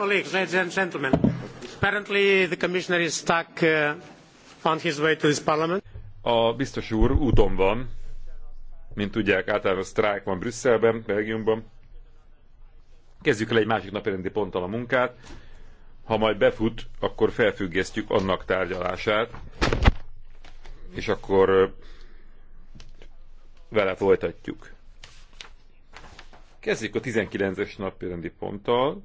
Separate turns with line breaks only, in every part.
Colleagues, ladies
and gentlemen, apparently the commissioner is stuck uh, on his way to this
parliament. A biztos úr úton van, mint tudják, általában sztrájk van Brüsszelben, Belgiumban. Kezdjük el egy másik napirendi ponttal a munkát. Ha majd befut, akkor felfüggesztjük annak tárgyalását, és akkor uh, vele folytatjuk. Kezdjük a 19-es napirendi ponttal.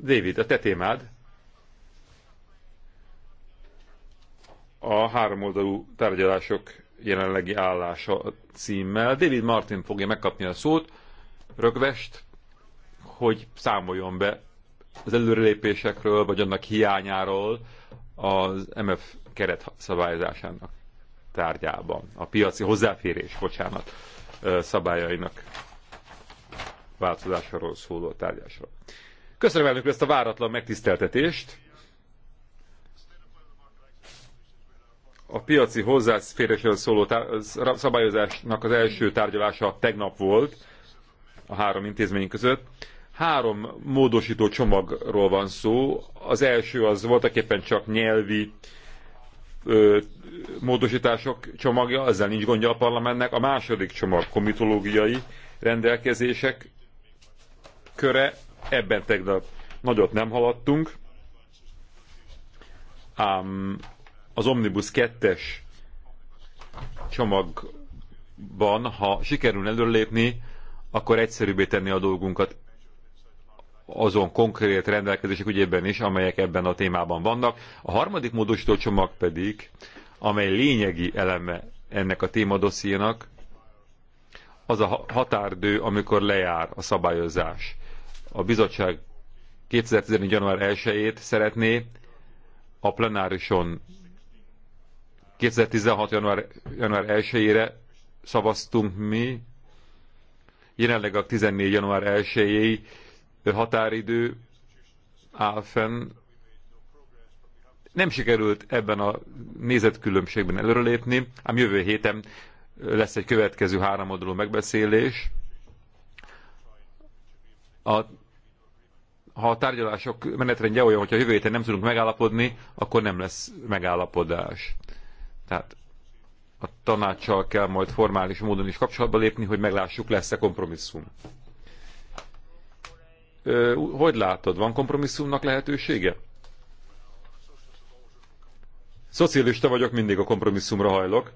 David, a te témád a háromoldalú tárgyalások jelenlegi állása címmel. David Martin fogja megkapni a szót, rögvest, hogy számoljon be az előrelépésekről, vagy annak hiányáról az MF keret szabályozásának tárgyában, a piaci hozzáférés, bocsánat, szabályainak változásáról szóló tárgyásról. Köszönöm elnök ezt a váratlan megtiszteltetést. A piaci hozzáférésről szóló szabályozásnak az első tárgyalása tegnap volt a három intézmény között. Három módosító csomagról van szó. Az első az voltak éppen csak nyelvi ö, módosítások csomagja, ezzel nincs gondja a parlamentnek. A második csomag komitológiai rendelkezések köre, Ebben tegnap nagyot nem haladtunk, ám az Omnibus 2-es csomagban, ha sikerül előlépni, akkor egyszerűbbé tenni a dolgunkat azon konkrét rendelkezések ügyében is, amelyek ebben a témában vannak. A harmadik módosító csomag pedig, amely lényegi eleme ennek a témadossziénak, az a határdő, amikor lejár a szabályozás a bizottság 2014. január 1-ét szeretné a plenárison 2016. január, január 1-ére szavaztunk mi, jelenleg a 14. január 1-i határidő áll fenn. Nem sikerült ebben a nézetkülönbségben előrelépni, ám jövő héten lesz egy következő háromoldalú megbeszélés. A ha a tárgyalások menetrendje olyan, hogyha jövő héten nem tudunk megállapodni, akkor nem lesz megállapodás. Tehát a tanácssal kell majd formális módon is kapcsolatba lépni, hogy meglássuk, lesz-e kompromisszum. Ö, hogy látod, van kompromisszumnak lehetősége? Szocialista vagyok, mindig a kompromisszumra hajlok.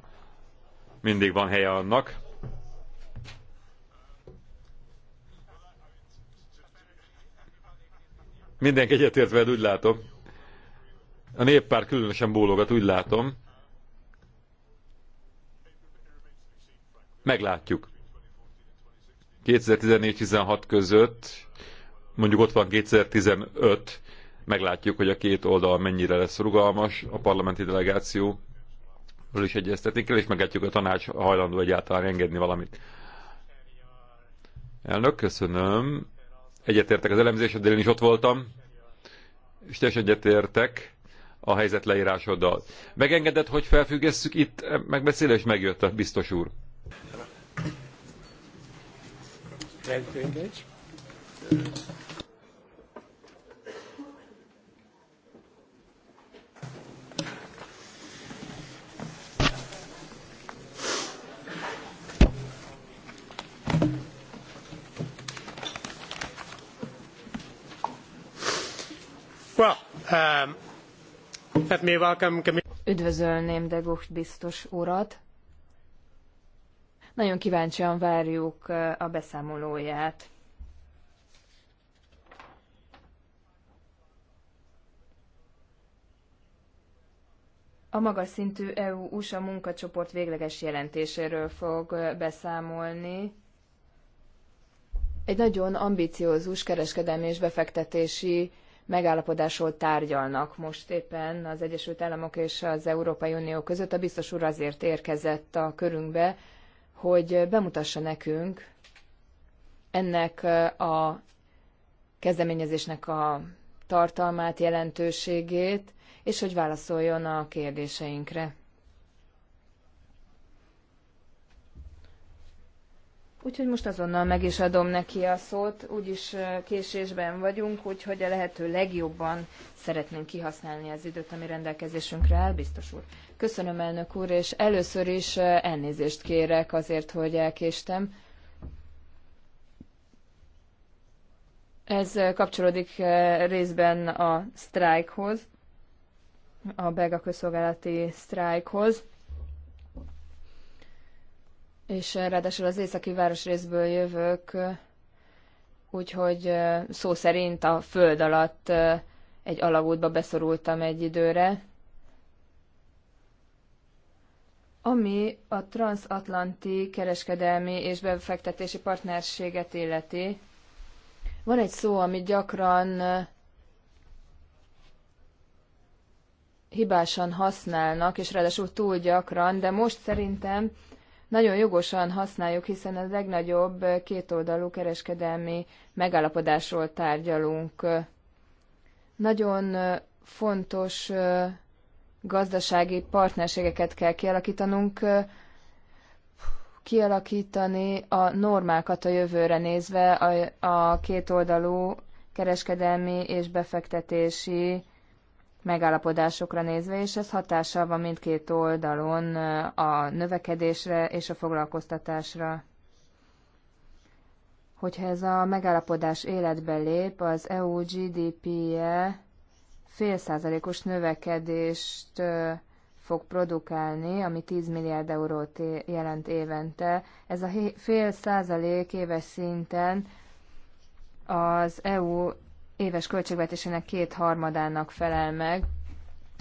Mindig van helye annak. Mindenki egyetért veled, úgy látom. A néppár különösen bólogat, úgy látom. Meglátjuk. 2014-16 között, mondjuk ott van 2015, meglátjuk, hogy a két oldal mennyire lesz rugalmas, a parlamenti delegáció is egyeztetni kell, és meglátjuk, a tanács hajlandó egyáltalán engedni valamit. Elnök, köszönöm. Egyetértek az elemzéseddel, én is ott voltam, és teljesen egyetértek a helyzet leírásoddal. Megengedett, hogy felfüggesszük itt, megbeszélés megjött a biztos úr. Thank you.
Hát
Üdvözölném de Gucht biztos urat. Nagyon kíváncsian várjuk a beszámolóját. A magas szintű EU-USA munkacsoport végleges jelentéséről fog beszámolni. Egy nagyon ambiciózus kereskedelmi és befektetési megállapodásról tárgyalnak most éppen az Egyesült Államok és az Európai Unió között. A biztos úr azért érkezett a körünkbe, hogy bemutassa nekünk ennek a kezdeményezésnek a tartalmát, jelentőségét, és hogy válaszoljon a kérdéseinkre. Úgyhogy most azonnal meg is adom neki a szót, úgyis késésben vagyunk, úgyhogy a lehető legjobban szeretnénk kihasználni az időt, ami rendelkezésünkre áll, biztos úr. Köszönöm, elnök úr, és először is elnézést kérek azért, hogy elkéstem. Ez kapcsolódik részben a sztrájkhoz, a belga közszolgálati sztrájkhoz és eh, ráadásul az északi városrészből jövök, eh, úgyhogy eh, szó szerint a föld alatt egy alagútba beszorultam egy időre. Ami a transatlanti kereskedelmi és befektetési partnerséget illeti, van egy szó, amit gyakran hibásan használnak, és ráadásul túl gyakran, de most szerintem nagyon jogosan használjuk, hiszen a legnagyobb kétoldalú kereskedelmi megállapodásról tárgyalunk. Nagyon fontos gazdasági partnerségeket kell kialakítanunk, kialakítani a normákat a jövőre nézve a, a kétoldalú kereskedelmi és befektetési megállapodásokra nézve, és ez hatással van mindkét oldalon a növekedésre és a foglalkoztatásra. Hogyha ez a megállapodás életbe lép, az EU GDP-je fél százalékos növekedést fog produkálni, ami 10 milliárd eurót jelent évente. Ez a fél százalék éves szinten az EU éves költségvetésének kétharmadának felel meg.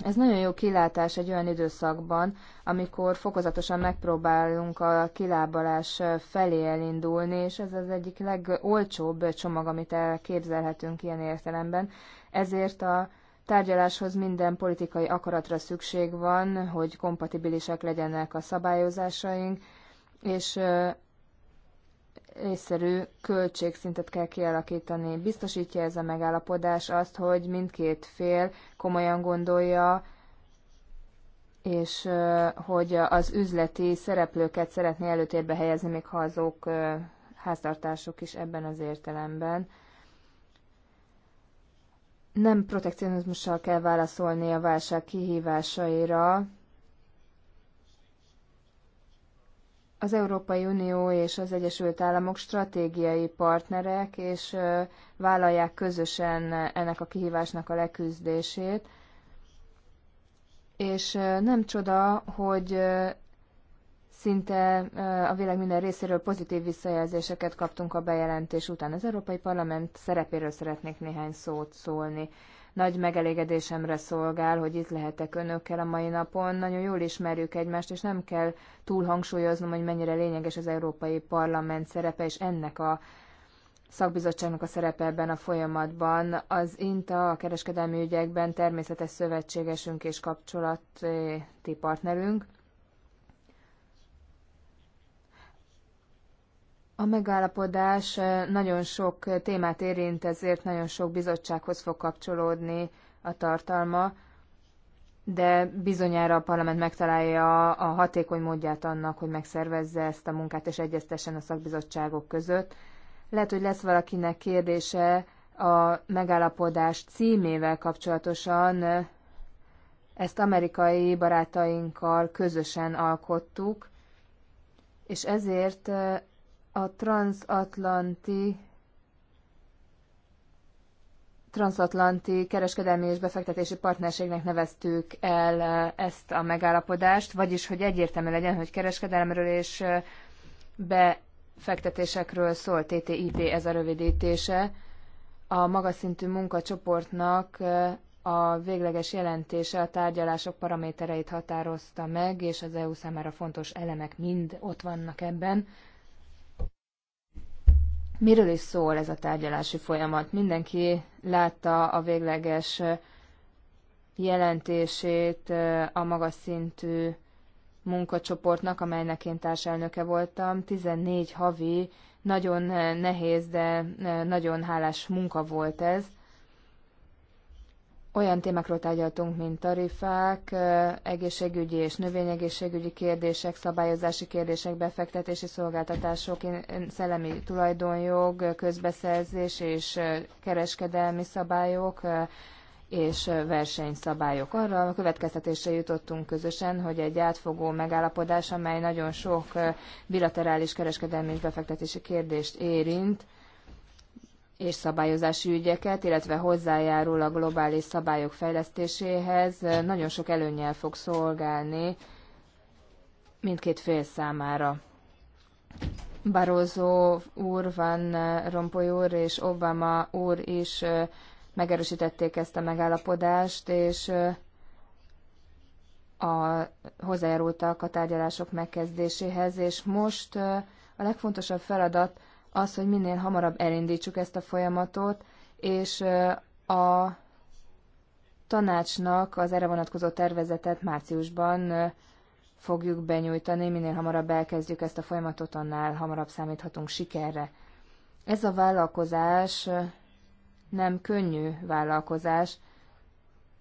Ez nagyon jó kilátás egy olyan időszakban, amikor fokozatosan megpróbálunk a kilábalás felé elindulni, és ez az egyik legolcsóbb csomag, amit elképzelhetünk ilyen értelemben. Ezért a tárgyaláshoz minden politikai akaratra szükség van, hogy kompatibilisek legyenek a szabályozásaink, és észszerű költségszintet kell kialakítani. Biztosítja ez a megállapodás azt, hogy mindkét fél komolyan gondolja, és hogy az üzleti szereplőket szeretné előtérbe helyezni, még ha azok háztartások is ebben az értelemben. Nem protekcionizmussal kell válaszolni a válság kihívásaira, Az Európai Unió és az Egyesült Államok stratégiai partnerek, és vállalják közösen ennek a kihívásnak a leküzdését. És nem csoda, hogy szinte a világ minden részéről pozitív visszajelzéseket kaptunk a bejelentés után. Az Európai Parlament szerepéről szeretnék néhány szót szólni. Nagy megelégedésemre szolgál, hogy itt lehetek önökkel a mai napon. Nagyon jól ismerjük egymást, és nem kell túl hangsúlyoznom, hogy mennyire lényeges az Európai Parlament szerepe, és ennek a szakbizottságnak a szerepe ebben a folyamatban. Az INTA a kereskedelmi ügyekben természetes szövetségesünk és kapcsolati partnerünk. A megállapodás eh, nagyon sok eh, témát érint, ezért nagyon sok bizottsághoz fog kapcsolódni a tartalma, de bizonyára a parlament megtalálja a hatékony módját annak, hogy megszervezze ezt a munkát és egyeztessen a szakbizottságok között. Lehet, hogy lesz valakinek kérdése a megállapodás címével kapcsolatosan, ezt amerikai barátainkkal közösen alkottuk, és ezért eh, a transatlanti transatlanti kereskedelmi és befektetési partnerségnek neveztük el e, ezt a megállapodást, vagyis hogy egyértelmű legyen, hogy kereskedelemről és e, befektetésekről szól, TTIP ez a rövidítése. A magas szintű munkacsoportnak e, a végleges jelentése a tárgyalások paramétereit határozta meg, és az EU számára fontos elemek mind ott vannak ebben. Miről is szól ez a tárgyalási folyamat? Mindenki látta a végleges jelentését a magas szintű munkacsoportnak, amelynek én társelnöke voltam. 14 havi, nagyon nehéz, de nagyon hálás munka volt ez olyan témákról tárgyaltunk, mint tarifák, egészségügyi és növényegészségügyi kérdések, szabályozási kérdések, befektetési szolgáltatások, szellemi tulajdonjog, közbeszerzés és kereskedelmi szabályok és versenyszabályok. Arra a következtetésre jutottunk közösen, hogy egy átfogó megállapodás, amely nagyon sok bilaterális kereskedelmi és befektetési kérdést érint, és szabályozási ügyeket, illetve hozzájárul a globális szabályok fejlesztéséhez, nagyon sok előnyel fog szolgálni mindkét fél számára. Barroso úr, Van Rompuy úr és Obama úr is megerősítették ezt a megállapodást, és a, hozzájárultak a tárgyalások megkezdéséhez, és most a legfontosabb feladat az, hogy minél hamarabb elindítsuk ezt a folyamatot, és a tanácsnak az erre vonatkozó tervezetet márciusban fogjuk benyújtani, minél hamarabb elkezdjük ezt a folyamatot, annál hamarabb számíthatunk sikerre. Ez a vállalkozás nem könnyű vállalkozás.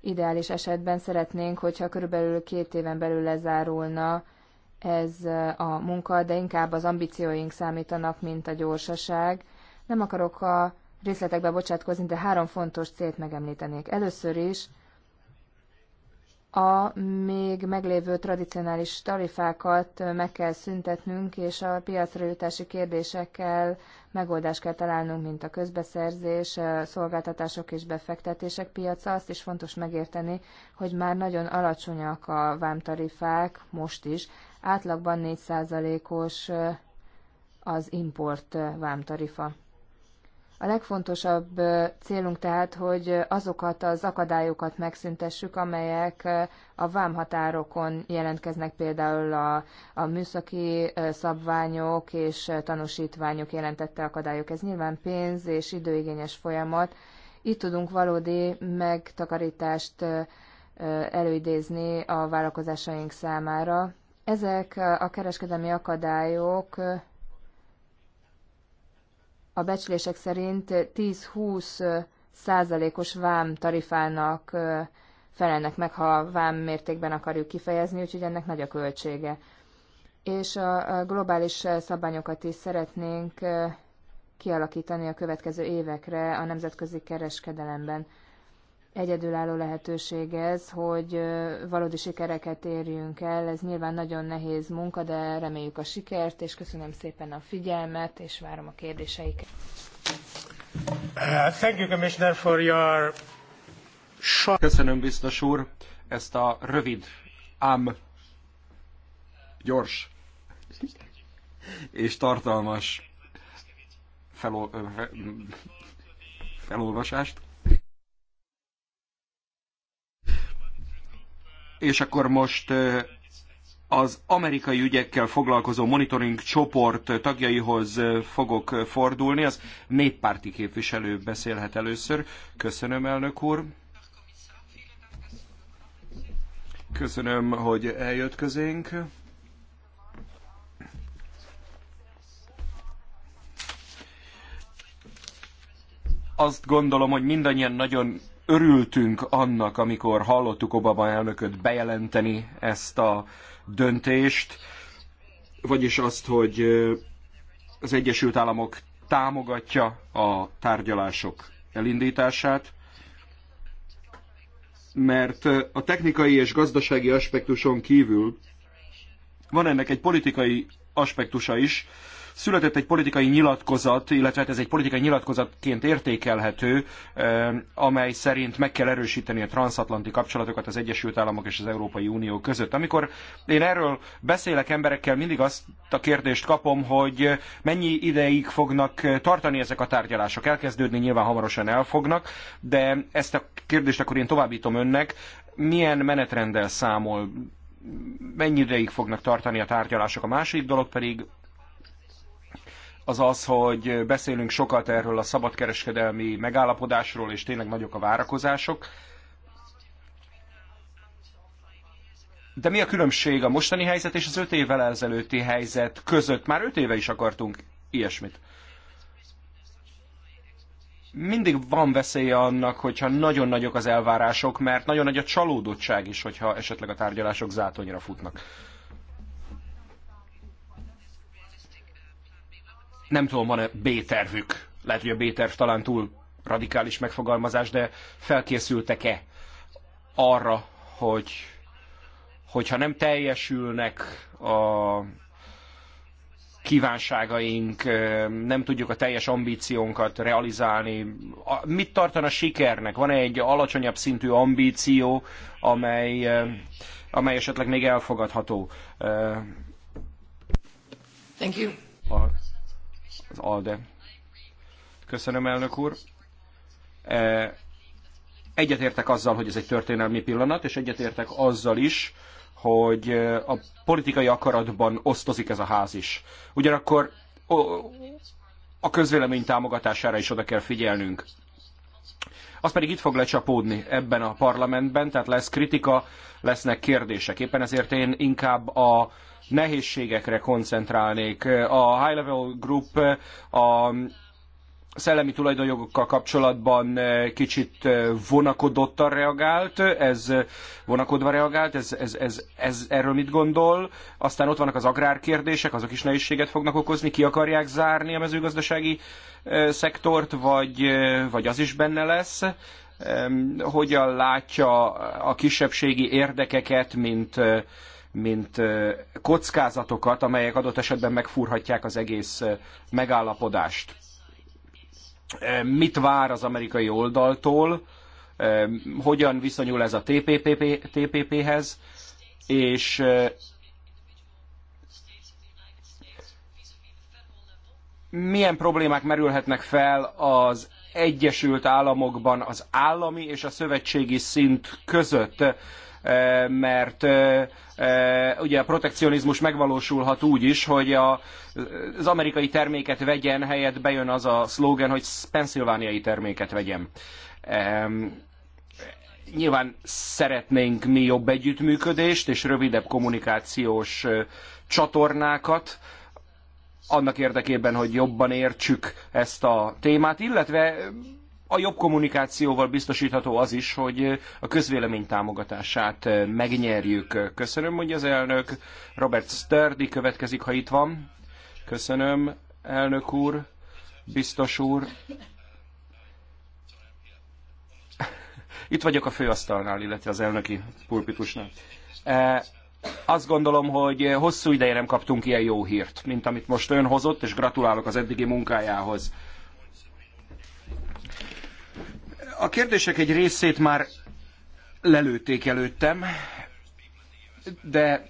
Ideális esetben szeretnénk, hogyha körülbelül két éven belül lezárulna ez a munka, de inkább az ambícióink számítanak, mint a gyorsaság. Nem akarok a részletekbe bocsátkozni, de három fontos célt megemlítenék. Először is a még meglévő tradicionális tarifákat meg kell szüntetnünk, és a piacra jutási kérdésekkel megoldást kell találnunk, mint a közbeszerzés, szolgáltatások és befektetések piaca. Azt is fontos megérteni, hogy már nagyon alacsonyak a vámtarifák most is, átlagban 4%-os az import vámtarifa. A legfontosabb célunk tehát, hogy azokat az akadályokat megszüntessük, amelyek a vámhatárokon jelentkeznek, például a, a műszaki szabványok és tanúsítványok jelentette akadályok. Ez nyilván pénz és időigényes folyamat. Itt tudunk valódi megtakarítást előidézni a vállalkozásaink számára, ezek a kereskedelmi akadályok a becslések szerint 10-20 százalékos vám tarifának felelnek meg, ha vám mértékben akarjuk kifejezni, úgyhogy ennek nagy a költsége. És a globális szabályokat is szeretnénk kialakítani a következő évekre a nemzetközi kereskedelemben egyedülálló lehetőség ez, hogy valódi sikereket érjünk el. Ez nyilván nagyon nehéz munka, de reméljük a sikert, és köszönöm szépen a figyelmet, és várom a kérdéseiket.
Uh, thank you, Commissioner, for your... Köszönöm, biztos úr, ezt a rövid, ám gyors és tartalmas felol... felolvasást. És akkor most az amerikai ügyekkel foglalkozó monitoring csoport tagjaihoz fogok fordulni. Az néppárti képviselő beszélhet először. Köszönöm, elnök úr. Köszönöm, hogy eljött közénk. Azt gondolom, hogy mindannyian nagyon örültünk annak, amikor hallottuk Obama elnököt bejelenteni ezt a döntést, vagyis azt, hogy az Egyesült Államok támogatja a tárgyalások elindítását, mert a technikai és gazdasági aspektuson kívül van ennek egy politikai aspektusa is, Született egy politikai nyilatkozat, illetve hát ez egy politikai nyilatkozatként értékelhető, eh, amely szerint meg kell erősíteni a transatlanti kapcsolatokat az Egyesült Államok és az Európai Unió között. Amikor én erről beszélek emberekkel, mindig azt a kérdést kapom, hogy mennyi ideig fognak tartani ezek a tárgyalások. Elkezdődni nyilván hamarosan elfognak, de ezt a kérdést akkor én továbbítom önnek. Milyen menetrenddel számol mennyi ideig fognak tartani a tárgyalások. A másik dolog pedig az az, hogy beszélünk sokat erről a szabadkereskedelmi megállapodásról, és tényleg nagyok a várakozások. De mi a különbség a mostani helyzet és az öt évvel ezelőtti helyzet között? Már öt éve is akartunk ilyesmit. Mindig van veszélye annak, hogyha nagyon nagyok az elvárások, mert nagyon nagy a csalódottság is, hogyha esetleg a tárgyalások zátonyra futnak. Nem tudom, van-e B-tervük? Lehet, hogy a B-terv talán túl radikális megfogalmazás, de felkészültek-e arra, hogy hogyha nem teljesülnek a kívánságaink, nem tudjuk a teljes ambíciónkat realizálni. Mit tartana sikernek? Van-e egy alacsonyabb szintű ambíció, amely, amely esetleg még elfogadható? Thank you. A az ALDE. Köszönöm, elnök úr. E, egyetértek azzal, hogy ez egy történelmi pillanat, és egyetértek azzal is, hogy a politikai akaratban osztozik ez a ház is. Ugyanakkor a közvélemény támogatására is oda kell figyelnünk. Az pedig itt fog lecsapódni ebben a parlamentben, tehát lesz kritika, lesznek kérdések. Éppen ezért én inkább a nehézségekre koncentrálnék. A High Level Group a szellemi tulajdonjogokkal kapcsolatban kicsit vonakodottan reagált, ez vonakodva reagált, ez, ez, ez, ez erről mit gondol? Aztán ott vannak az agrárkérdések, azok is nehézséget fognak okozni, ki akarják zárni a mezőgazdasági e, szektort, vagy, e, vagy az is benne lesz? Hogyan látja a kisebbségi érdekeket, mint e, mint kockázatokat, amelyek adott esetben megfúrhatják az egész megállapodást. Mit vár az amerikai oldaltól, hogyan viszonyul ez a TPP-hez, és milyen problémák merülhetnek fel az Egyesült Államokban az állami és a szövetségi szint között mert ugye a protekcionizmus megvalósulhat úgy is, hogy a, az amerikai terméket vegyen, helyett bejön az a szlógen, hogy penszilvániai terméket vegyen. Nyilván szeretnénk mi jobb együttműködést és rövidebb kommunikációs csatornákat, annak érdekében, hogy jobban értsük ezt a témát, illetve a jobb kommunikációval biztosítható az is, hogy a közvélemény támogatását eh, megnyerjük. Köszönöm, mondja az elnök. Robert Sturdy következik, ha itt van. Köszönöm, elnök úr, biztos úr. Itt vagyok a főasztalnál, illetve az elnöki pulpitusnál. Eh, azt gondolom, hogy hosszú ideje nem kaptunk ilyen jó hírt, mint amit most ön hozott, és gratulálok az eddigi munkájához A kérdések egy részét már lelőtték előttem, de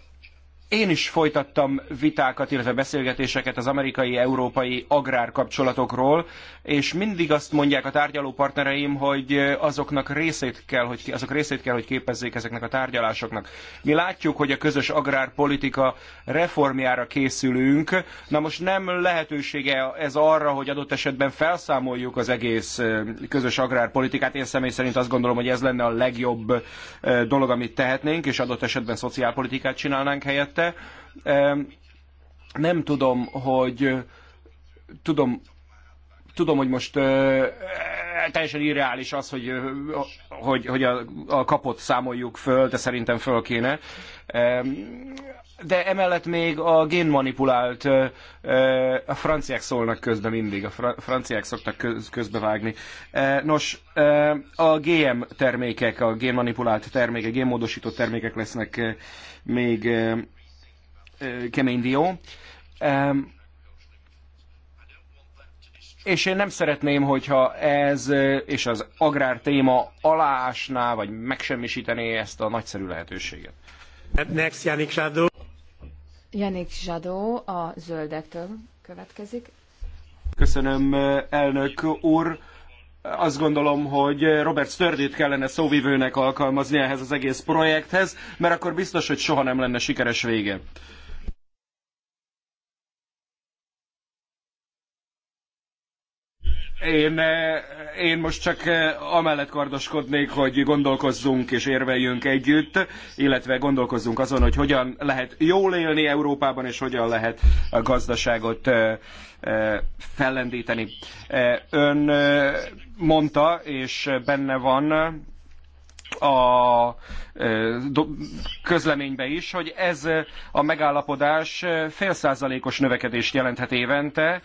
én is folytattam vitákat, illetve beszélgetéseket az amerikai-európai agrárkapcsolatokról, és mindig azt mondják a tárgyaló partnereim, hogy azoknak részét kell, hogy, azok részét kell, hogy képezzék ezeknek a tárgyalásoknak. Mi látjuk, hogy a közös agrárpolitika reformjára készülünk. Na most nem lehetősége ez arra, hogy adott esetben felszámoljuk az egész közös agrárpolitikát. Én személy szerint azt gondolom, hogy ez lenne a legjobb dolog, amit tehetnénk, és adott esetben szociálpolitikát csinálnánk helyett érte. Nem tudom, hogy tudom, tudom, hogy most teljesen irreális az, hogy, hogy, hogy a, a kapot számoljuk föl, de szerintem föl kéne. De emellett még a génmanipulált, a franciák szólnak közben mindig, a franciák szoktak közbevágni. Nos, a GM termékek, a génmanipulált termékek, génmódosított termékek lesznek még kemény dió. És én nem szeretném, hogyha ez és az agrár téma aláásná, vagy megsemmisítené ezt a nagyszerű lehetőséget. Next, Janik Zsadó.
Janik Zsadó a zöldektől következik.
Köszönöm, elnök úr azt gondolom, hogy Robert Sturdyt kellene szóvivőnek alkalmazni ehhez az egész projekthez, mert akkor biztos, hogy soha nem lenne sikeres vége. Én, eh, én most csak eh, amellett kardoskodnék, hogy gondolkozzunk és érveljünk együtt, illetve gondolkozzunk azon, hogy hogyan lehet jól élni Európában, és hogyan lehet a gazdaságot eh, fellendíteni. Ön mondta, és benne van a közleménybe is, hogy ez a megállapodás fél százalékos növekedést jelenthet évente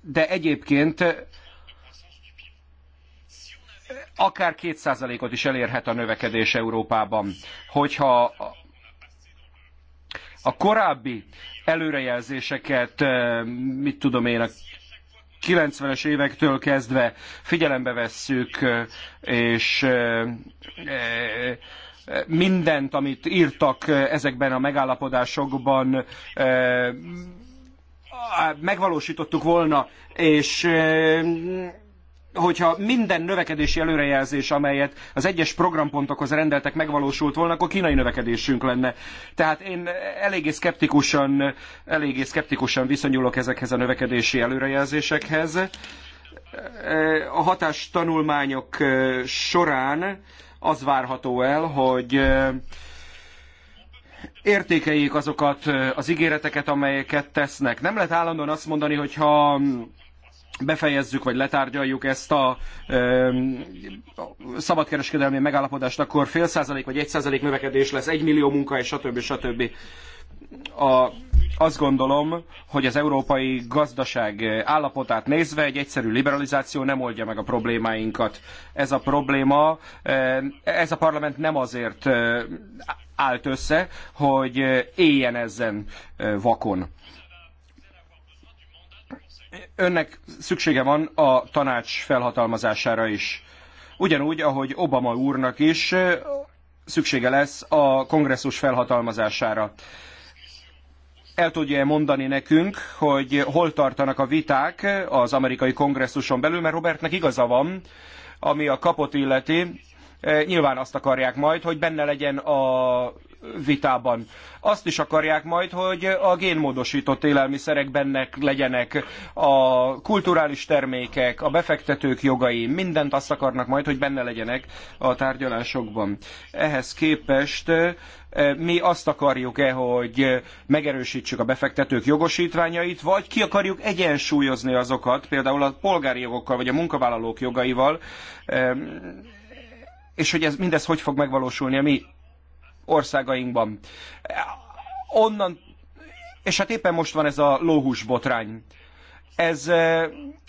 de egyébként akár kétszázalékot ot is elérhet a növekedés Európában. Hogyha a korábbi előrejelzéseket, eh, mit tudom én, a 90-es évektől kezdve figyelembe vesszük, eh, és eh, mindent, amit írtak ezekben a megállapodásokban, megvalósítottuk volna, és hogyha minden növekedési előrejelzés, amelyet az egyes programpontokhoz rendeltek, megvalósult volna, akkor kínai növekedésünk lenne. Tehát én eléggé szkeptikusan, eléggé szkeptikusan viszonyulok ezekhez a növekedési előrejelzésekhez. A hatástanulmányok során az várható el, hogy értékeljék azokat az ígéreteket, amelyeket tesznek. Nem lehet állandóan azt mondani, hogy ha befejezzük vagy letárgyaljuk ezt a ö, szabadkereskedelmi megállapodást, akkor fél százalék vagy egy százalék növekedés lesz, egy millió munka és stb. stb a, azt gondolom, hogy az európai gazdaság állapotát nézve egy egyszerű liberalizáció nem oldja meg a problémáinkat. Ez a probléma, eh, ez a parlament nem azért eh, állt össze, hogy eh, éljen ezen vakon. Önnek szüksége van a tanács felhatalmazására is. Ugyanúgy, ahogy Obama úrnak is szüksége lesz a kongresszus felhatalmazására el tudja -e mondani nekünk, hogy hol tartanak a viták az amerikai kongresszuson belül, mert Robertnek igaza van, ami a kapot illeti, Eh, nyilván azt akarják majd, hogy benne legyen a vitában. Azt is akarják majd, hogy a génmódosított élelmiszerek bennek legyenek, a kulturális termékek, a befektetők jogai, mindent azt akarnak majd, hogy benne legyenek a tárgyalásokban. Ehhez képest eh, mi azt akarjuk-e, hogy megerősítsük a befektetők jogosítványait, vagy ki akarjuk egyensúlyozni azokat, például a polgári jogokkal, vagy a munkavállalók jogaival, eh, és hogy ez, mindez hogy fog megvalósulni a mi országainkban. Onnan, és hát éppen most van ez a lóhús botrány. Ez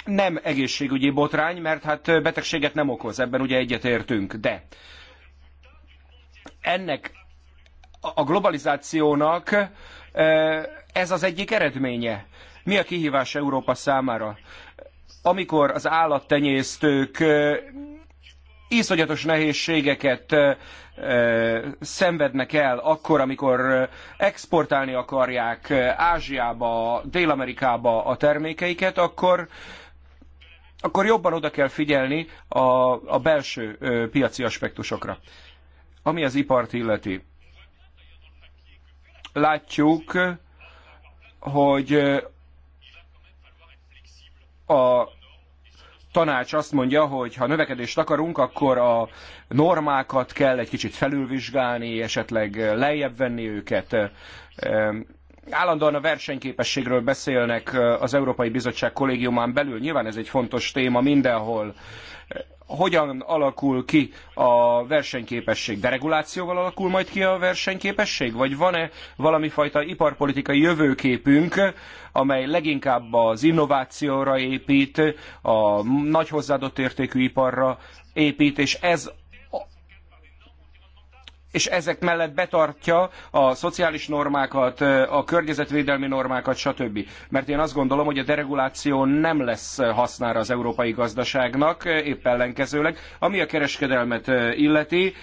nem egészségügyi botrány, mert hát betegséget nem okoz, ebben ugye egyetértünk, de ennek a globalizációnak ez az egyik eredménye. Mi a kihívás Európa számára? Amikor az állattenyésztők iszonyatos nehézségeket szenvednek el akkor, amikor exportálni akarják Ázsiába, Dél-Amerikába a termékeiket, akkor akkor jobban oda kell figyelni a, a belső ö, piaci aspektusokra. Ami az ipart illeti. Látjuk, hogy a tanács azt mondja, hogy ha növekedést akarunk, akkor a normákat kell egy kicsit felülvizsgálni, esetleg lejjebb venni őket. Állandóan a versenyképességről beszélnek az Európai Bizottság kollégiumán belül, nyilván ez egy fontos téma mindenhol hogyan alakul ki a versenyképesség? Deregulációval alakul majd ki a versenyképesség? Vagy van-e valami fajta iparpolitikai jövőképünk, amely leginkább az innovációra épít, a nagy hozzáadott értékű iparra épít, és ez és ezek mellett betartja a szociális normákat, a környezetvédelmi normákat, stb. Mert én azt gondolom, hogy a dereguláció nem lesz hasznára az európai gazdaságnak, épp ellenkezőleg. Ami a kereskedelmet illeti,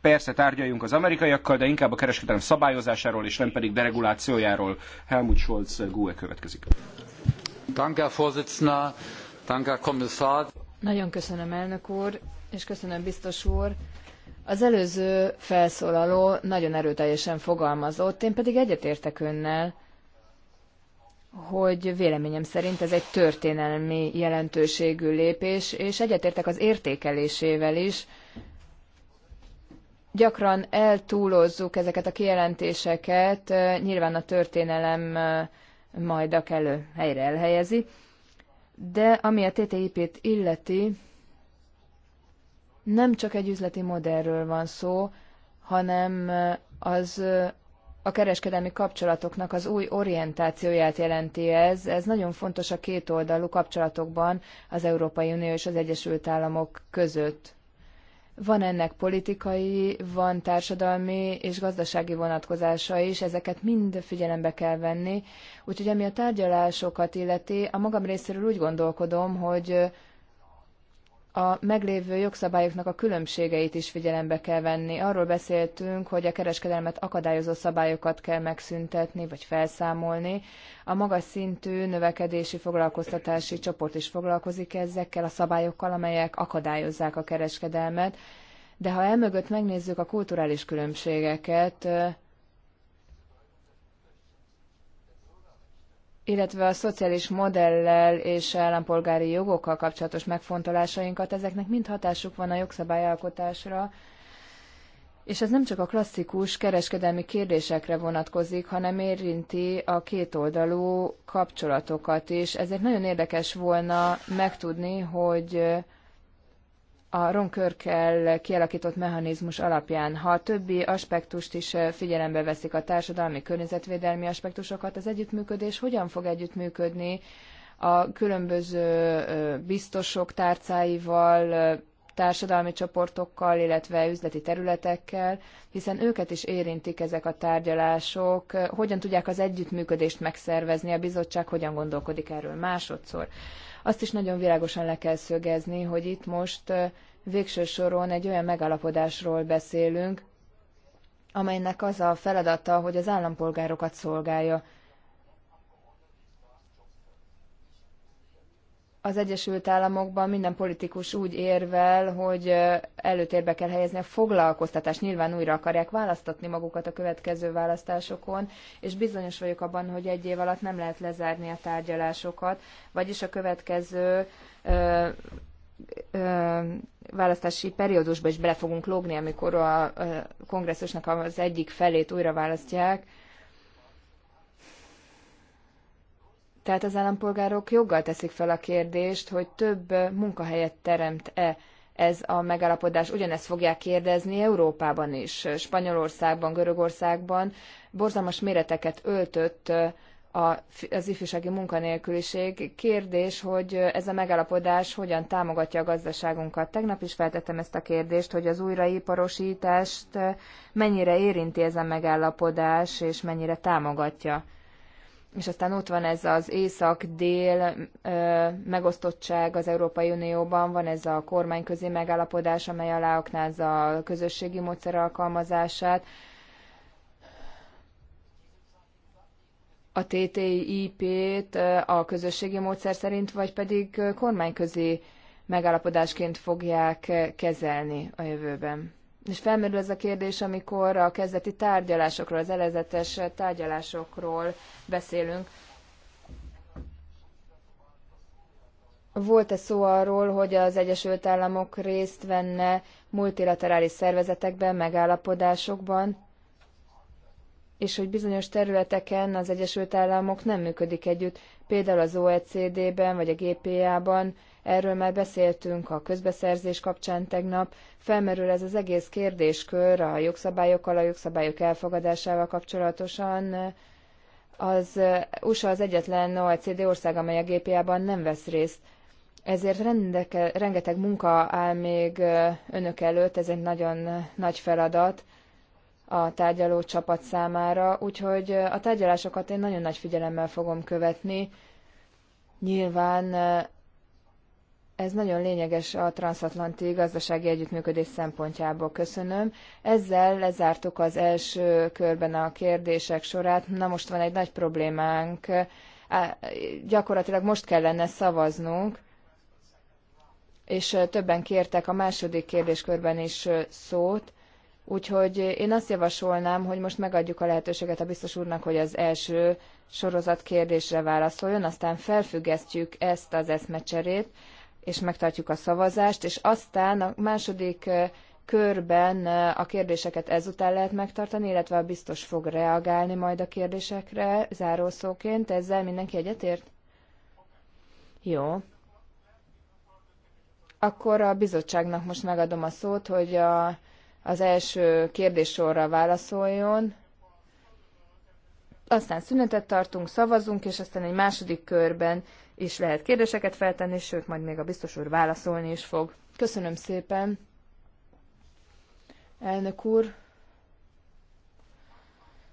persze tárgyaljunk az amerikaiakkal, de inkább a kereskedelem szabályozásáról, és nem pedig deregulációjáról. Helmut Scholz, GUE következik. Danke, Herr Danke, Kommissar.
Nagyon köszönöm, elnök úr, és köszönöm, biztos úr az előző felszólaló nagyon erőteljesen fogalmazott, én pedig egyetértek önnel, hogy véleményem szerint ez egy történelmi jelentőségű lépés, és egyetértek az értékelésével is. Gyakran eltúlozzuk ezeket a kijelentéseket, nyilván a történelem majd a kellő helyre elhelyezi, de ami a TTIP-t illeti, nem csak egy üzleti modellről van szó, hanem az a kereskedelmi kapcsolatoknak az új orientációját jelenti ez. Ez nagyon fontos a két oldalú kapcsolatokban az Európai Unió és az Egyesült Államok között. Van ennek politikai, van társadalmi és gazdasági vonatkozása is, ezeket mind figyelembe kell venni. Úgyhogy ami a tárgyalásokat illeti, a magam részéről úgy gondolkodom, hogy a meglévő jogszabályoknak a különbségeit is figyelembe kell venni. Arról beszéltünk, hogy a kereskedelmet akadályozó szabályokat kell megszüntetni vagy felszámolni. A magas szintű növekedési foglalkoztatási csoport is foglalkozik ezekkel a szabályokkal, amelyek akadályozzák a kereskedelmet. De ha elmögött megnézzük a kulturális különbségeket, illetve a szociális modellel és állampolgári jogokkal kapcsolatos megfontolásainkat, ezeknek mind hatásuk van a jogszabályalkotásra, és ez nem csak a klasszikus kereskedelmi kérdésekre vonatkozik, hanem érinti a kétoldalú kapcsolatokat is. Ezért nagyon érdekes volna megtudni, hogy a Ronkörkel kialakított mechanizmus alapján. Ha a többi aspektust is figyelembe veszik a társadalmi környezetvédelmi aspektusokat, az együttműködés hogyan fog együttműködni a különböző biztosok tárcáival, társadalmi csoportokkal, illetve üzleti területekkel, hiszen őket is érintik ezek a tárgyalások. Hogyan tudják az együttműködést megszervezni, a bizottság hogyan gondolkodik erről másodszor. Azt is nagyon világosan le kell szögezni, hogy itt most végső soron egy olyan megállapodásról beszélünk, amelynek az a feladata, hogy az állampolgárokat szolgálja. az Egyesült Államokban minden politikus úgy érvel, hogy előtérbe kell helyezni a foglalkoztatást. Nyilván újra akarják választatni magukat a következő választásokon, és bizonyos vagyok abban, hogy egy év alatt nem lehet lezárni a tárgyalásokat, vagyis a következő ö, ö, választási periódusba is bele fogunk lógni, amikor a, a kongresszusnak az egyik felét újra választják Tehát az állampolgárok joggal teszik fel a kérdést, hogy több munkahelyet teremt-e ez a megállapodás. Ugyanezt fogják kérdezni Európában is, Spanyolországban, Görögországban. Borzalmas méreteket öltött a, az ifjúsági munkanélküliség. Kérdés, hogy ez a megállapodás hogyan támogatja a gazdaságunkat. Tegnap is feltettem ezt a kérdést, hogy az újraiparosítást mennyire érinti ez a megállapodás, és mennyire támogatja és aztán ott van ez az észak-dél megosztottság az Európai Unióban, van ez a kormányközi megállapodás, amely aláaknázza a közösségi módszer alkalmazását. A TTIP-t a közösségi módszer szerint, vagy pedig kormányközi megállapodásként fogják kezelni a jövőben és felmerül ez a kérdés, amikor a kezdeti tárgyalásokról, az elezetes tárgyalásokról beszélünk. Volt-e szó arról, hogy az Egyesült Államok részt venne multilaterális szervezetekben, megállapodásokban? és hogy bizonyos területeken az Egyesült Államok nem működik együtt, például az OECD-ben vagy a GPA-ban, erről már beszéltünk a közbeszerzés kapcsán tegnap, felmerül ez az egész kérdéskör a jogszabályokkal, a jogszabályok elfogadásával kapcsolatosan. Az USA az egyetlen OECD ország, amely a GPA-ban nem vesz részt. Ezért rendeke, rengeteg munka áll még önök előtt, ez egy nagyon nagy feladat a tárgyaló csapat számára, úgyhogy a tárgyalásokat én nagyon nagy figyelemmel fogom követni. Nyilván ez nagyon lényeges a transatlanti gazdasági együttműködés szempontjából. Köszönöm. Ezzel lezártuk az első körben a kérdések sorát. Na most van egy nagy problémánk. Gyakorlatilag most kellene szavaznunk, és többen kértek a második kérdéskörben is szót. Úgyhogy én azt javasolnám, hogy most megadjuk a lehetőséget a biztos úrnak, hogy az első sorozat kérdésre válaszoljon, aztán felfüggesztjük ezt az eszmecserét, és megtartjuk a szavazást, és aztán a második körben a kérdéseket ezután lehet megtartani, illetve a biztos fog reagálni majd a kérdésekre zárószóként. Ezzel mindenki egyetért? Jó. Akkor a bizottságnak most megadom a szót, hogy a az első kérdéssorra válaszoljon. Aztán szünetet tartunk, szavazunk, és aztán egy második körben is lehet kérdéseket feltenni, sőt, majd még a biztos úr válaszolni is fog. Köszönöm szépen, elnök úr.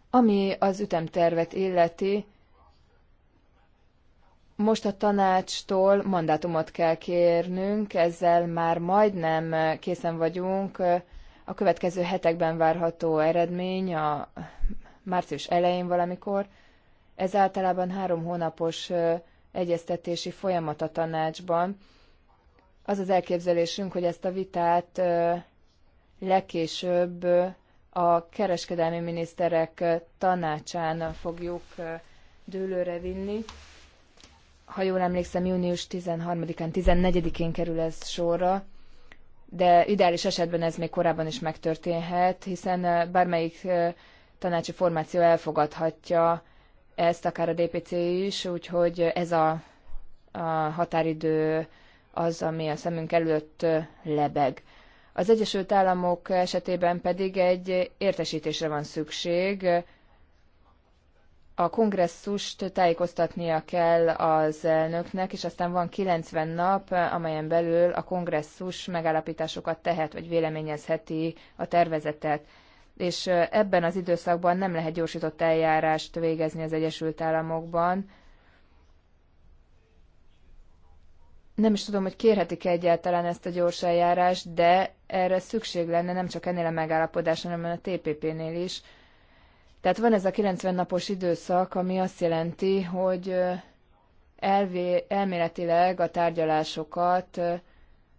Ami az ütemtervet illeti, most a tanácstól mandátumot kell kérnünk, ezzel már majdnem készen vagyunk a következő hetekben várható eredmény, a március elején valamikor. Ez általában három hónapos egyeztetési folyamat a tanácsban. Az az elképzelésünk, hogy ezt a vitát legkésőbb a kereskedelmi miniszterek tanácsán fogjuk dőlőre vinni. Ha jól emlékszem, június 13-án, 14-én kerül ez sorra de ideális esetben ez még korábban is megtörténhet, hiszen bármelyik tanácsi formáció elfogadhatja ezt, akár a DPC is, úgyhogy ez a, a határidő az, ami a szemünk előtt lebeg. Az Egyesült Államok esetében pedig egy értesítésre van szükség, a kongresszust tájékoztatnia kell az elnöknek, és aztán van 90 nap, amelyen belül a kongresszus megállapításokat tehet, vagy véleményezheti a tervezetet. És ebben az időszakban nem lehet gyorsított eljárást végezni az Egyesült Államokban. Nem is tudom, hogy kérhetik-e egyáltalán ezt a gyors eljárást, de erre szükség lenne nem csak ennél a megállapodásnál, hanem a TPP-nél is, tehát van ez a 90 napos időszak, ami azt jelenti, hogy elvé, elméletileg a tárgyalásokat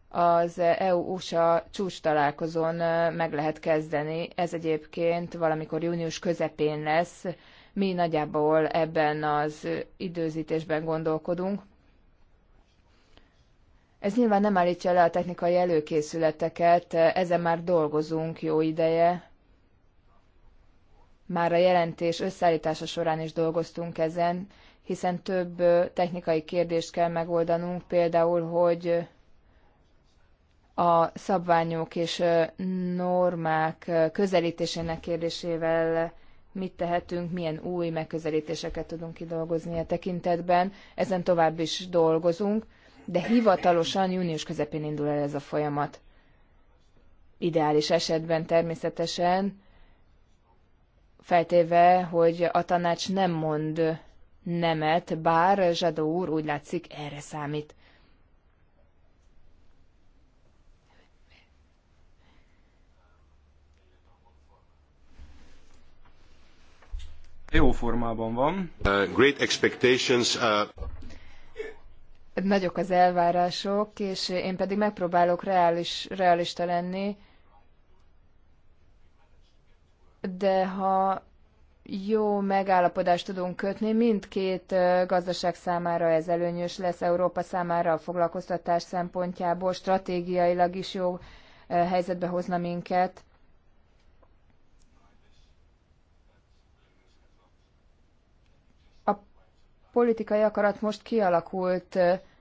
az EU-USA csúcs találkozón meg lehet kezdeni. Ez egyébként valamikor június közepén lesz. Mi nagyjából ebben az időzítésben gondolkodunk. Ez nyilván nem állítja le a technikai előkészületeket, ezen már dolgozunk jó ideje, már a jelentés összeállítása során is dolgoztunk ezen, hiszen több technikai kérdést kell megoldanunk, például, hogy a szabványok és normák közelítésének kérdésével mit tehetünk, milyen új megközelítéseket tudunk kidolgozni a e tekintetben. Ezen tovább is dolgozunk, de hivatalosan június közepén indul el ez a folyamat. Ideális esetben természetesen feltéve, hogy a tanács nem mond nemet, bár Zsadó úr úgy látszik erre számít. Jó formában van.
Uh, great expectations. Uh...
Nagyok az elvárások, és én pedig megpróbálok reális, realista lenni de ha jó megállapodást tudunk kötni, mindkét gazdaság számára ez előnyös lesz, Európa számára a foglalkoztatás szempontjából, stratégiailag is jó helyzetbe hozna minket. A politikai akarat most kialakult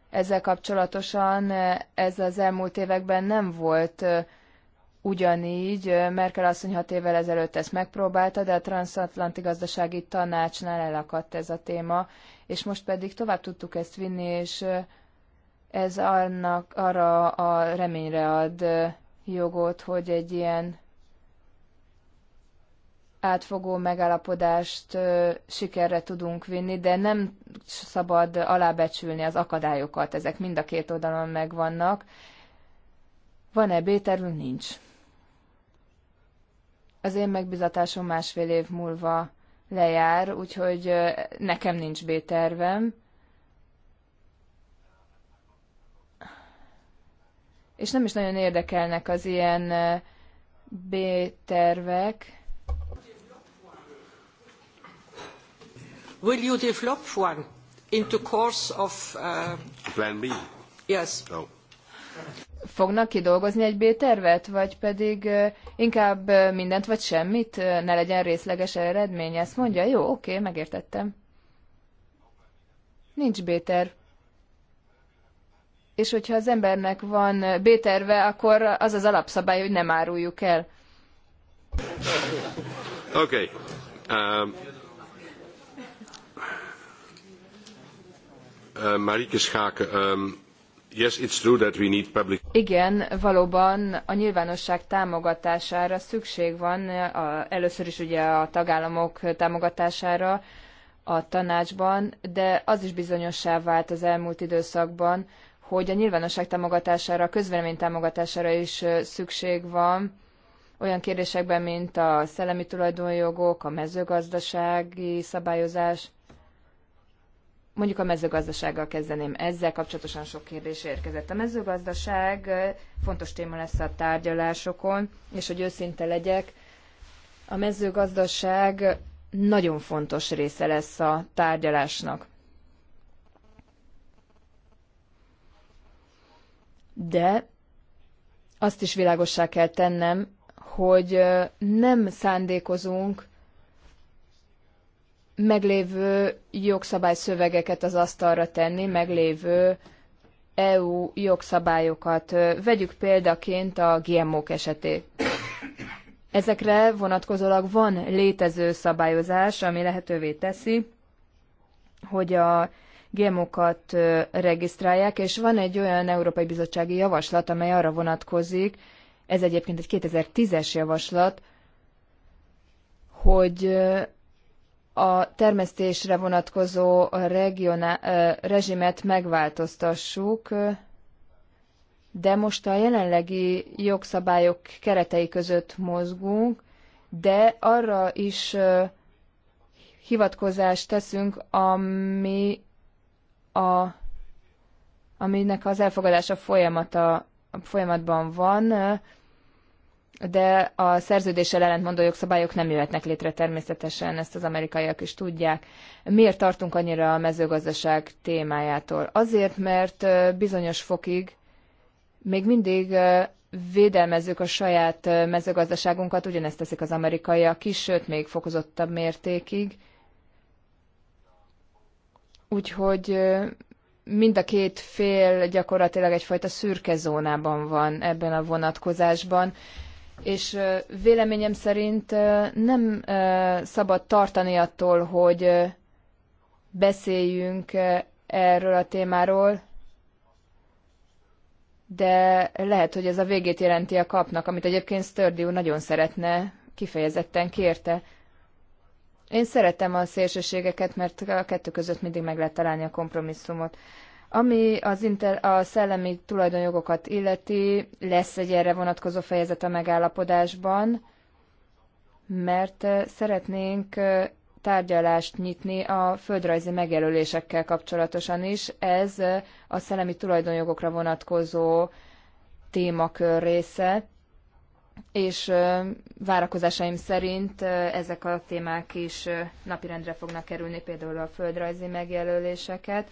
ezzel kapcsolatosan, ez az elmúlt években nem volt Ugyanígy Merkel asszony hat évvel ezelőtt ezt megpróbálta, de a transatlanti gazdasági tanácsnál elakadt ez a téma, és most pedig tovább tudtuk ezt vinni, és ez annak, arra a reményre ad jogot, hogy egy ilyen átfogó megállapodást sikerre tudunk vinni, de nem szabad alábecsülni az akadályokat, ezek mind a két oldalon megvannak. Van-e b terül Nincs. Az én megbizatásom másfél év múlva lejár, úgyhogy nekem nincs B-tervem. És nem is nagyon érdekelnek az ilyen B-tervek.
Will you develop one in the course of... Uh... Plan B? Yes. No
fognak kidolgozni egy B-tervet, vagy pedig inkább mindent vagy semmit, ne legyen részleges eredmény? Ezt mondja, jó, oké, megértettem. Nincs B-terv. És hogyha az embernek van B-terve, akkor az az alapszabály, hogy nem áruljuk el.
Oké. Okay. Um,
uh, Marieke Schaken, um,
igen, valóban a nyilvánosság támogatására szükség van, először is ugye a tagállamok támogatására a tanácsban, de az is bizonyossá vált az elmúlt időszakban, hogy a nyilvánosság támogatására, a közvélemény támogatására is szükség van, olyan kérdésekben, mint a szellemi tulajdonjogok, a mezőgazdasági szabályozás, Mondjuk a mezőgazdasággal kezdeném. Ezzel kapcsolatosan sok kérdés érkezett. A mezőgazdaság fontos téma lesz a tárgyalásokon, és hogy őszinte legyek, a mezőgazdaság nagyon fontos része lesz a tárgyalásnak. De azt is világossá kell tennem, hogy nem szándékozunk meglévő jogszabályszövegeket az asztalra tenni, meglévő EU jogszabályokat. Vegyük példaként a GMO-k esetét. Ezekre vonatkozólag van létező szabályozás, ami lehetővé teszi, hogy a GMO-kat regisztrálják, és van egy olyan Európai Bizottsági Javaslat, amely arra vonatkozik, ez egyébként egy 2010-es javaslat, hogy a termesztésre vonatkozó regionál, rezsimet megváltoztassuk, de most a jelenlegi jogszabályok keretei között mozgunk, de arra is hivatkozást teszünk, ami a, aminek az elfogadása folyamata, folyamatban van, de a szerződéssel ellentmondó jogszabályok nem jöhetnek létre természetesen, ezt az amerikaiak is tudják. Miért tartunk annyira a mezőgazdaság témájától? Azért, mert bizonyos fokig még mindig védelmezzük a saját mezőgazdaságunkat, ugyanezt teszik az amerikaiak is, sőt, még fokozottabb mértékig. Úgyhogy mind a két fél gyakorlatilag egyfajta szürke zónában van ebben a vonatkozásban és véleményem szerint nem szabad tartani attól, hogy beszéljünk erről a témáról, de lehet, hogy ez a végét jelenti a kapnak, amit egyébként Sturdy úr nagyon szeretne, kifejezetten kérte. Én szeretem a szélsőségeket, mert a kettő között mindig meg lehet találni a kompromisszumot. Ami az inter, a szellemi tulajdonjogokat illeti, lesz egy erre vonatkozó fejezet a megállapodásban, mert eh, szeretnénk eh, tárgyalást nyitni a földrajzi megjelölésekkel kapcsolatosan is. Ez eh, a szellemi tulajdonjogokra vonatkozó témakör része és várakozásaim szerint ezek a témák is napirendre fognak kerülni, például a földrajzi megjelöléseket.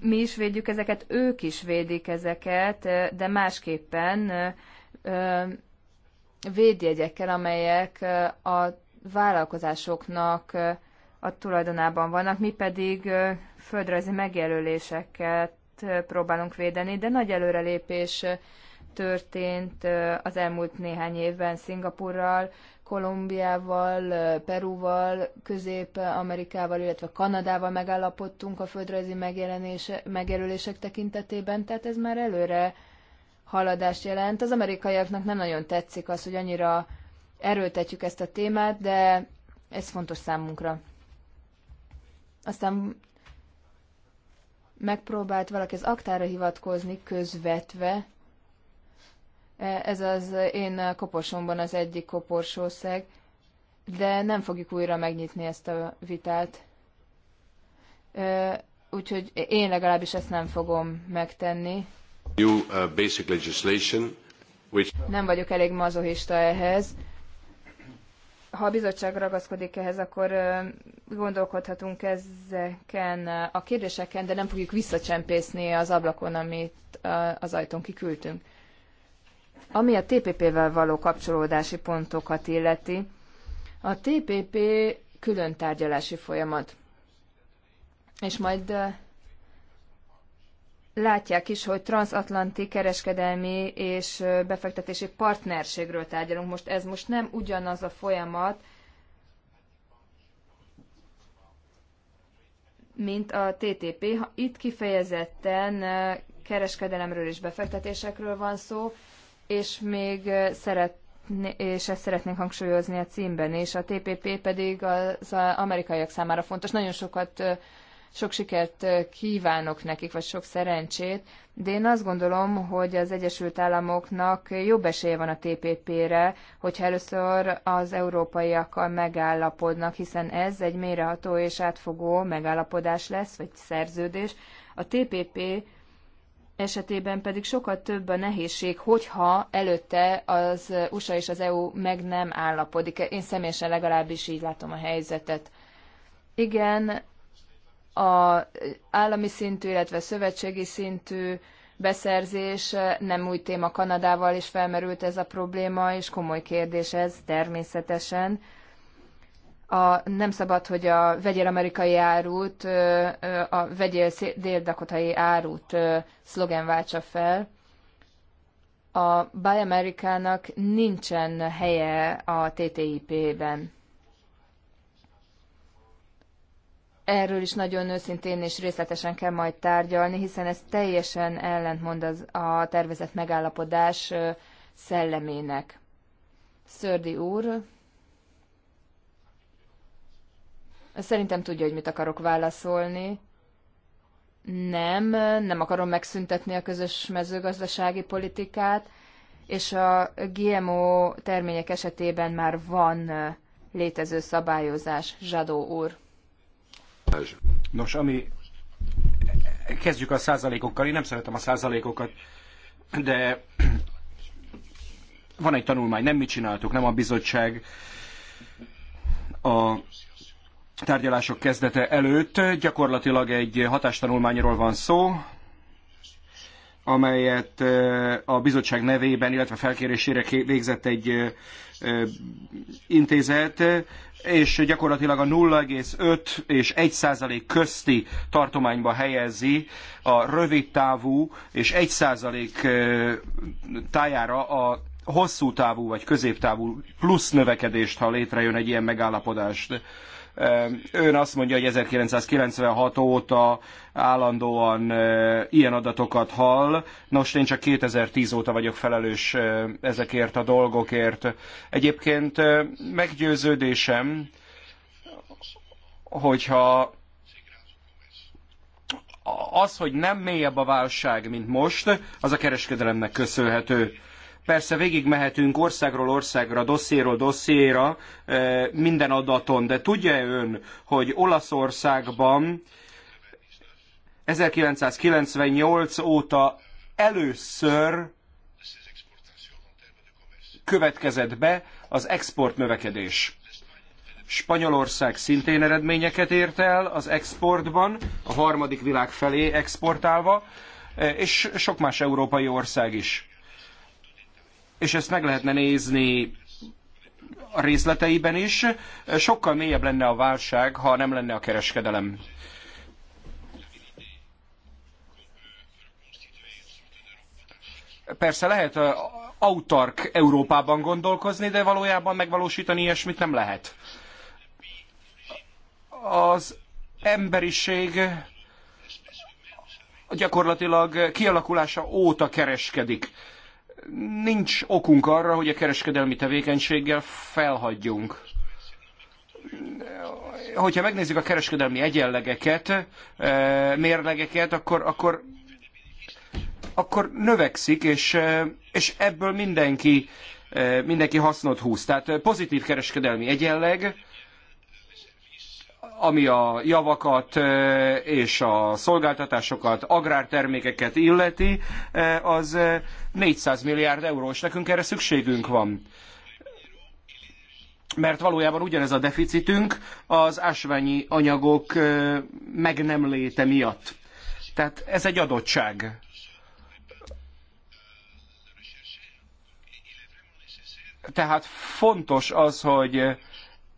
Mi is védjük ezeket, ők is védik ezeket, de másképpen védjegyekkel, amelyek a vállalkozásoknak a tulajdonában vannak, mi pedig földrajzi megjelölésekkel próbálunk védeni, de nagy előrelépés történt az elmúlt néhány évben Szingapurral, Kolumbiával, Perúval, Közép-Amerikával, illetve Kanadával megállapodtunk a földrajzi megjelölések tekintetében, tehát ez már előre haladást jelent. Az amerikaiaknak nem nagyon tetszik az, hogy annyira erőltetjük ezt a témát, de ez fontos számunkra. Aztán megpróbált valaki az aktára hivatkozni közvetve, ez az én koporsomban az egyik koporsószeg, de nem fogjuk újra megnyitni ezt a vitát. Úgyhogy én legalábbis ezt nem fogom megtenni.
New, uh, basic legislation, which...
Nem vagyok elég mazohista ehhez. Ha a bizottság ragaszkodik ehhez, akkor gondolkodhatunk ezeken a kérdéseken, de nem fogjuk visszacsempészni az ablakon, amit az ajtón kiküldtünk. Ami a TPP-vel való kapcsolódási pontokat illeti, a TPP külön tárgyalási folyamat. És majd látják is, hogy transatlanti kereskedelmi és befektetési partnerségről tárgyalunk. Most ez most nem ugyanaz a folyamat, mint a TTP. Itt kifejezetten kereskedelemről és befektetésekről van szó, és még szeret és ezt szeretnénk hangsúlyozni a címben, és a TPP pedig az amerikaiak számára fontos. Nagyon sokat, sok sikert kívánok nekik, vagy sok szerencsét, de én azt gondolom, hogy az Egyesült Államoknak jobb esélye van a TPP-re, hogyha először az európaiakkal megállapodnak, hiszen ez egy mélyreható és átfogó megállapodás lesz, vagy szerződés. A TPP esetében pedig sokkal több a nehézség, hogyha előtte az USA és az EU meg nem állapodik. Én személyesen legalábbis így látom a helyzetet. Igen, a állami szintű, illetve szövetségi szintű beszerzés nem új téma Kanadával is felmerült ez a probléma, és komoly kérdés ez természetesen a, nem szabad, hogy a vegyél amerikai árut, a vegyél dél-dakotai árut szlogen váltsa fel. A Buy Amerikának nincsen helye a TTIP-ben. Erről is nagyon őszintén és részletesen kell majd tárgyalni, hiszen ez teljesen ellentmond az, a tervezett megállapodás szellemének. Szördi úr, Szerintem tudja, hogy mit akarok válaszolni. Nem, nem akarom megszüntetni a közös mezőgazdasági politikát, és a GMO termények esetében már van létező szabályozás, Zsadó úr.
Nos, ami kezdjük a százalékokkal. Én nem szeretem a százalékokat, de van egy tanulmány, nem mi csináltuk, nem a bizottság. A tárgyalások kezdete előtt. Gyakorlatilag egy hatástanulmányról van szó, amelyet eh, a bizottság nevében, illetve felkérésére végzett egy eh, eh, intézet, és gyakorlatilag a 0,5 és 1 százalék közti tartományba helyezi a rövid távú és 1 százalék tájára a hosszú távú vagy középtávú plusz növekedést, ha létrejön egy ilyen megállapodást. Ön azt mondja, hogy 1996 óta állandóan ilyen adatokat hall. Nos, én csak 2010 óta vagyok felelős ezekért a dolgokért. Egyébként meggyőződésem, hogyha az, hogy nem mélyebb a válság, mint most, az a kereskedelemnek köszönhető. Persze végigmehetünk országról országra, dossziéról dossziéra minden adaton, de tudja ön, hogy Olaszországban 1998 óta először következett be az export növekedés. Spanyolország szintén eredményeket ért el az exportban, a harmadik világ felé exportálva, és sok más európai ország is és ezt meg lehetne nézni a részleteiben is, sokkal mélyebb lenne a válság, ha nem lenne a kereskedelem. Persze lehet autark Európában gondolkozni, de valójában megvalósítani ilyesmit nem lehet. Az emberiség gyakorlatilag kialakulása óta kereskedik nincs okunk arra, hogy a kereskedelmi tevékenységgel felhagyjunk. Hogyha megnézzük a kereskedelmi egyenlegeket, eh, mérlegeket, akkor, akkor, akkor növekszik, és, eh, és ebből mindenki, eh, mindenki hasznot húz. Tehát pozitív kereskedelmi egyenleg, ami a javakat és a szolgáltatásokat, agrártermékeket illeti, az 400 milliárd eurós. Nekünk erre szükségünk van mert valójában ugyanez a deficitünk az ásványi anyagok meg nem léte miatt. Tehát ez egy adottság. Tehát fontos az, hogy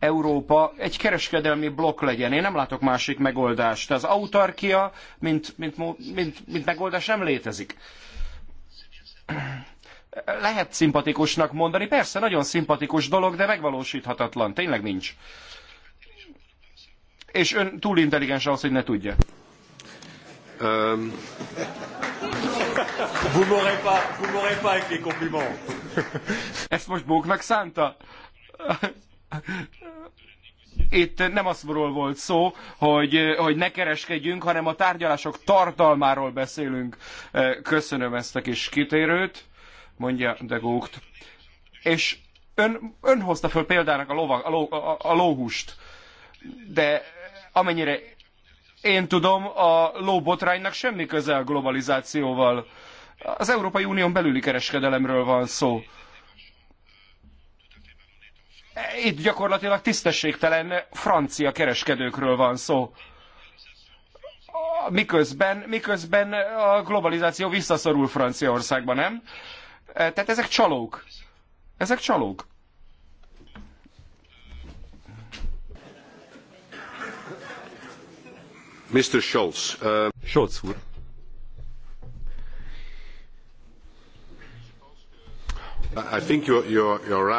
Európa egy kereskedelmi blokk legyen. Én nem látok másik megoldást. Az autarkia, mint, mint, mint, mint megoldás nem létezik. Lehet szimpatikusnak mondani, persze nagyon szimpatikus dolog, de megvalósíthatatlan. Tényleg nincs. És ön túl intelligens ahhoz, hogy ne tudja. Um... Vous pas, vous pas avec les compliments. Ezt most bóknak szánta? itt nem azról volt szó, hogy, hogy ne kereskedjünk, hanem a tárgyalások tartalmáról beszélünk. Köszönöm ezt a kis kitérőt, mondja de Gucht. És ön, ön hozta föl példának a, lova, a, ló, a, a lóhúst, de amennyire én tudom, a lóbotránynak semmi köze a globalizációval. Az Európai Unión belüli kereskedelemről van szó itt gyakorlatilag tisztességtelen francia kereskedőkről van szó. Miközben, miközben a globalizáció visszaszorul Franciaországba, nem? E, tehát ezek csalók. Ezek csalók.
Mr. Scholz. Uh... Scholz úr.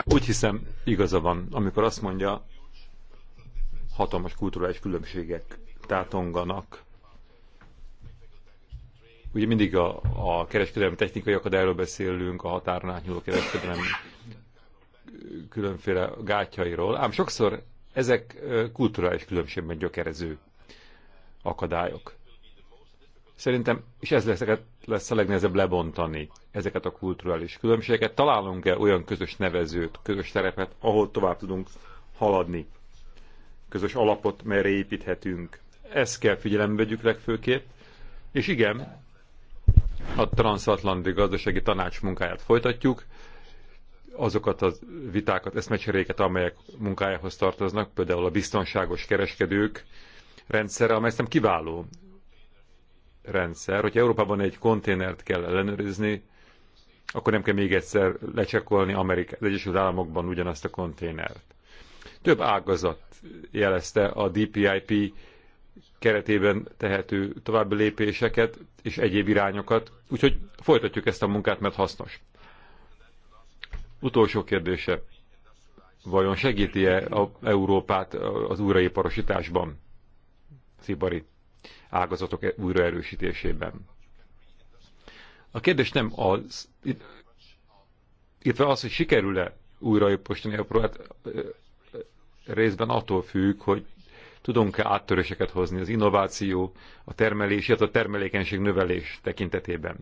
Úgy hiszem, igaza van, amikor azt mondja, hatalmas kulturális különbségek tátonganak. Ugye mindig a, a kereskedelmi technikai akadályról beszélünk, a határon átnyúló kereskedelem különféle gátjairól, ám sokszor ezek kulturális különbségben gyökerező akadályok. Szerintem, és ez lesz lesz a legnehezebb lebontani ezeket a kulturális különbségeket. Találunk-e olyan közös nevezőt, közös terepet, ahol tovább tudunk haladni? Közös alapot, merre építhetünk? Ezt kell figyelembe vegyük legfőképp. És igen, a transatlanti gazdasági tanács munkáját folytatjuk, azokat a vitákat, eszmecseréket, amelyek munkájához tartoznak, például a biztonságos kereskedők rendszere, amely szerintem kiváló rendszer. Hogyha Európában egy konténert kell ellenőrizni, akkor nem kell még egyszer lecsekolni Amerika, az Egyesült Államokban ugyanazt a konténert. Több ágazat jelezte a DPIP keretében tehető további lépéseket és egyéb irányokat, úgyhogy folytatjuk ezt a munkát, mert hasznos. Utolsó kérdése. Vajon segíti-e Európát az újraiparosításban? Szibarit ágazatok újraerősítésében. A kérdés nem az, illetve az, hogy sikerül-e újraépostani a próbát, részben attól függ, hogy tudunk-e áttöréseket hozni az innováció, a termelés, illetve a termelékenység növelés tekintetében.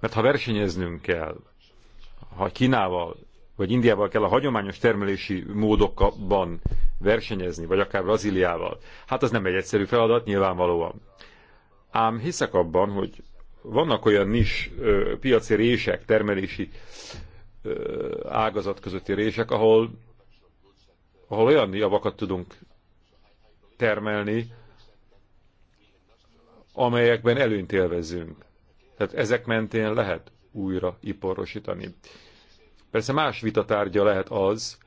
Mert ha versenyeznünk kell, ha Kínával vagy Indiával kell a hagyományos termelési módokban versenyezni, vagy akár Brazíliával, hát az nem egy egyszerű feladat nyilvánvalóan. Ám hiszek abban, hogy vannak olyan nis piaci rések, termelési ágazat közötti rések, ahol, ahol olyan javakat tudunk termelni, amelyekben előnyt élvezünk. Tehát ezek mentén lehet újra iparosítani. Persze más vitatárgya lehet az,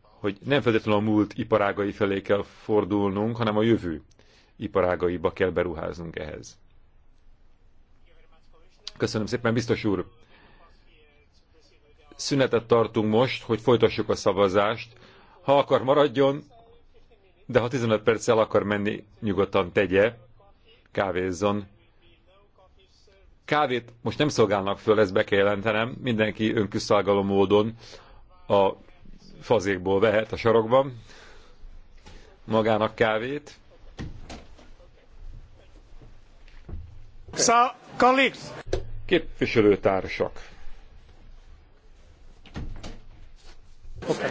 hogy nem feltétlenül a múlt iparágai felé kell fordulnunk, hanem a jövő iparágaiba kell beruháznunk ehhez. Köszönöm szépen, biztos úr! Szünetet tartunk most, hogy folytassuk a szavazást. Ha akar maradjon, de ha 15 perccel akar menni, nyugodtan tegye, kávézzon. Kávét most nem szolgálnak föl, ezt be kell jelentenem, mindenki önküszálgaló módon a fazékból vehet a sarokban magának kávét. So, colleagues. Képviselőtársak.
Okay.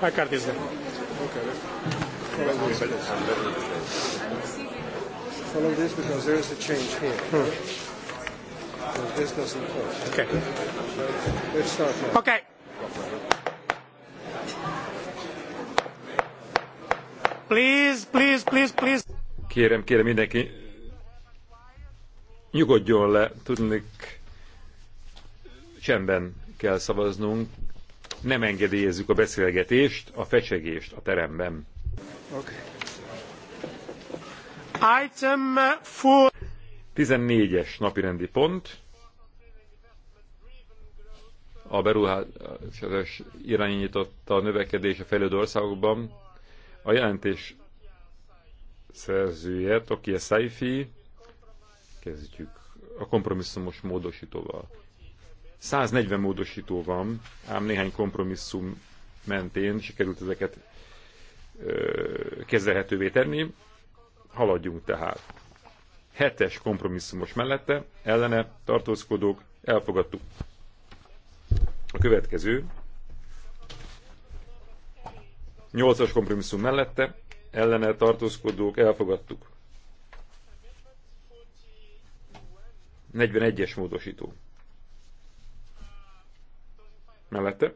My card Okay. Follow this because there is a change here. Hmm. So this doesn't work. Okay. So let's start now. Okay. Please, please, please, please.
Kérem, kérem mindenki nyugodjon le, tudnék, csendben kell szavaznunk, nem engedélyezzük a beszélgetést, a fecsegést a teremben.
Okay. Item
14-es napirendi pont. A beruházás irányította a növekedés a fejlődő országokban. A jelentés szerzője, Tokia Saifi, Kezdjük a kompromisszumos módosítóval. 140 módosító van, ám néhány kompromisszum mentén sikerült ezeket kezelhetővé tenni. Haladjunk tehát. Hetes kompromisszumos mellette, ellene tartózkodók, elfogadtuk. A következő. Nyolcas kompromisszum mellette, ellene tartózkodók, elfogadtuk. 41-es módosító. Mellette?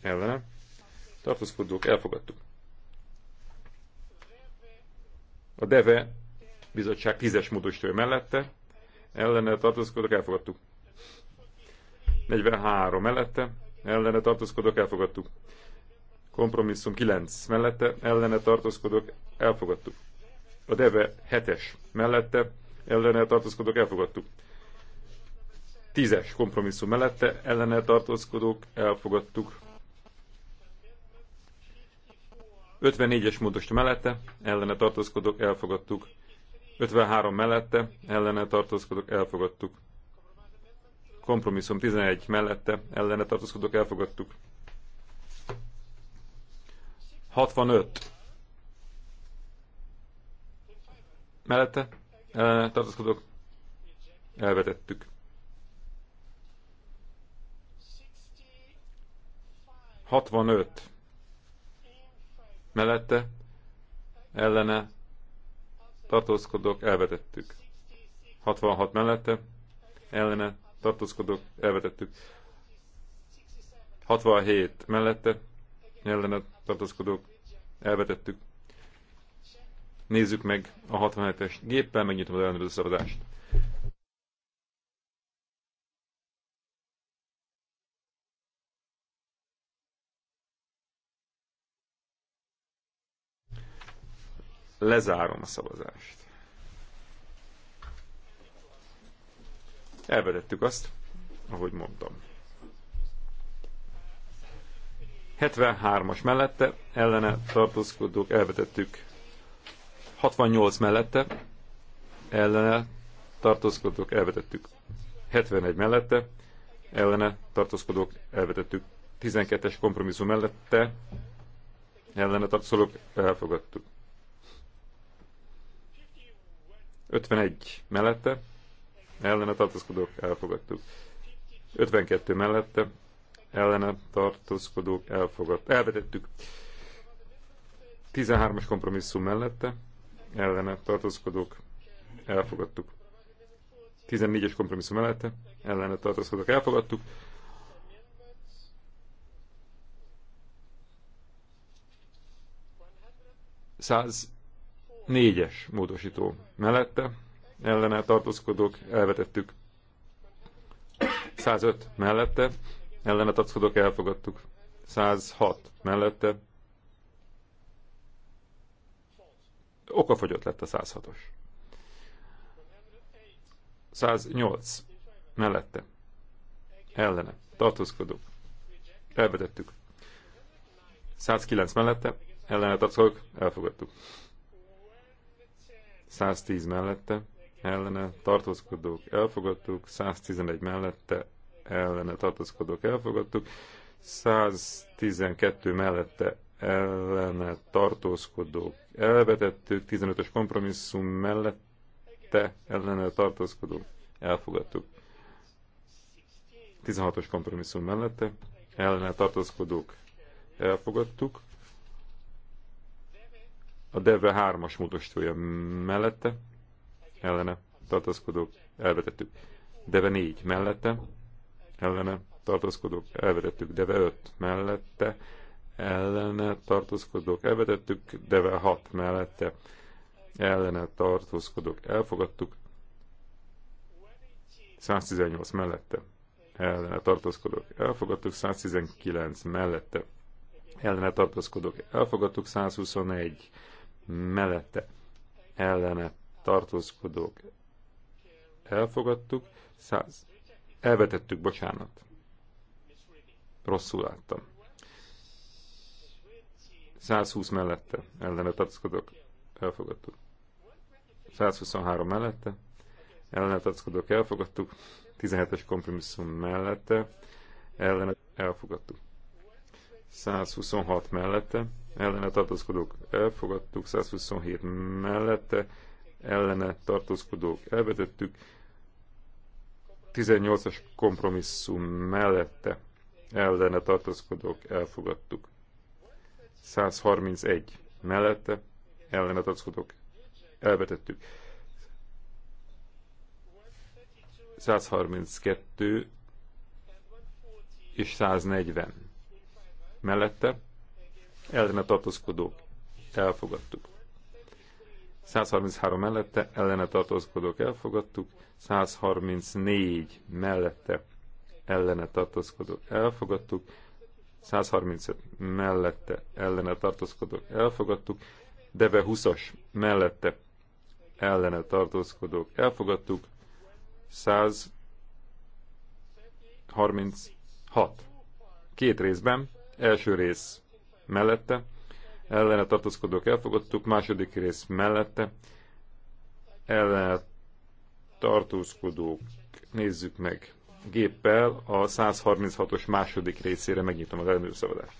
Ellene? Tartózkodók, elfogadtuk. A DEVE bizottság 10-es módosítója mellette, ellene tartózkodók, elfogadtuk. 43 mellette, ellene tartózkodók, elfogadtuk. Kompromisszum 9 mellette, ellene tartózkodók, elfogadtuk. A DEVE 7-es mellette, ellene tartózkodók elfogadtuk. Tízes kompromisszum mellette ellene tartózkodók elfogadtuk. 54-es módost mellette ellene tartózkodók elfogadtuk. 53 mellette ellene tartózkodók elfogadtuk. Kompromisszum 11 mellette ellene tartózkodók elfogadtuk. 65 mellette ellene tartózkodók elvetettük. 65 mellette ellene tartózkodók elvetettük. 66 mellette ellene tartózkodók elvetettük. 67 mellette ellene tartózkodók elvetettük. Nézzük meg a 67-es géppel, megnyitom az ellenőrző szavazást. Lezárom a szavazást. Elvedettük azt, ahogy mondtam. 73-as mellette ellene tartózkodók elvetettük 68 mellette, ellene tartózkodók elvetettük. 71 mellette, ellene tartózkodók elvetettük. 12-es kompromisszum mellette, ellene tartózkodók elfogadtuk. 51 mellette, ellene tartózkodók elfogadtuk. 52 mellette, ellene tartózkodók elfogadtuk Elvetettük 13-as kompromisszum mellette, ellene tartózkodók elfogadtuk. 14-es kompromisszum mellette ellene tartózkodók elfogadtuk. Száz négyes módosító mellette ellene tartózkodók elvetettük. 105 mellette ellene tartózkodók elfogadtuk. 106 mellette okafogyott lett a 106-os. 108 mellette. Ellene. Tartózkodok. Elvetettük. 109 mellette. Ellene tartozok. Elfogadtuk. 110 mellette. Ellene tartózkodók. Elfogadtuk. 111 mellette. Ellene tartózkodók. Elfogadtuk. 112 mellette ellene tartózkodók elvetettük, 15-ös kompromisszum mellette ellene tartózkodók elfogadtuk. 16-os kompromisszum mellette ellene tartózkodók elfogadtuk. A DEVE 3-as módosítója mellette ellene tartózkodók elvetettük. DEVE 4 mellette ellene tartózkodók elvetettük. DEVE 5 mellette ellene tartózkodók elvetettük, deve hat mellette ellene tartózkodók elfogadtuk, 118 mellette ellene tartózkodók elfogadtuk, 119 mellette ellene tartózkodók elfogadtuk, 121 mellette ellene tartózkodók elfogadtuk, 100, elvetettük, bocsánat. Rosszul láttam. 120 mellette ellene tartozkodok elfogadtuk. 123 mellette ellene tartozkodok elfogadtuk. 17-es kompromisszum mellette ellene elfogadtuk. 126 mellette ellene tartózkodók elfogadtuk, 127 mellette ellene tartózkodók elvetettük, 18-as kompromisszum mellette ellene tartózkodók elfogadtuk. 131 mellette ellene tartózkodók elvetettük. 132 és 140 mellette ellene tartózkodók elfogadtuk. 133 mellette ellene tartózkodók elfogadtuk, 134 mellette ellene tartózkodók elfogadtuk, 135 mellette ellene tartózkodók elfogadtuk, Deve 20-as mellette ellene tartózkodók elfogadtuk, 136. Két részben, első rész mellette, ellene tartózkodók elfogadtuk, második rész mellette, ellene tartózkodók, nézzük meg, géppel a 136-os második részére megnyitom az előszavazást.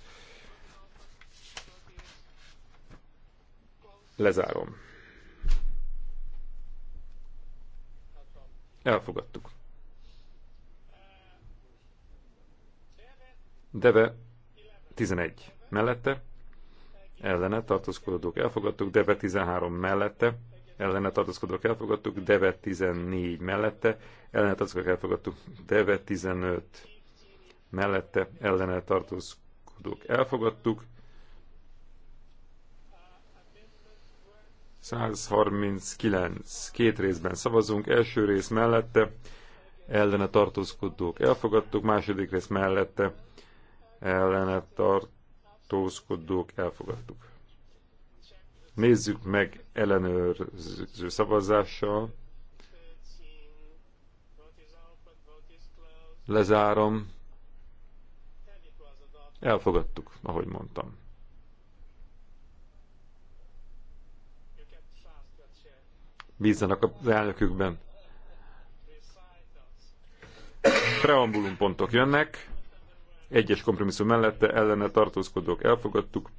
Lezárom. Elfogadtuk. Deve 11 mellette, ellene tartózkodók elfogadtuk, Deve 13 mellette, ellene tartózkodók elfogadtuk, Deve 14 mellette, ellene tartózkodók elfogadtuk, Deve 15 mellette, ellene tartózkodók elfogadtuk, 139. Két részben szavazunk. Első rész mellette ellene tartózkodók elfogadtuk, második rész mellette ellene tartózkodók elfogadtuk. Nézzük meg ellenőrző szavazással. Lezárom. Elfogadtuk, ahogy mondtam. Bízzanak az elnökükben. Preambulum pontok jönnek. Egyes kompromisszum mellette ellene tartózkodók elfogadtuk.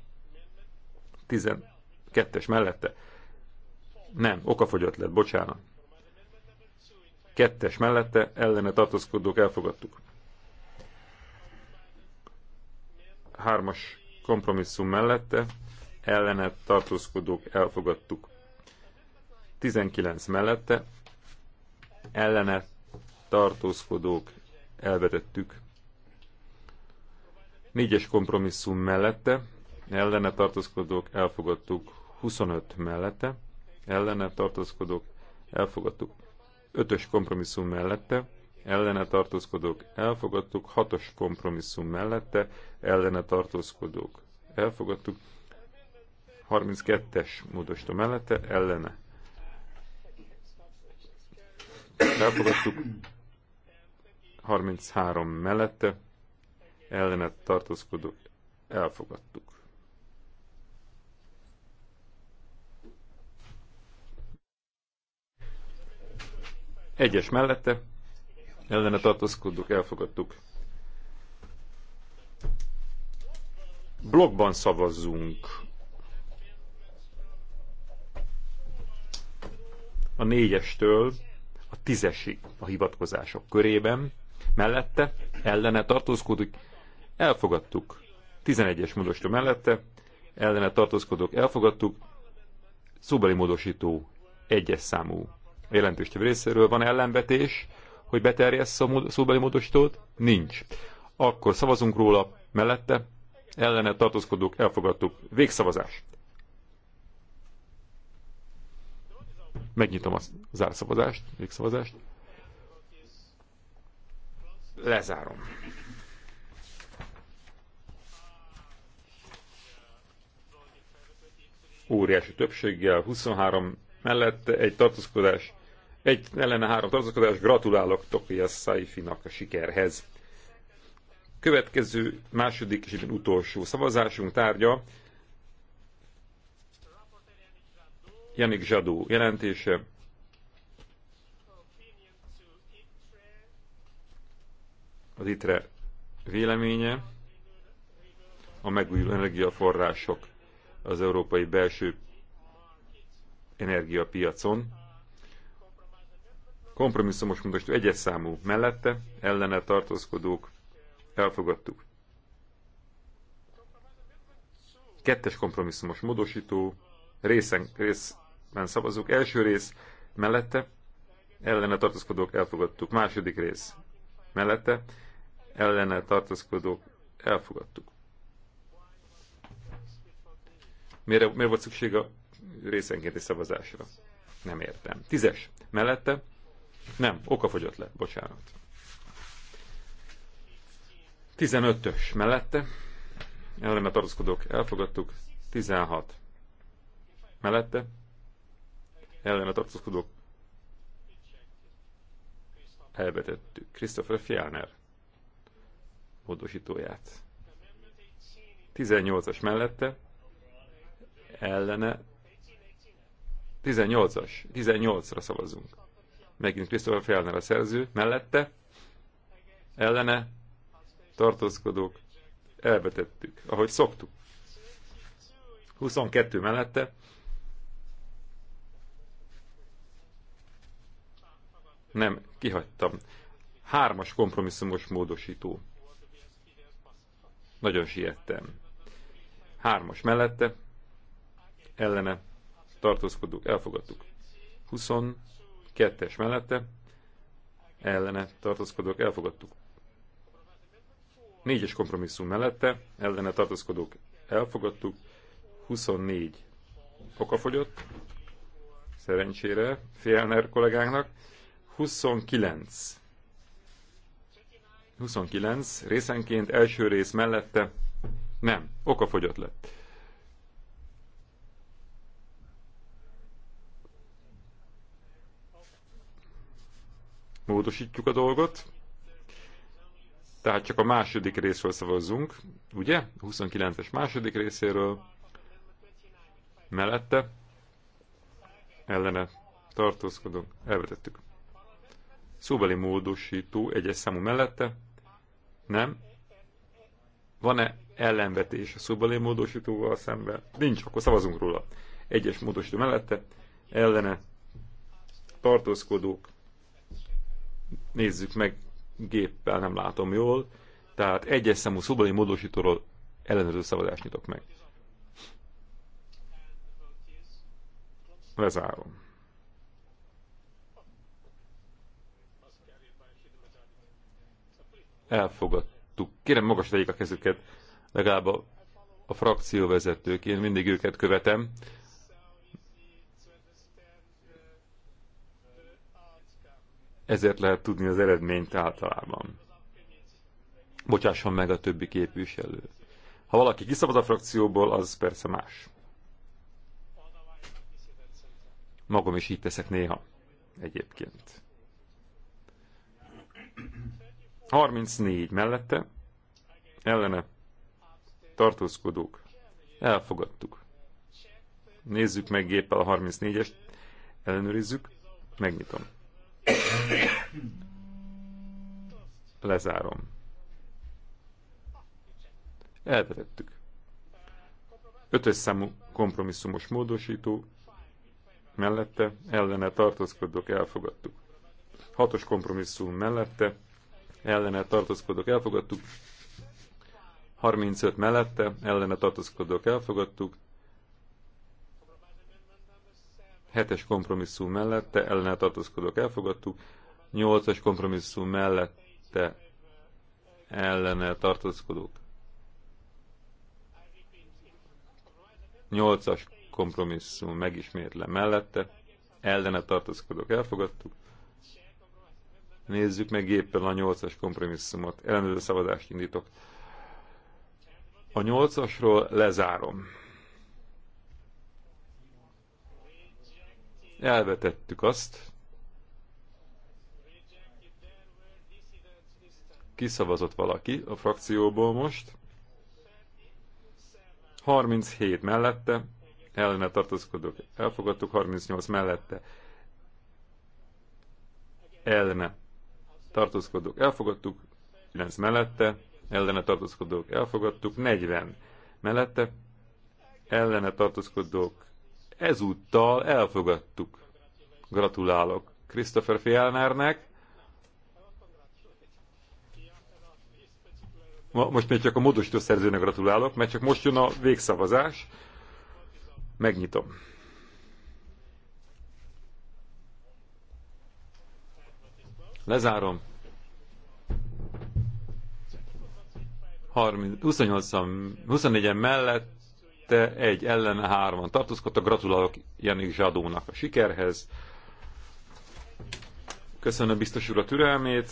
Tizen Kettes mellette. Nem, okafogyott lett, bocsánat. Kettes mellette, ellene tartózkodók elfogadtuk. Hármas kompromisszum mellette, ellene tartózkodók elfogadtuk. 19 mellette, ellene tartózkodók elvetettük. Négyes kompromisszum mellette, ellene tartózkodók elfogadtuk. 25 mellette, ellene tartózkodók elfogadtuk. 5-ös kompromisszum mellette, ellene tartózkodók elfogadtuk. 6-os kompromisszum mellette, ellene tartózkodók elfogadtuk. 32-es módosító mellette, ellene elfogadtuk. 33 mellette, ellenet tartózkodók elfogadtuk. Egyes mellette, ellene tartózkodók elfogadtuk. Blogban szavazzunk. A négyestől a tízesig a hivatkozások körében, mellette, ellene tartózkodik, elfogadtuk. 11-es módosító mellette, ellene tartózkodok, elfogadtuk, szóbeli módosító egyes számú jelentéstevő részéről van ellenvetés, hogy beterjessz a szóbeli módosítót? Nincs. Akkor szavazunk róla mellette, ellene tartózkodók, elfogadtuk. Végszavazás. Megnyitom a zárszavazást, végszavazást. Lezárom. Óriási többséggel, 23 mellette egy tartózkodás egy ellene három tartozkodás, Gratulálok Tokias Saifinak a sikerhez. Következő második és utolsó szavazásunk tárgya Janik Zsadó jelentése. Az ITRE véleménye a megújuló energiaforrások az európai belső energiapiacon. Kompromisszumos módosító egyes számú mellette, ellene tartózkodók elfogadtuk. Kettes kompromisszumos módosító részen, részben szavazók. Első rész mellette, ellene tartózkodók elfogadtuk. Második rész mellette, ellene tartózkodók elfogadtuk. Miért, miért volt szükség a részenkénti szavazásra? Nem értem. Tízes. Mellette nem, oka fogyott le, bocsánat. 15-ös mellette, ellene tartózkodók elfogadtuk, 16 mellette, ellene tartózkodók elvetettük. Christopher Fjellner módosítóját. 18-as mellette, ellene 18-as, 18-ra szavazunk megint Christopher Fjellner a szerző, mellette, ellene, tartózkodók, elvetettük, ahogy szoktuk. 22 mellette, nem, kihagytam. Hármas kompromisszumos módosító. Nagyon siettem. Hármas mellette, ellene, tartózkodók, elfogadtuk. 20 Kettes mellette ellene tartózkodók elfogadtuk. Négyes kompromisszum mellette ellene tartózkodók elfogadtuk. 24 okafogyott, szerencsére Félner kollégánknak. 29 29 részenként első rész mellette nem, okafogyott lett. módosítjuk a dolgot. Tehát csak a második részről szavazzunk, ugye? 29-es második részéről. Mellette. Ellene tartózkodunk. Elvetettük. Szóbeli módosító egyes számú mellette. Nem. Van-e ellenvetés a szóbeli módosítóval szemben? Nincs, akkor szavazunk róla. Egyes módosító mellette. Ellene tartózkodók Nézzük meg, géppel nem látom jól. Tehát egyes számú szobai módosítóról ellenőrző szavazást nyitok meg. Lezárom. Elfogadtuk. Kérem, magas tegyék a kezüket, legalább a, a frakcióvezetők, én mindig őket követem. ezért lehet tudni az eredményt általában. Bocsásson meg a többi képviselő. Ha valaki kiszabad a frakcióból, az persze más. Magam is így teszek néha, egyébként. 34 mellette, ellene, tartózkodók, elfogadtuk. Nézzük meg géppel a 34-est, ellenőrizzük, megnyitom. Lezárom. Elvetettük. Ötös számú kompromisszumos módosító, mellette ellene tartózkodok, elfogadtuk. Hatos kompromisszum mellette ellene tartózkodok, elfogadtuk. 35 mellette ellene tartózkodok, elfogadtuk. 7-es kompromisszum mellette ellene tartózkodók elfogadtuk, 8-as kompromisszum mellette ellene tartózkodók. 8-as kompromisszum megismétle mellette, ellene tartózkodók elfogadtuk. Nézzük meg éppen a 8-as kompromisszumot. Ellenőrző szavazást indítok. A 8-asról lezárom. elvetettük azt, kiszavazott valaki a frakcióból most, 37 mellette, ellene tartózkodók elfogadtuk, 38 mellette, ellene tartózkodók elfogadtuk, 9 mellette, ellene tartózkodók elfogadtuk, 40 mellette, ellene tartózkodók ezúttal elfogadtuk. Gratulálok Christopher Fjellnernek. Most még csak a módosító szerzőnek gratulálok, mert csak most jön a végszavazás. Megnyitom. Lezárom. 30, 28 24-en mellett mellette, egy ellene, hárman tartózkodtak. Gratulálok Janik Zsadónak a sikerhez. Köszönöm biztos úr a türelmét.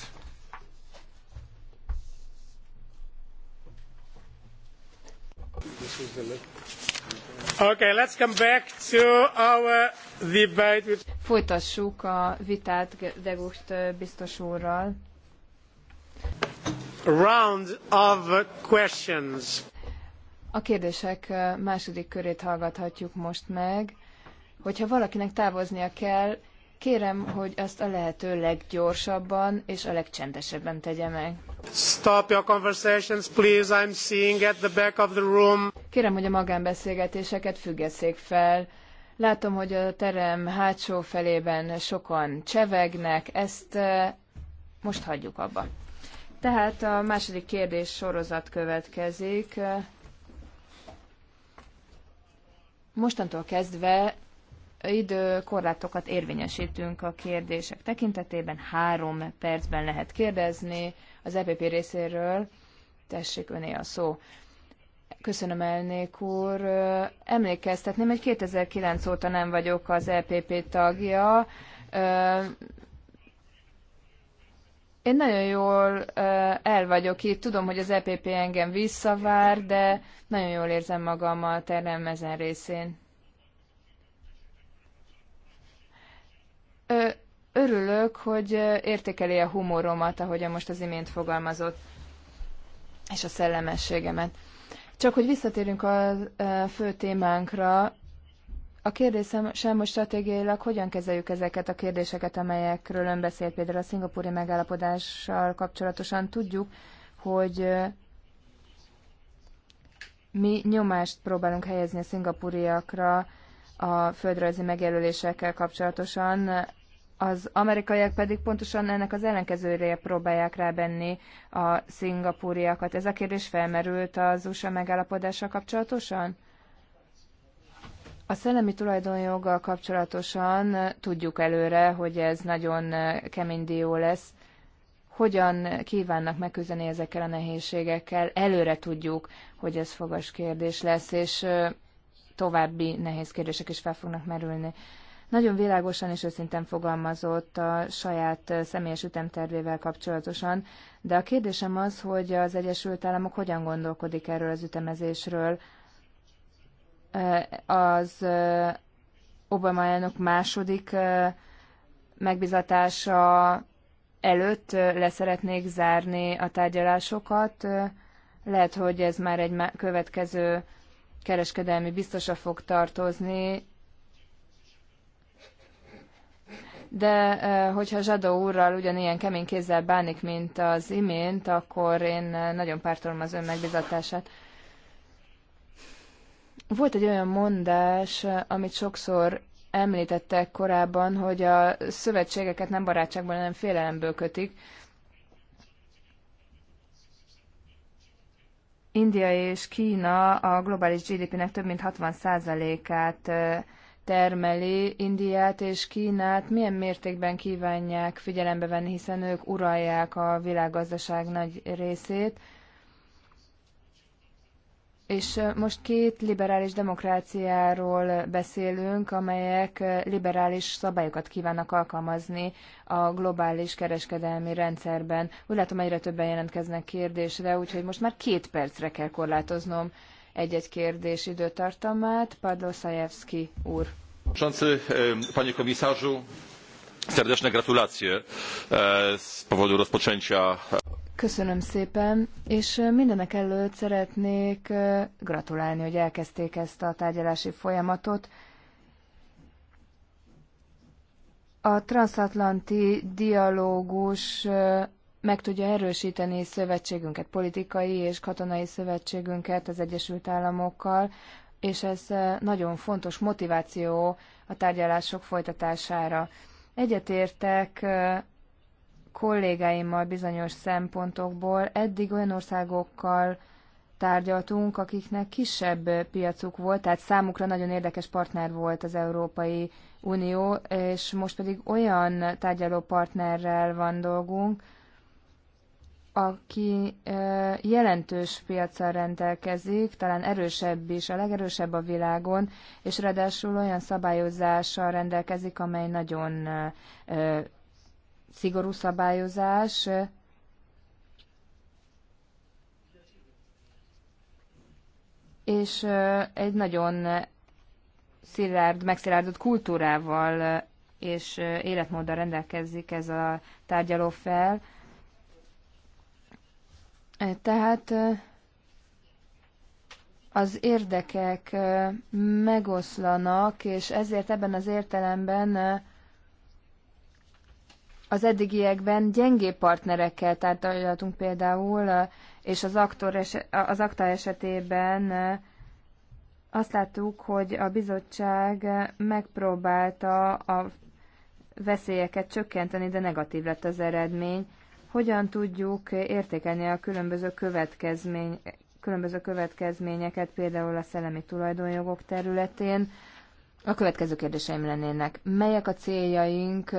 Okay, let's come back to our
debate.
Folytassuk a vitát Degust biztos úrral.
Round of questions.
A kérdések második körét hallgathatjuk most meg. Hogyha valakinek távoznia kell, kérem, hogy azt a lehető leggyorsabban és a legcsendesebben tegye meg.
Stop your conversations, please. I'm seeing at the
back of the room. Kérem, hogy a magánbeszélgetéseket függesszék fel. Látom, hogy a terem hátsó felében sokan csevegnek, ezt most hagyjuk abba. Tehát a második kérdés sorozat következik. Mostantól kezdve időkorlátokat érvényesítünk a kérdések tekintetében. Három percben lehet kérdezni az EPP részéről. Tessék, öné a szó. Köszönöm, elnék úr. Emlékeztetném, hogy 2009 óta nem vagyok az EPP tagja én nagyon jól el vagyok itt, tudom, hogy az EPP engem visszavár, de nagyon jól érzem magam a terem ezen részén. Örülök, hogy értékeli a humoromat, ahogyan most az imént fogalmazott, és a szellemességemet. Csak hogy visszatérünk a fő témánkra, a kérdésem sem, most stratégiailag hogyan kezeljük ezeket a kérdéseket, amelyekről ön beszélt például a szingapúri megállapodással kapcsolatosan. Tudjuk, hogy mi nyomást próbálunk helyezni a szingapúriakra a földrajzi megjelölésekkel kapcsolatosan, az amerikaiak pedig pontosan ennek az ellenkezőjére próbálják rábenni a szingapúriakat. Ez a kérdés felmerült az USA megállapodással kapcsolatosan? A szellemi tulajdonjoggal kapcsolatosan tudjuk előre, hogy ez nagyon kemény dió lesz. Hogyan kívánnak megküzdeni ezekkel a nehézségekkel? Előre tudjuk, hogy ez fogas kérdés lesz, és további nehéz kérdések is fel fognak merülni. Nagyon világosan és őszintén fogalmazott a saját személyes ütemtervével kapcsolatosan, de a kérdésem az, hogy az Egyesült Államok hogyan gondolkodik erről az ütemezésről, az Obama elnök második megbizatása előtt leszeretnék zárni a tárgyalásokat. Lehet, hogy ez már egy következő kereskedelmi biztosra fog tartozni, de hogyha Zsadó úrral ugyanilyen kemény kézzel bánik, mint az imént, akkor én nagyon pártolom az ön megbizatását. Volt egy olyan mondás, amit sokszor említettek korábban, hogy a szövetségeket nem barátságban, hanem félelemből kötik. India és Kína a globális GDP-nek több mint 60%-át termeli Indiát és Kínát, milyen mértékben kívánják figyelembe venni, hiszen ők uralják a világgazdaság nagy részét. És most két liberális demokráciáról beszélünk, amelyek liberális szabályokat kívánnak alkalmazni a globális kereskedelmi rendszerben. Úgy látom, egyre többen jelentkeznek kérdésre, úgyhogy most már két percre kell korlátoznom egy-egy kérdés időtartamát. Padlo Szajewski úr.
E, panie komisarzu, serdeczne gratulacje e, z powodu rozpoczęcia
Köszönöm szépen, és mindenek előtt szeretnék gratulálni, hogy elkezdték ezt a tárgyalási folyamatot. A transatlanti dialógus meg tudja erősíteni szövetségünket, politikai és katonai szövetségünket az Egyesült Államokkal, és ez nagyon fontos motiváció a tárgyalások folytatására. Egyetértek kollégáimmal bizonyos szempontokból. Eddig olyan országokkal tárgyaltunk, akiknek kisebb piacuk volt, tehát számukra nagyon érdekes partner volt az Európai Unió, és most pedig olyan tárgyaló partnerrel van dolgunk, aki jelentős piacsal rendelkezik, talán erősebb is, a legerősebb a világon, és ráadásul olyan szabályozással rendelkezik, amely nagyon szigorú szabályozás, és egy nagyon szilárd, megszilárdott kultúrával és életmóddal rendelkezik ez a tárgyaló fel. Tehát az érdekek megoszlanak, és ezért ebben az értelemben az eddigiekben gyengébb partnerekkel tárgyaltunk például, és az, aktor eset, az akta esetében azt láttuk, hogy a bizottság megpróbálta a veszélyeket csökkenteni, de negatív lett az eredmény. Hogyan tudjuk értékelni a különböző, következmény, különböző következményeket, például a szellemi tulajdonjogok területén? A következő kérdéseim lennének. Melyek a céljaink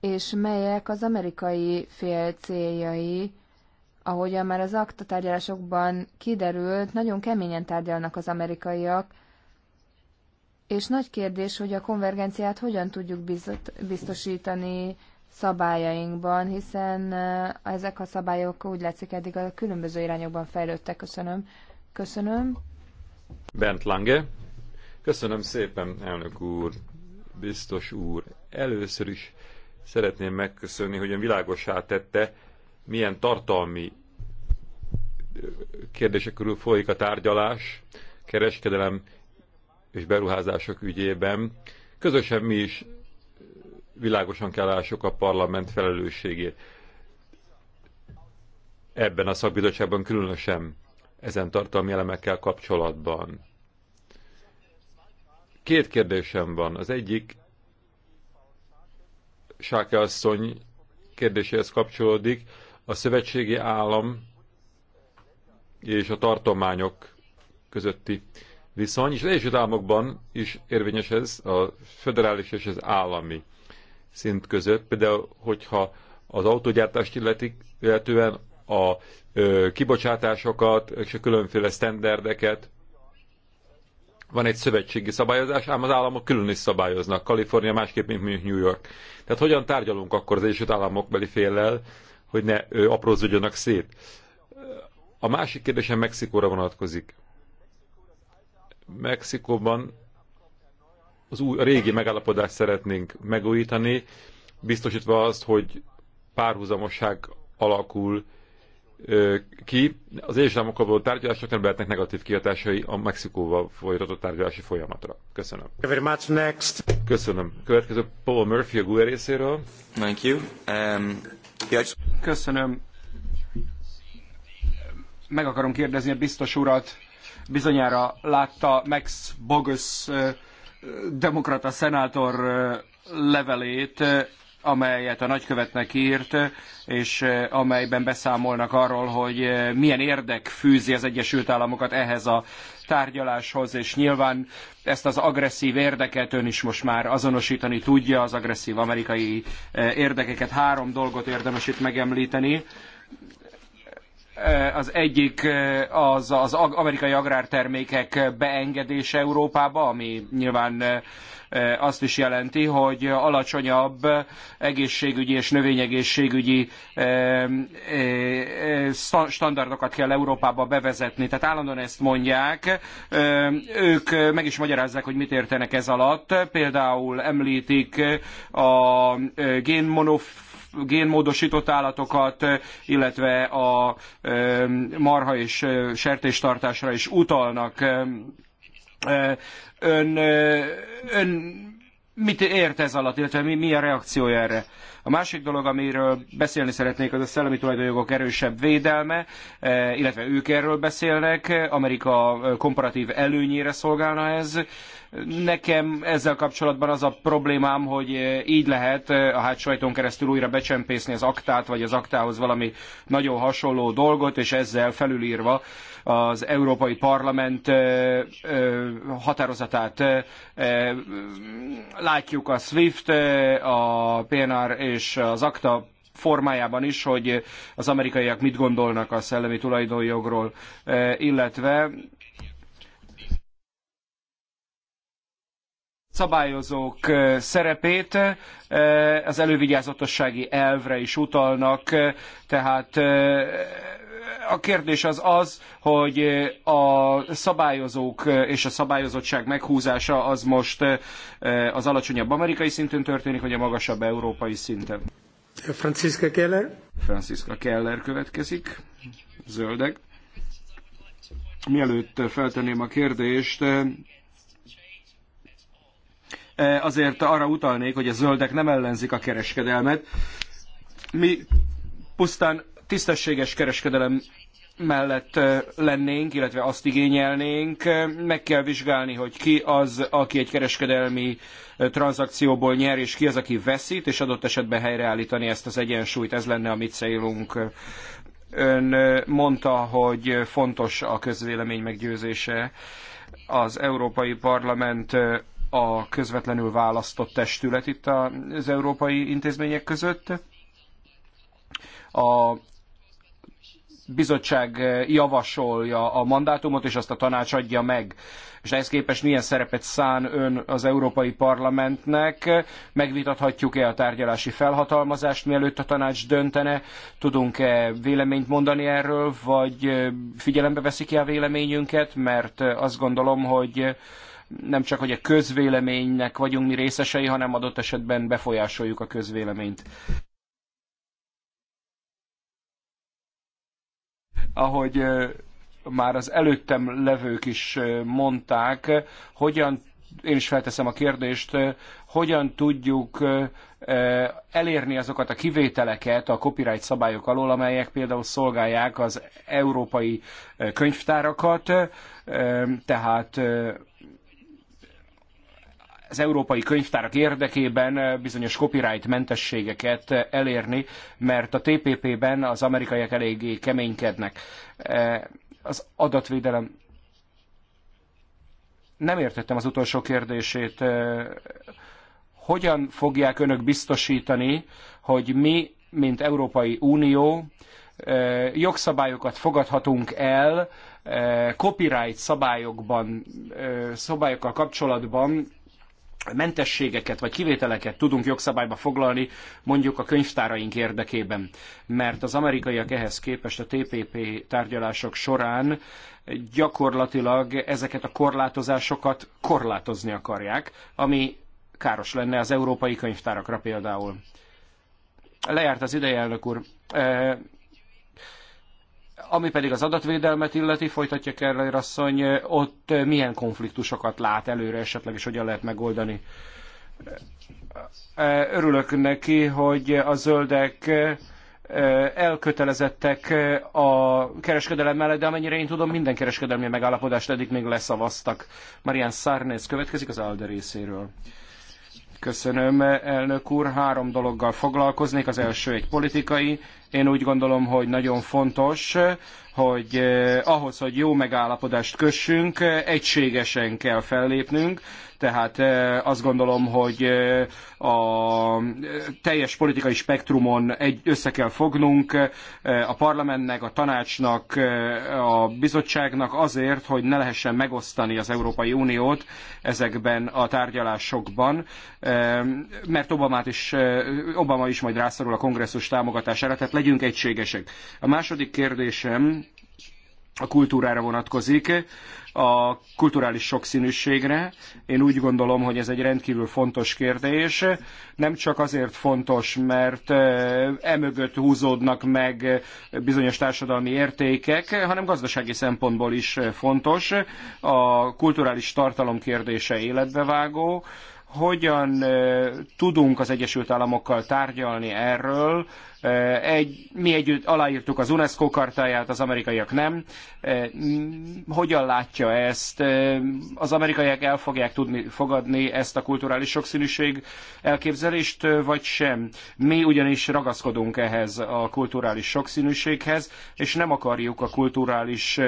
és melyek az amerikai fél céljai, ahogyan már az akta tárgyalásokban kiderült, nagyon keményen tárgyalnak az amerikaiak, és nagy kérdés, hogy a konvergenciát hogyan tudjuk biztosítani szabályainkban, hiszen eh, ezek a szabályok úgy látszik eddig a különböző irányokban fejlődtek. Köszönöm. Köszönöm.
Bent Lange. Köszönöm szépen, elnök úr, biztos úr. Először is szeretném megköszönni, hogy ön világosá tette, milyen tartalmi kérdések körül folyik a tárgyalás, kereskedelem és beruházások ügyében. Közösen mi is világosan kell lássuk a parlament felelősségét. Ebben a szakbizottságban különösen ezen tartalmi elemekkel kapcsolatban. Két kérdésem van. Az egyik Sáke asszony kérdéséhez kapcsolódik, a szövetségi állam és a tartományok közötti viszony, és az Egyesült Államokban is érvényes ez a föderális és az állami szint között. Például, hogyha az autógyártást illetik, illetően a ö, kibocsátásokat és a különféle sztenderdeket, van egy szövetségi szabályozás, ám az államok külön is szabályoznak. Kalifornia másképp, mint New York. Tehát hogyan tárgyalunk akkor az Egyesült Államok beli féllel, hogy ne aprózódjanak szét? A másik kérdésem Mexikóra vonatkozik. Mexikóban az új, a régi megállapodást szeretnénk megújítani, biztosítva azt, hogy párhuzamosság alakul ki, az Államokkal való tárgyalások nem lehetnek negatív kihatásai a Mexikóval folytatott tárgyalási folyamatra. Köszönöm.
Very much next.
Köszönöm. Következő Paul Murphy a GUE részéről. Thank you. Um,
yeah, Köszönöm. Meg akarom kérdezni a biztos urat. Bizonyára látta Max Bogus demokrata szenátor levelét amelyet a nagykövetnek írt, és eh, amelyben beszámolnak arról, hogy eh, milyen érdek fűzi az Egyesült Államokat ehhez a tárgyaláshoz, és nyilván ezt az agresszív érdeket ön is most már azonosítani tudja, az agresszív amerikai eh, érdekeket. Három dolgot érdemes itt megemlíteni az egyik az, az amerikai agrártermékek beengedése Európába, ami nyilván azt is jelenti, hogy alacsonyabb egészségügyi és növényegészségügyi standardokat kell Európába bevezetni. Tehát állandóan ezt mondják, ők meg is magyarázzák, hogy mit értenek ez alatt. Például említik a génmonof génmódosított állatokat, illetve a marha és sertéstartásra is utalnak Ön, ön mit ért ez alatt, illetve mi, mi a reakciója erre? A másik dolog, amiről beszélni szeretnék, az a szellemi tulajdonjogok erősebb védelme, illetve ők erről beszélnek. Amerika komparatív előnyére szolgálna ez. Nekem ezzel kapcsolatban az a problémám, hogy eh, így lehet eh, a hátsajton keresztül újra becsempészni az aktát, vagy az aktához valami nagyon hasonló dolgot, és ezzel felülírva az Európai Parlament eh, határozatát. Látjuk a SWIFT, a PNR és az akta formájában is, hogy az amerikaiak mit gondolnak a szellemi tulajdonjogról, illetve szabályozók szerepét az elővigyázatossági elvre is utalnak, tehát a kérdés az az, hogy a szabályozók és a szabályozottság meghúzása az most az alacsonyabb amerikai szinten történik, vagy a magasabb európai szinten? Franciska Keller. Franciska Keller következik. Zöldek. Mielőtt feltenném a kérdést, E, azért arra utalnék, hogy a zöldek nem ellenzik a kereskedelmet. Mi pusztán tisztességes kereskedelem mellett e, lennénk, illetve azt igényelnénk. E, meg kell vizsgálni, hogy ki az, aki egy kereskedelmi tranzakcióból nyer, és ki az, aki veszít, és adott esetben helyreállítani ezt az egyensúlyt. Ez lenne a mi célunk. Ön mondta, hogy fontos a közvélemény meggyőzése. Az Európai Parlament a közvetlenül választott testület itt az európai intézmények között. A bizottság javasolja a mandátumot, és azt a tanács adja meg. És ehhez képest milyen szerepet szán ön az Európai Parlamentnek? Megvitathatjuk-e a tárgyalási felhatalmazást, mielőtt a tanács döntene? Tudunk-e véleményt mondani erről, vagy figyelembe veszik-e a véleményünket? Mert azt gondolom, hogy nem csak, hogy a közvéleménynek vagyunk mi részesei, hanem adott esetben befolyásoljuk a közvéleményt. Ahogy már az előttem levők is mondták, hogyan én is felteszem a kérdést, hogyan tudjuk elérni azokat a kivételeket a copyright szabályok alól, amelyek például szolgálják az európai könyvtárakat, tehát az európai könyvtárak érdekében eh, bizonyos copyright mentességeket eh, elérni, mert a TPP-ben az amerikaiak eléggé keménykednek. Eh, az adatvédelem nem értettem az utolsó kérdését. Hogyan fogják önök biztosítani, hogy mi, mint Európai Unió, jogszabályokat fogadhatunk el, copyright szabályokban, szabályokkal kapcsolatban, mentességeket vagy kivételeket tudunk jogszabályba foglalni mondjuk a könyvtáraink érdekében, mert az amerikaiak ehhez képest a TPP tárgyalások során gyakorlatilag ezeket a korlátozásokat korlátozni akarják, ami káros lenne az európai könyvtárakra például. Lejárt az ideje, elnök úr. Ami pedig az adatvédelmet illeti, folytatja Kerler asszony, ott milyen konfliktusokat lát előre esetleg, és hogyan lehet megoldani? Örülök neki, hogy a zöldek elkötelezettek a kereskedelem mellett, de amennyire én tudom, minden kereskedelmi megállapodást eddig még leszavaztak. Marian Sarnes következik az ALDE részéről. Köszönöm, elnök úr. Három dologgal foglalkoznék. Az első egy politikai. Én úgy gondolom, hogy nagyon fontos, hogy eh, ahhoz, hogy jó megállapodást kössünk, egységesen kell fellépnünk. Tehát azt gondolom, hogy a teljes politikai spektrumon egy, össze kell fognunk a parlamentnek, a tanácsnak, a bizottságnak azért, hogy ne lehessen megosztani az Európai Uniót ezekben a tárgyalásokban, mert Obamát is, Obama is majd rászorul a kongresszus támogatására, tehát legyünk egységesek. A második kérdésem a kultúrára vonatkozik, a kulturális sokszínűségre. Én úgy gondolom, hogy ez egy rendkívül fontos kérdés. Nem csak azért fontos, mert eh, emögött húzódnak meg bizonyos társadalmi értékek, hanem gazdasági szempontból is fontos. A kulturális tartalom kérdése életbevágó, hogyan tudunk az Egyesült Államokkal tárgyalni erről. Egy, mi együtt aláírtuk az UNESCO kartáját, az amerikaiak nem. Hogyan látja ezt? Az amerikaiak el fogják tudni fogadni ezt a kulturális sokszínűség elképzelést, vagy sem? Mi ugyanis ragaszkodunk ehhez a kulturális sokszínűséghez, és nem akarjuk a kulturális,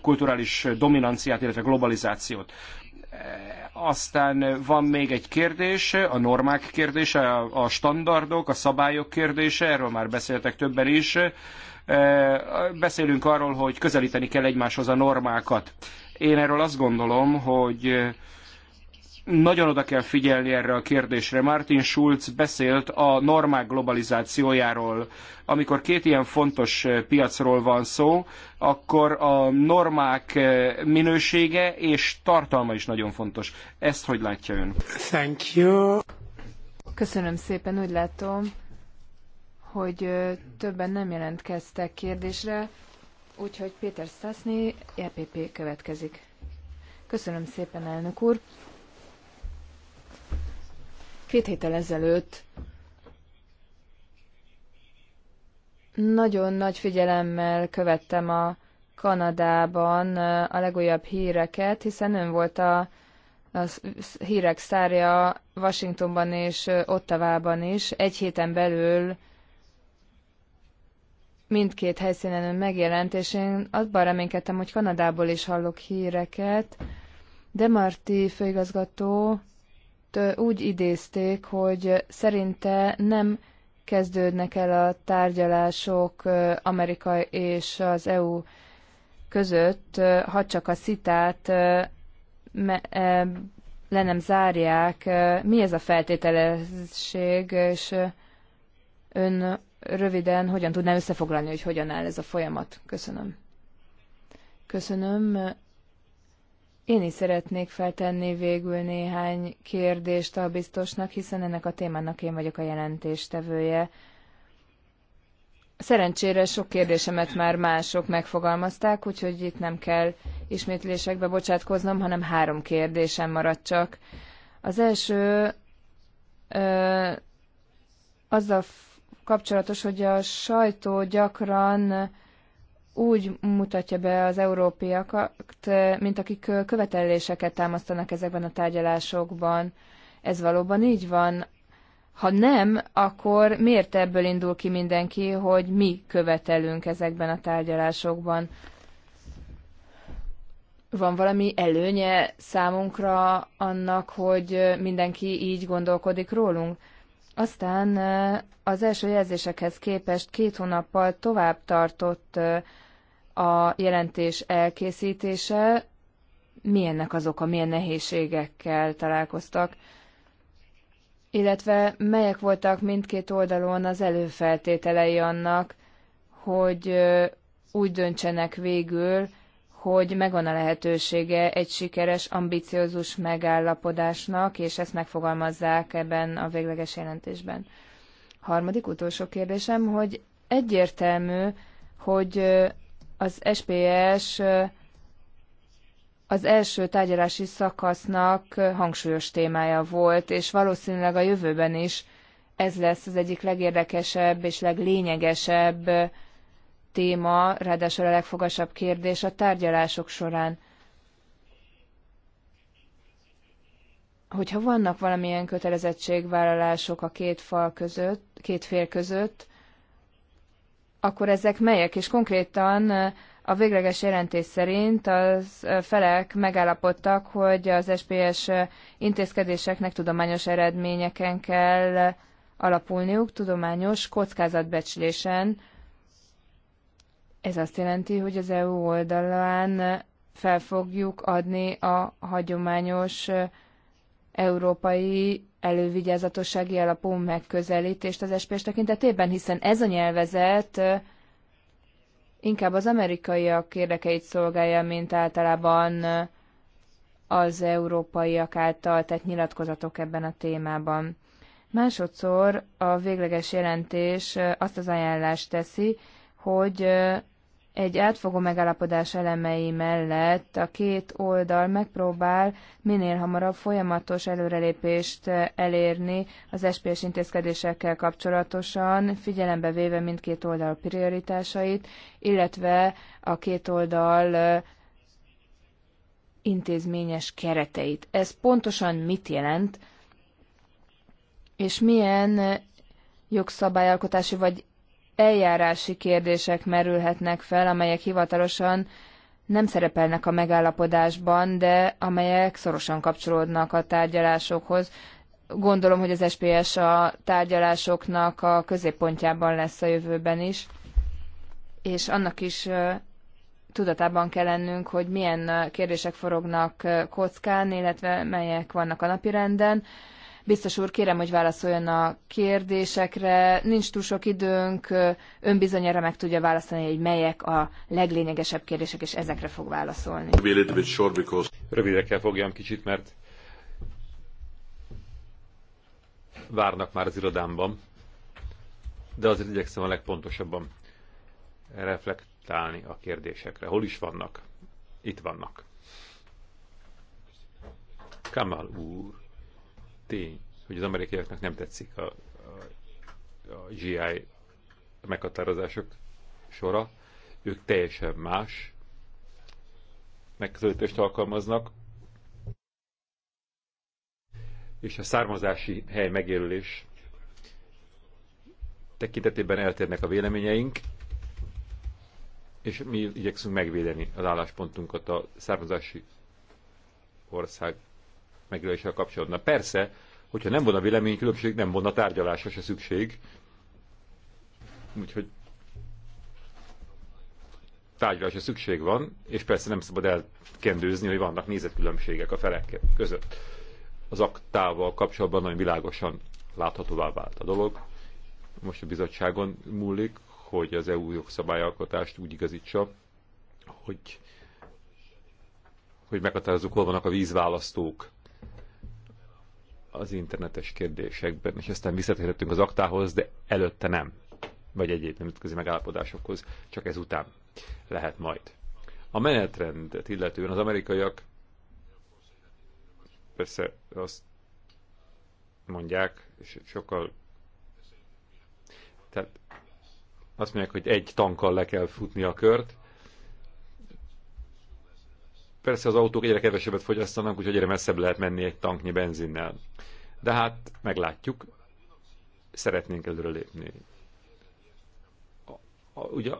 kulturális dominanciát, illetve globalizációt aztán van még egy kérdés, a normák kérdése, a standardok, a szabályok kérdése, erről már beszéltek többen is. E, beszélünk arról, hogy közelíteni kell egymáshoz a normákat. Én erről azt gondolom, hogy nagyon oda kell figyelni erre a kérdésre. Martin Schulz beszélt a normák globalizációjáról. Amikor két ilyen fontos eh, piacról van szó, akkor a normák eh, minősége és tartalma is nagyon fontos. Ezt hogy látja ön? Thank you.
Köszönöm szépen, úgy látom, hogy eh, többen nem jelentkeztek kérdésre, úgyhogy Péter Szászni, EPP következik. Köszönöm szépen, elnök úr! Két héttel ezelőtt nagyon nagy figyelemmel követtem a Kanadában a legújabb híreket, hiszen ön volt a, a hírek szárja Washingtonban és Ottavában is. Egy héten belül mindkét helyszínen ön megjelent, és én abban reménykedtem, hogy Kanadából is hallok híreket. De Marti főigazgató úgy idézték, hogy szerinte nem kezdődnek el a tárgyalások Amerika és az EU között, ha csak a szitát le nem zárják. Mi ez a feltételezség, és ön röviden hogyan tudná összefoglalni, hogy hogyan áll ez a folyamat? Köszönöm. Köszönöm. Én is szeretnék feltenni végül néhány kérdést a biztosnak, hiszen ennek a témának én vagyok a jelentéstevője. Szerencsére sok kérdésemet már mások megfogalmazták, úgyhogy itt nem kell ismétlésekbe bocsátkoznom, hanem három kérdésem maradt csak. Az első ö, azzal kapcsolatos, hogy a sajtó gyakran úgy mutatja be az európaiakat, mint akik követeléseket támasztanak ezekben a tárgyalásokban. Ez valóban így van? Ha nem, akkor miért ebből indul ki mindenki, hogy mi követelünk ezekben a tárgyalásokban? Van valami előnye számunkra annak, hogy mindenki így gondolkodik rólunk? Aztán az első jelzésekhez képest két hónappal tovább tartott a jelentés elkészítése, milyennek az oka, milyen nehézségekkel találkoztak, illetve melyek voltak mindkét oldalon az előfeltételei annak, hogy úgy döntsenek végül, hogy megvan a lehetősége egy sikeres, ambiciózus megállapodásnak, és ezt megfogalmazzák ebben a végleges jelentésben. Harmadik utolsó kérdésem, hogy egyértelmű, hogy az SPS az első tárgyalási szakasznak hangsúlyos témája volt, és valószínűleg a jövőben is ez lesz az egyik legérdekesebb és leglényegesebb téma, ráadásul a legfogasabb kérdés a tárgyalások során. Hogyha vannak valamilyen kötelezettségvállalások a két, fal között, két fél között, akkor ezek melyek? És konkrétan a végleges jelentés szerint az felek megállapodtak, hogy az SPS intézkedéseknek tudományos eredményeken kell alapulniuk, tudományos kockázatbecslésen. Ez azt jelenti, hogy az EU oldalán fel fogjuk adni a hagyományos európai elővigyázatossági alapú megközelítést az SPS tekintetében, hiszen ez a nyelvezet inkább az amerikaiak érdekeit szolgálja, mint általában az európaiak által tett nyilatkozatok ebben a témában. Másodszor a végleges jelentés azt az ajánlást teszi, hogy egy átfogó megállapodás elemei mellett a két oldal megpróbál minél hamarabb folyamatos előrelépést elérni az SPS intézkedésekkel kapcsolatosan, figyelembe véve mindkét oldal prioritásait, illetve a két oldal intézményes kereteit. Ez pontosan mit jelent, és milyen jogszabályalkotási vagy eljárási kérdések merülhetnek fel, amelyek hivatalosan nem szerepelnek a megállapodásban, de amelyek szorosan kapcsolódnak a tárgyalásokhoz. Gondolom, hogy az SPS a tárgyalásoknak a középpontjában lesz a jövőben is, és annak is tudatában kell lennünk, hogy milyen kérdések forognak kockán, illetve melyek vannak a napirenden. Biztos úr, kérem, hogy válaszoljon a kérdésekre. Nincs túl sok időnk, ön bizonyára meg tudja válaszolni, hogy melyek a leglényegesebb kérdések, és ezekre fog válaszolni.
Rövidre kell fogjam kicsit, mert várnak már az irodámban, de azért igyekszem a legpontosabban reflektálni a kérdésekre. Hol is vannak? Itt vannak. Kamal úr tény, hogy az amerikaiaknak nem tetszik a, a, a GI meghatározások sora, ők teljesen más megközelítést alkalmaznak, és a származási hely megjelölés tekintetében eltérnek a véleményeink, és mi igyekszünk megvédeni az álláspontunkat a származási ország megöléssel kapcsolatban. Persze, hogyha nem volna véleménykülönbség, nem volna tárgyalásra se szükség. Úgyhogy tárgyalásra szükség van, és persze nem szabad elkendőzni, hogy vannak nézetkülönbségek a felek között. Az aktával kapcsolatban nagyon világosan láthatóvá vált a dolog. Most a bizottságon múlik, hogy az EU jogszabályalkotást úgy igazítsa, hogy, hogy meghatározzuk, hol vannak a vízválasztók az internetes kérdésekben, és aztán visszatérhetünk az aktához, de előtte nem, vagy egyéb nemzetközi megállapodásokhoz, csak ezután lehet majd. A menetrendet illetően az amerikaiak persze azt mondják, és sokkal tehát azt mondják, hogy egy tankkal le kell futni a kört. Persze az autók egyre kevesebbet fogyasztanak, úgyhogy egyre messzebb lehet menni egy tanknyi benzinnel de hát meglátjuk, szeretnénk előre lépni. A, a, ugye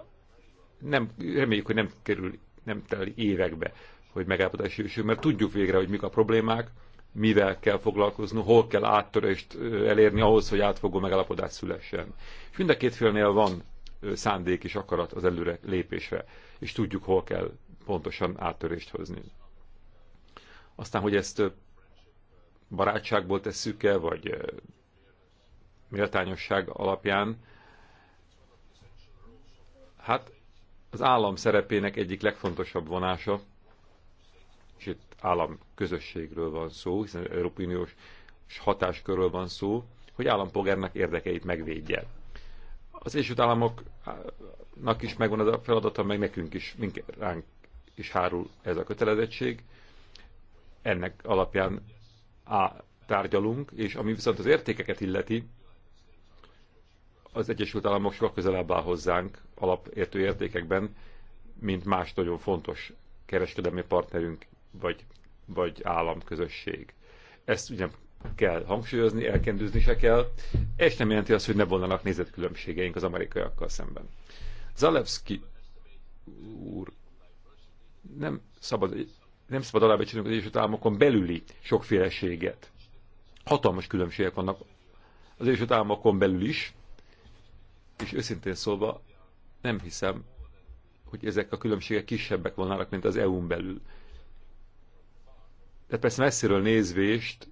nem, reméljük, hogy nem kerül, nem teli évekbe, hogy megállapodás jusson, mert tudjuk végre, hogy mik a problémák, mivel kell foglalkozni, hol kell áttörést elérni ahhoz, hogy átfogó megállapodás szülessen. És mind a két félnél van szándék és akarat az előre lépésre, és tudjuk, hol kell pontosan áttörést hozni. Aztán, hogy ezt barátságból tesszük el, vagy méltányosság alapján. Hát az állam szerepének egyik legfontosabb vonása, és itt állam közösségről van szó, hiszen Európai Uniós hatáskörről van szó, hogy állampolgárnak érdekeit megvédje. Az Egyesült Államoknak is megvan az a feladata, meg nekünk is, minket ránk is hárul ez a kötelezettség. Ennek alapján a tárgyalunk, és ami viszont az értékeket illeti, az Egyesült Államok sokkal közelebb áll hozzánk alapértő értékekben, mint más nagyon fontos kereskedelmi partnerünk vagy, vagy államközösség. Ezt ugye kell hangsúlyozni, elkendőzni se kell, és nem jelenti azt, hogy ne volnának nézetkülönbségeink az amerikaiakkal szemben. Zalewski úr, nem szabad nem szabad alábecsülnünk az Egyesült Államokon belüli sokféleséget. Hatalmas különbségek vannak az Egyesült Államokon belül is, és őszintén szólva nem hiszem, hogy ezek a különbségek kisebbek volnának, mint az EU-n belül. De persze messziről nézvést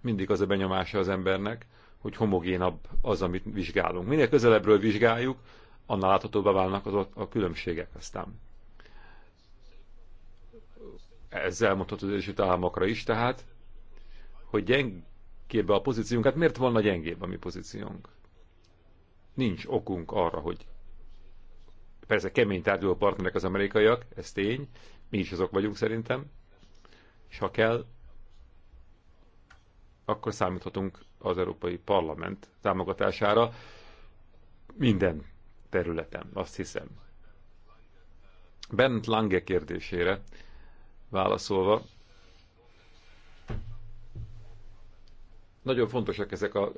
mindig az a benyomása az embernek, hogy homogénabb az, amit vizsgálunk. Minél közelebbről vizsgáljuk, annál láthatóbbá válnak az a különbségek aztán ez elmondható az Egyesült Államokra is, tehát, hogy gyengébb a pozíciónk, hát miért volna gyengébb a mi pozíciónk? Nincs okunk arra, hogy persze kemény tárgyaló partnerek az amerikaiak, ez tény, mi is azok vagyunk szerintem, és ha kell, akkor számíthatunk az Európai Parlament támogatására minden területen, azt hiszem. Bent Lange kérdésére válaszolva. Nagyon fontosak ezek a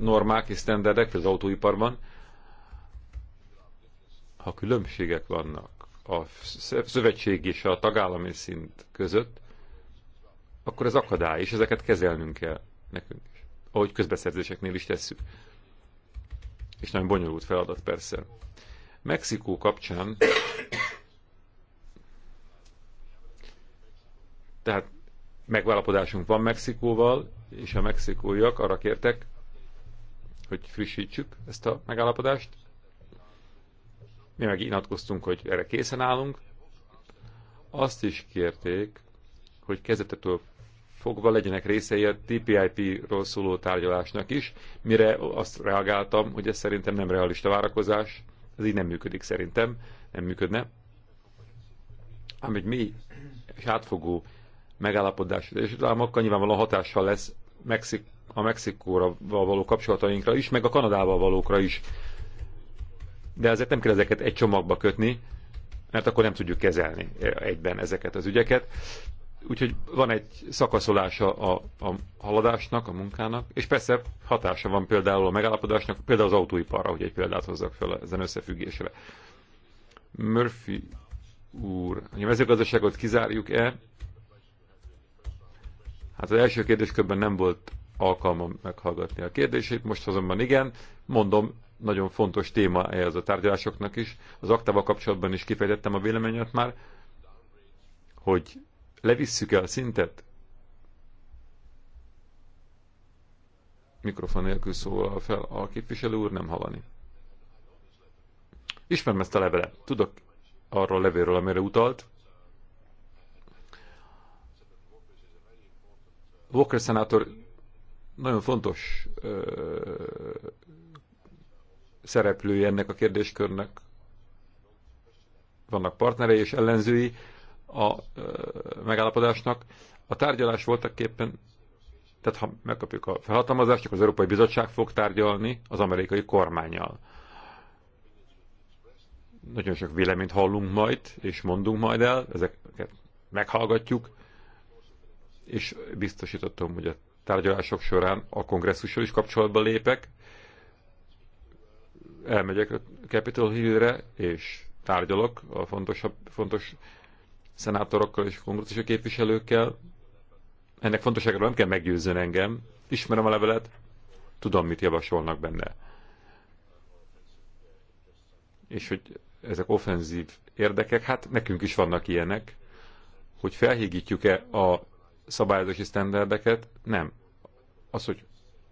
normák és sztenderdek az autóiparban. Ha különbségek vannak a szövetség és a tagállami szint között, akkor ez akadály, és ezeket kezelnünk kell nekünk is. Ahogy közbeszerzéseknél is tesszük. És nagyon bonyolult feladat persze. Mexikó kapcsán Tehát megvállapodásunk van Mexikóval, és a mexikóiak arra kértek, hogy frissítsük ezt a megállapodást. Mi meg inatkoztunk, hogy erre készen állunk. Azt is kérték, hogy kezdetetől fogva legyenek részei a TPIP-ról szóló tárgyalásnak is, mire azt reagáltam, hogy ez szerintem nem realista várakozás, ez így nem működik szerintem, nem működne. Ám egy mély és átfogó megállapodás az Egyesült Államokkal, nyilvánvalóan hatással lesz Mexik a Mexikóra való kapcsolatainkra is, meg a Kanadával valókra is. De azért nem kell ezeket egy csomagba kötni, mert akkor nem tudjuk kezelni e, egyben ezeket az ügyeket. Úgyhogy van egy szakaszolása a, a haladásnak, a munkának, és persze hatása van például a megállapodásnak, például az autóiparra, hogy egy példát hozzak fel ezen összefüggésre. Murphy úr, a mezőgazdaságot kizárjuk-e? Hát az első kérdéskörben nem volt alkalmam meghallgatni a kérdését, most azonban igen, mondom, nagyon fontos téma ez a tárgyalásoknak is. Az aktával kapcsolatban is kifejtettem a véleményet már, hogy levisszük-e a szintet? Mikrofon nélkül szólal fel a képviselő úr, nem hallani. Ismerem ezt a levelet. Tudok arról a levéről, amire utalt. Walker szenátor nagyon fontos ö, szereplője ennek a kérdéskörnek. Vannak partnerei és ellenzői a ö, megállapodásnak. A tárgyalás voltak éppen, tehát ha megkapjuk a felhatalmazást, csak az Európai Bizottság fog tárgyalni az amerikai kormányjal. Nagyon sok véleményt hallunk majd, és mondunk majd el, ezeket meghallgatjuk és biztosítottam, hogy a tárgyalások során a kongresszussal is kapcsolatba lépek, elmegyek a Capitol Hill-re, és tárgyalok a fontosabb, fontos szenátorokkal és kongresszusi képviselőkkel. Ennek fontosságáról nem kell meggyőzni engem, ismerem a levelet, tudom, mit javasolnak benne. És hogy ezek offenzív érdekek, hát nekünk is vannak ilyenek, hogy felhígítjuk-e a szabályozási sztenderdeket, nem. Az, hogy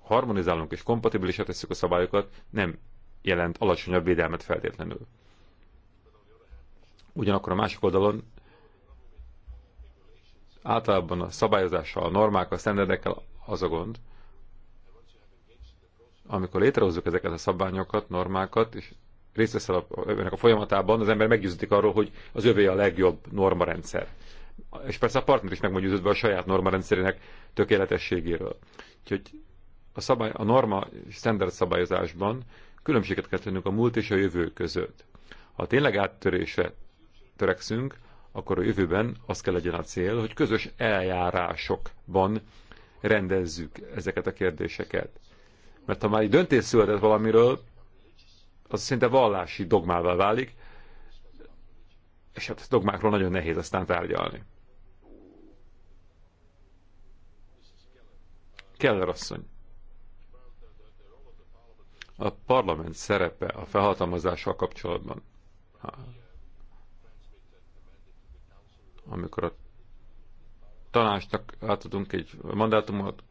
harmonizálunk és kompatibilisre tesszük a szabályokat, nem jelent alacsonyabb védelmet feltétlenül. Ugyanakkor a másik oldalon általában a szabályozással, a normákkal, a sztenderdekkel az a gond, amikor létrehozzuk ezeket a szabványokat, normákat, és részt veszel a, ennek a folyamatában, az ember meggyőződik arról, hogy az övé a legjobb normarendszer és persze a partner is megmondja, van a saját norma rendszerének tökéletességéről. Úgyhogy a, szabály, a norma standard szabályozásban különbséget kell tennünk a múlt és a jövő között. Ha tényleg áttörésre törekszünk, akkor a jövőben az kell legyen a cél, hogy közös eljárásokban rendezzük ezeket a kérdéseket. Mert ha már egy döntés született valamiről, az szinte vallási dogmával válik, és hát dogmákról nagyon nehéz aztán tárgyalni. Keller asszony. A parlament szerepe a felhatalmazással kapcsolatban. Amikor a tanácsnak átadunk egy mandátumot,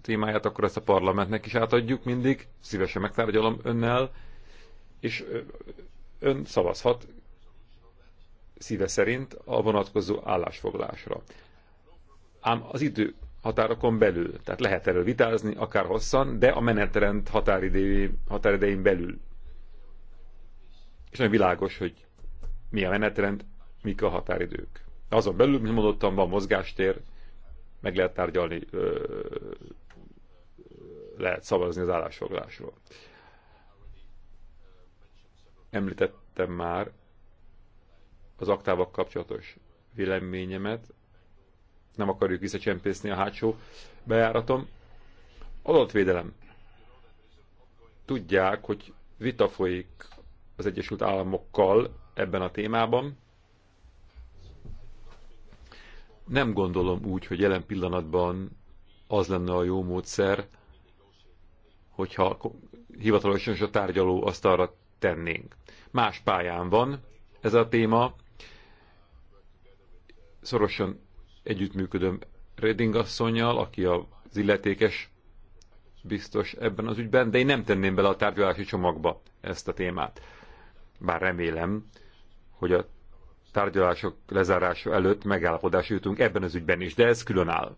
témáját, akkor ezt a parlamentnek is átadjuk mindig, szívesen megtárgyalom önnel, és ön szavazhat szíve szerint a vonatkozó állásfoglásra. Ám az idő határokon belül. Tehát lehet erről vitázni, akár hosszan, de a menetrend határidején, határidején belül. És nagyon világos, hogy mi a menetrend, mik a határidők. Azon belül, mint mondottam, van mozgástér, meg lehet tárgyalni, ö, lehet szavazni az állásfoglásról. Említettem már az aktávak kapcsolatos véleményemet, nem akarjuk visszacsempészni a hátsó bejáratom. Adatvédelem. Tudják, hogy vita folyik az Egyesült Államokkal ebben a témában. Nem gondolom úgy, hogy jelen pillanatban az lenne a jó módszer, hogyha hivatalosan is a tárgyaló arra tennénk. Más pályán van ez a téma, szorosan együttműködöm Reding asszonyjal, aki az illetékes biztos ebben az ügyben, de én nem tenném bele a tárgyalási csomagba ezt a témát. Bár remélem, hogy a tárgyalások lezárása előtt megállapodásra jutunk ebben az ügyben is, de ez külön áll.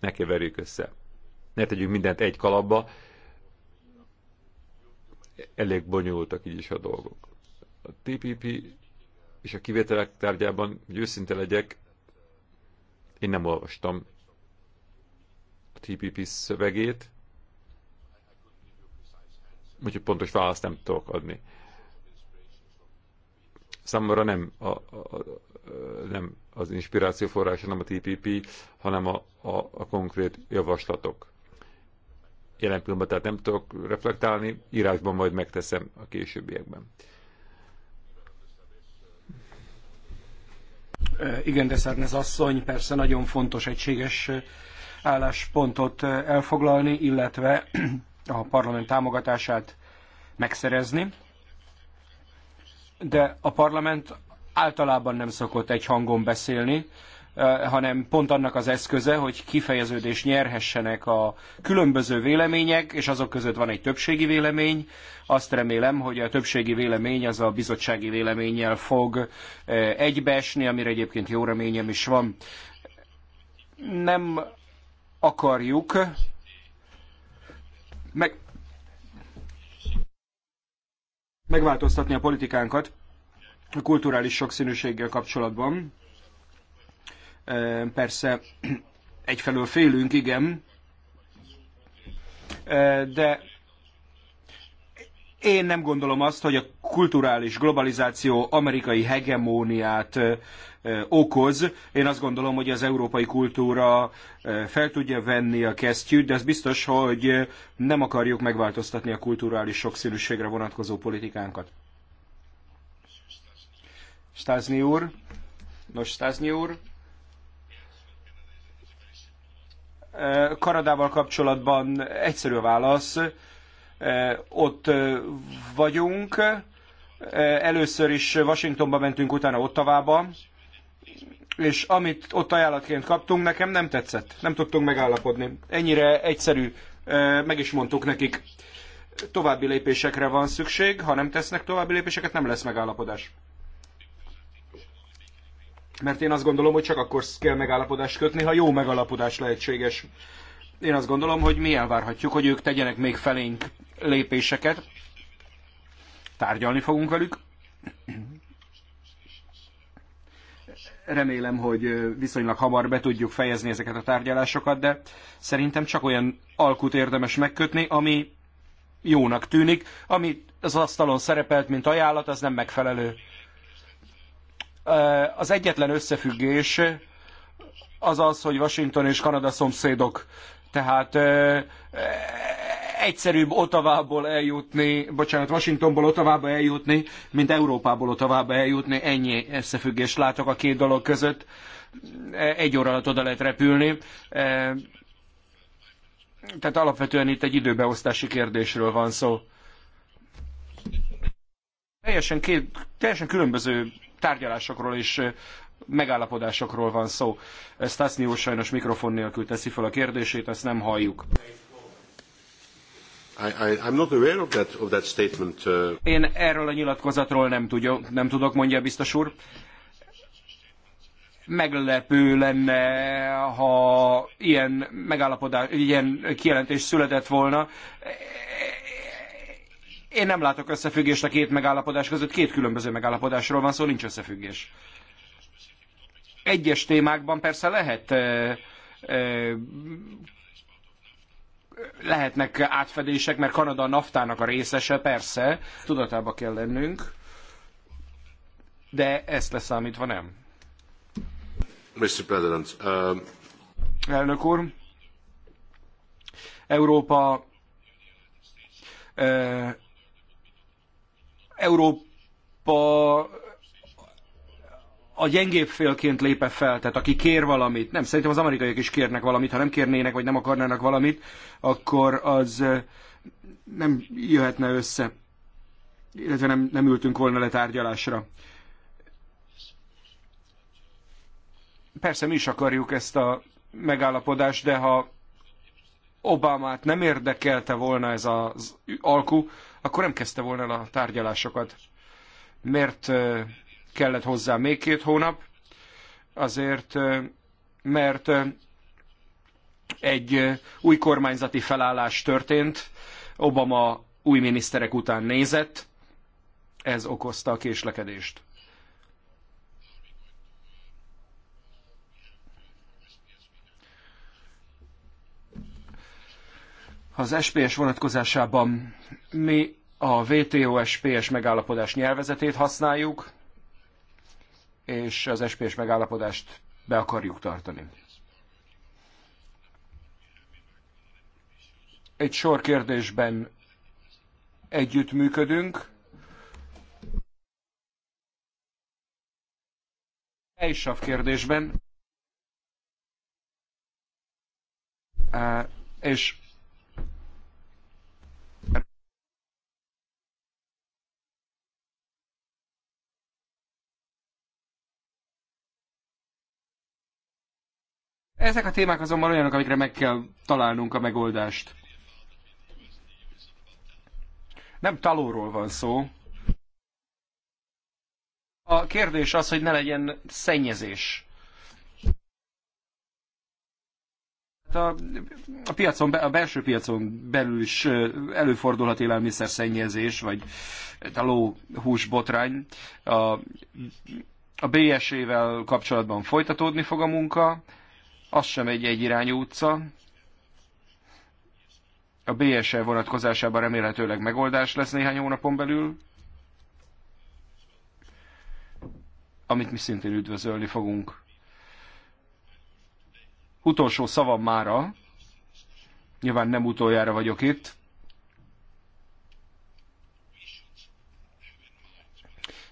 Ne keverjük össze. Ne tegyük mindent egy kalapba. Elég bonyolultak így is a dolgok. A TPP és a kivételek tárgyában, hogy őszinte legyek, én nem olvastam a TPP szövegét, úgyhogy pontos választ nem tudok adni. Számomra nem, a, a, a, nem az inspiráció forrása, nem a TPP, hanem a, a, a konkrét javaslatok. Jelen pillanatban tehát nem tudok reflektálni, írásban majd megteszem a későbbiekben.
Eh, igen, de Szárnez asszony persze nagyon fontos egységes eh, álláspontot eh, elfoglalni, illetve a parlament támogatását megszerezni. De a parlament általában nem szokott egy hangon beszélni, Eh, hanem pont annak az eszköze, hogy kifejeződés nyerhessenek a különböző vélemények, és azok között van egy többségi vélemény. Azt remélem, hogy a többségi vélemény az a bizottsági véleménnyel fog eh, egybeesni, amire egyébként jó reményem is van. Nem akarjuk meg, megváltoztatni a politikánkat a kulturális sokszínűséggel kapcsolatban Persze egyfelől félünk, igen, de én nem gondolom azt, hogy a kulturális globalizáció amerikai hegemóniát okoz. Én azt gondolom, hogy az európai kultúra fel tudja venni a kesztyűt, de az biztos, hogy nem akarjuk megváltoztatni a kulturális sokszínűségre vonatkozó politikánkat. Stázni úr, nos Stázni úr, Eh, Kanadával kapcsolatban egyszerű a válasz. Eh, ott eh, vagyunk. Először is Washingtonba mentünk, utána Ottavába. És amit ott ajánlatként kaptunk, nekem nem tetszett. Nem tudtunk megállapodni. Ennyire egyszerű. Meg is mondtuk nekik. További lépésekre van szükség. Ha nem tesznek további lépéseket, nem lesz megállapodás. Mert én azt gondolom, hogy csak akkor kell megállapodást kötni, ha jó megállapodás lehetséges. Én azt gondolom, hogy mi elvárhatjuk, hogy ők tegyenek még felénk lépéseket. Tárgyalni fogunk velük. Remélem, hogy viszonylag hamar be tudjuk fejezni ezeket a tárgyalásokat, de szerintem csak olyan alkut érdemes megkötni, ami jónak tűnik, ami az asztalon szerepelt, mint ajánlat, az nem megfelelő. Az egyetlen összefüggés az az, hogy Washington és Kanada szomszédok. Tehát egyszerűbb otavából eljutni, bocsánat, Washingtonból otavába eljutni, mint Európából otavába eljutni. Ennyi összefüggést látok a két dolog között. Egy óra alatt oda lehet repülni. Tehát alapvetően itt egy időbeosztási kérdésről van szó. Teljesen, két, teljesen különböző tárgyalásokról és megállapodásokról van szó. Stasny úr sajnos mikrofon nélkül teszi fel a kérdését, ezt nem halljuk. I, I, I'm not aware of that, of that statement. Uh, Én erről a nyilatkozatról nem, tudja, nem tudok, mondja biztos úr. Meglepő lenne, ha ilyen megállapodás, ilyen kijelentés született volna én nem látok összefüggést a két megállapodás között, két különböző megállapodásról van szó, nincs összefüggés. Egyes témákban persze lehet lehetnek átfedések, mert Kanada a naftának a részese, persze, tudatába kell lennünk, de ezt leszámítva nem. Mr. President, uh... Elnök úr, Európa uh, Európa a gyengébb félként lépe fel, tehát aki kér valamit, nem, szerintem az amerikaiak is kérnek valamit, ha nem kérnének, vagy nem akarnának valamit, akkor az nem jöhetne össze, illetve nem, nem ültünk volna le tárgyalásra. Persze mi is akarjuk ezt a megállapodást, de ha Obamát nem érdekelte volna ez az alku, akkor nem kezdte volna el a tárgyalásokat. mert kellett hozzá még két hónap? Azért, mert egy új kormányzati felállás történt, Obama új miniszterek után nézett, ez okozta a késlekedést. Az SPS vonatkozásában mi a WTO SPS megállapodás nyelvezetét használjuk, és az SPS megállapodást be akarjuk tartani. Egy sor kérdésben együttműködünk. sav kérdésben. És Ezek a témák azonban olyanok, amikre meg kell találnunk a megoldást. Nem talóról van szó. A kérdés az, hogy ne legyen szennyezés. Hát a, a, piacon, a belső piacon belül is előfordulhat élelmiszer szennyezés, vagy a hús botrány. A, a BSE-vel kapcsolatban folytatódni fog a munka az sem egy egyirányú utca. A BSE vonatkozásában remélhetőleg megoldás lesz néhány hónapon belül, amit mi szintén üdvözölni fogunk. Utolsó szavam mára, nyilván nem utoljára vagyok itt,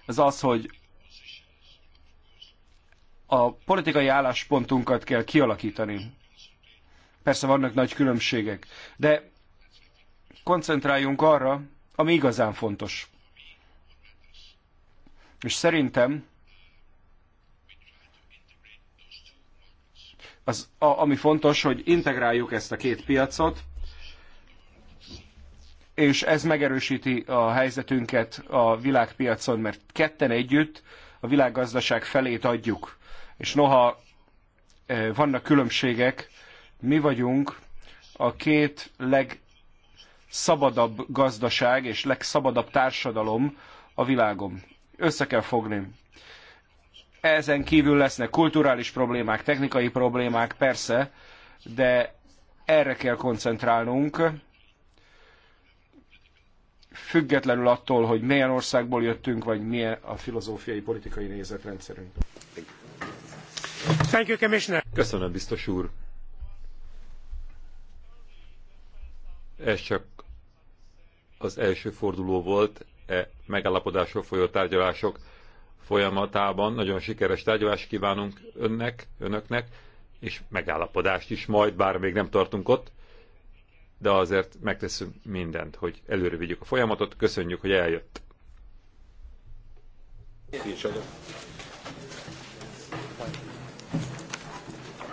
az az, hogy a politikai álláspontunkat kell kialakítani. Persze vannak nagy különbségek, de koncentráljunk arra, ami igazán fontos. És szerintem az, a, ami fontos, hogy integráljuk ezt a két piacot, és ez megerősíti a helyzetünket a világpiacon, mert ketten együtt a világgazdaság felét adjuk. És noha eh, vannak különbségek, mi vagyunk a két legszabadabb gazdaság és legszabadabb társadalom a világon. Össze kell fogni. Ezen kívül lesznek kulturális problémák, technikai problémák, persze, de erre kell koncentrálnunk, függetlenül attól, hogy milyen országból jöttünk, vagy milyen a filozófiai politikai nézetrendszerünk. Thank you, Commissioner.
Köszönöm, biztos úr. Ez csak az első forduló volt e megállapodásról folyó tárgyalások folyamatában. Nagyon sikeres tárgyalást kívánunk önnek, önöknek, és megállapodást is majd, bár még nem tartunk ott, de azért megteszünk mindent, hogy előre vigyük a folyamatot. Köszönjük, hogy eljött. Nincs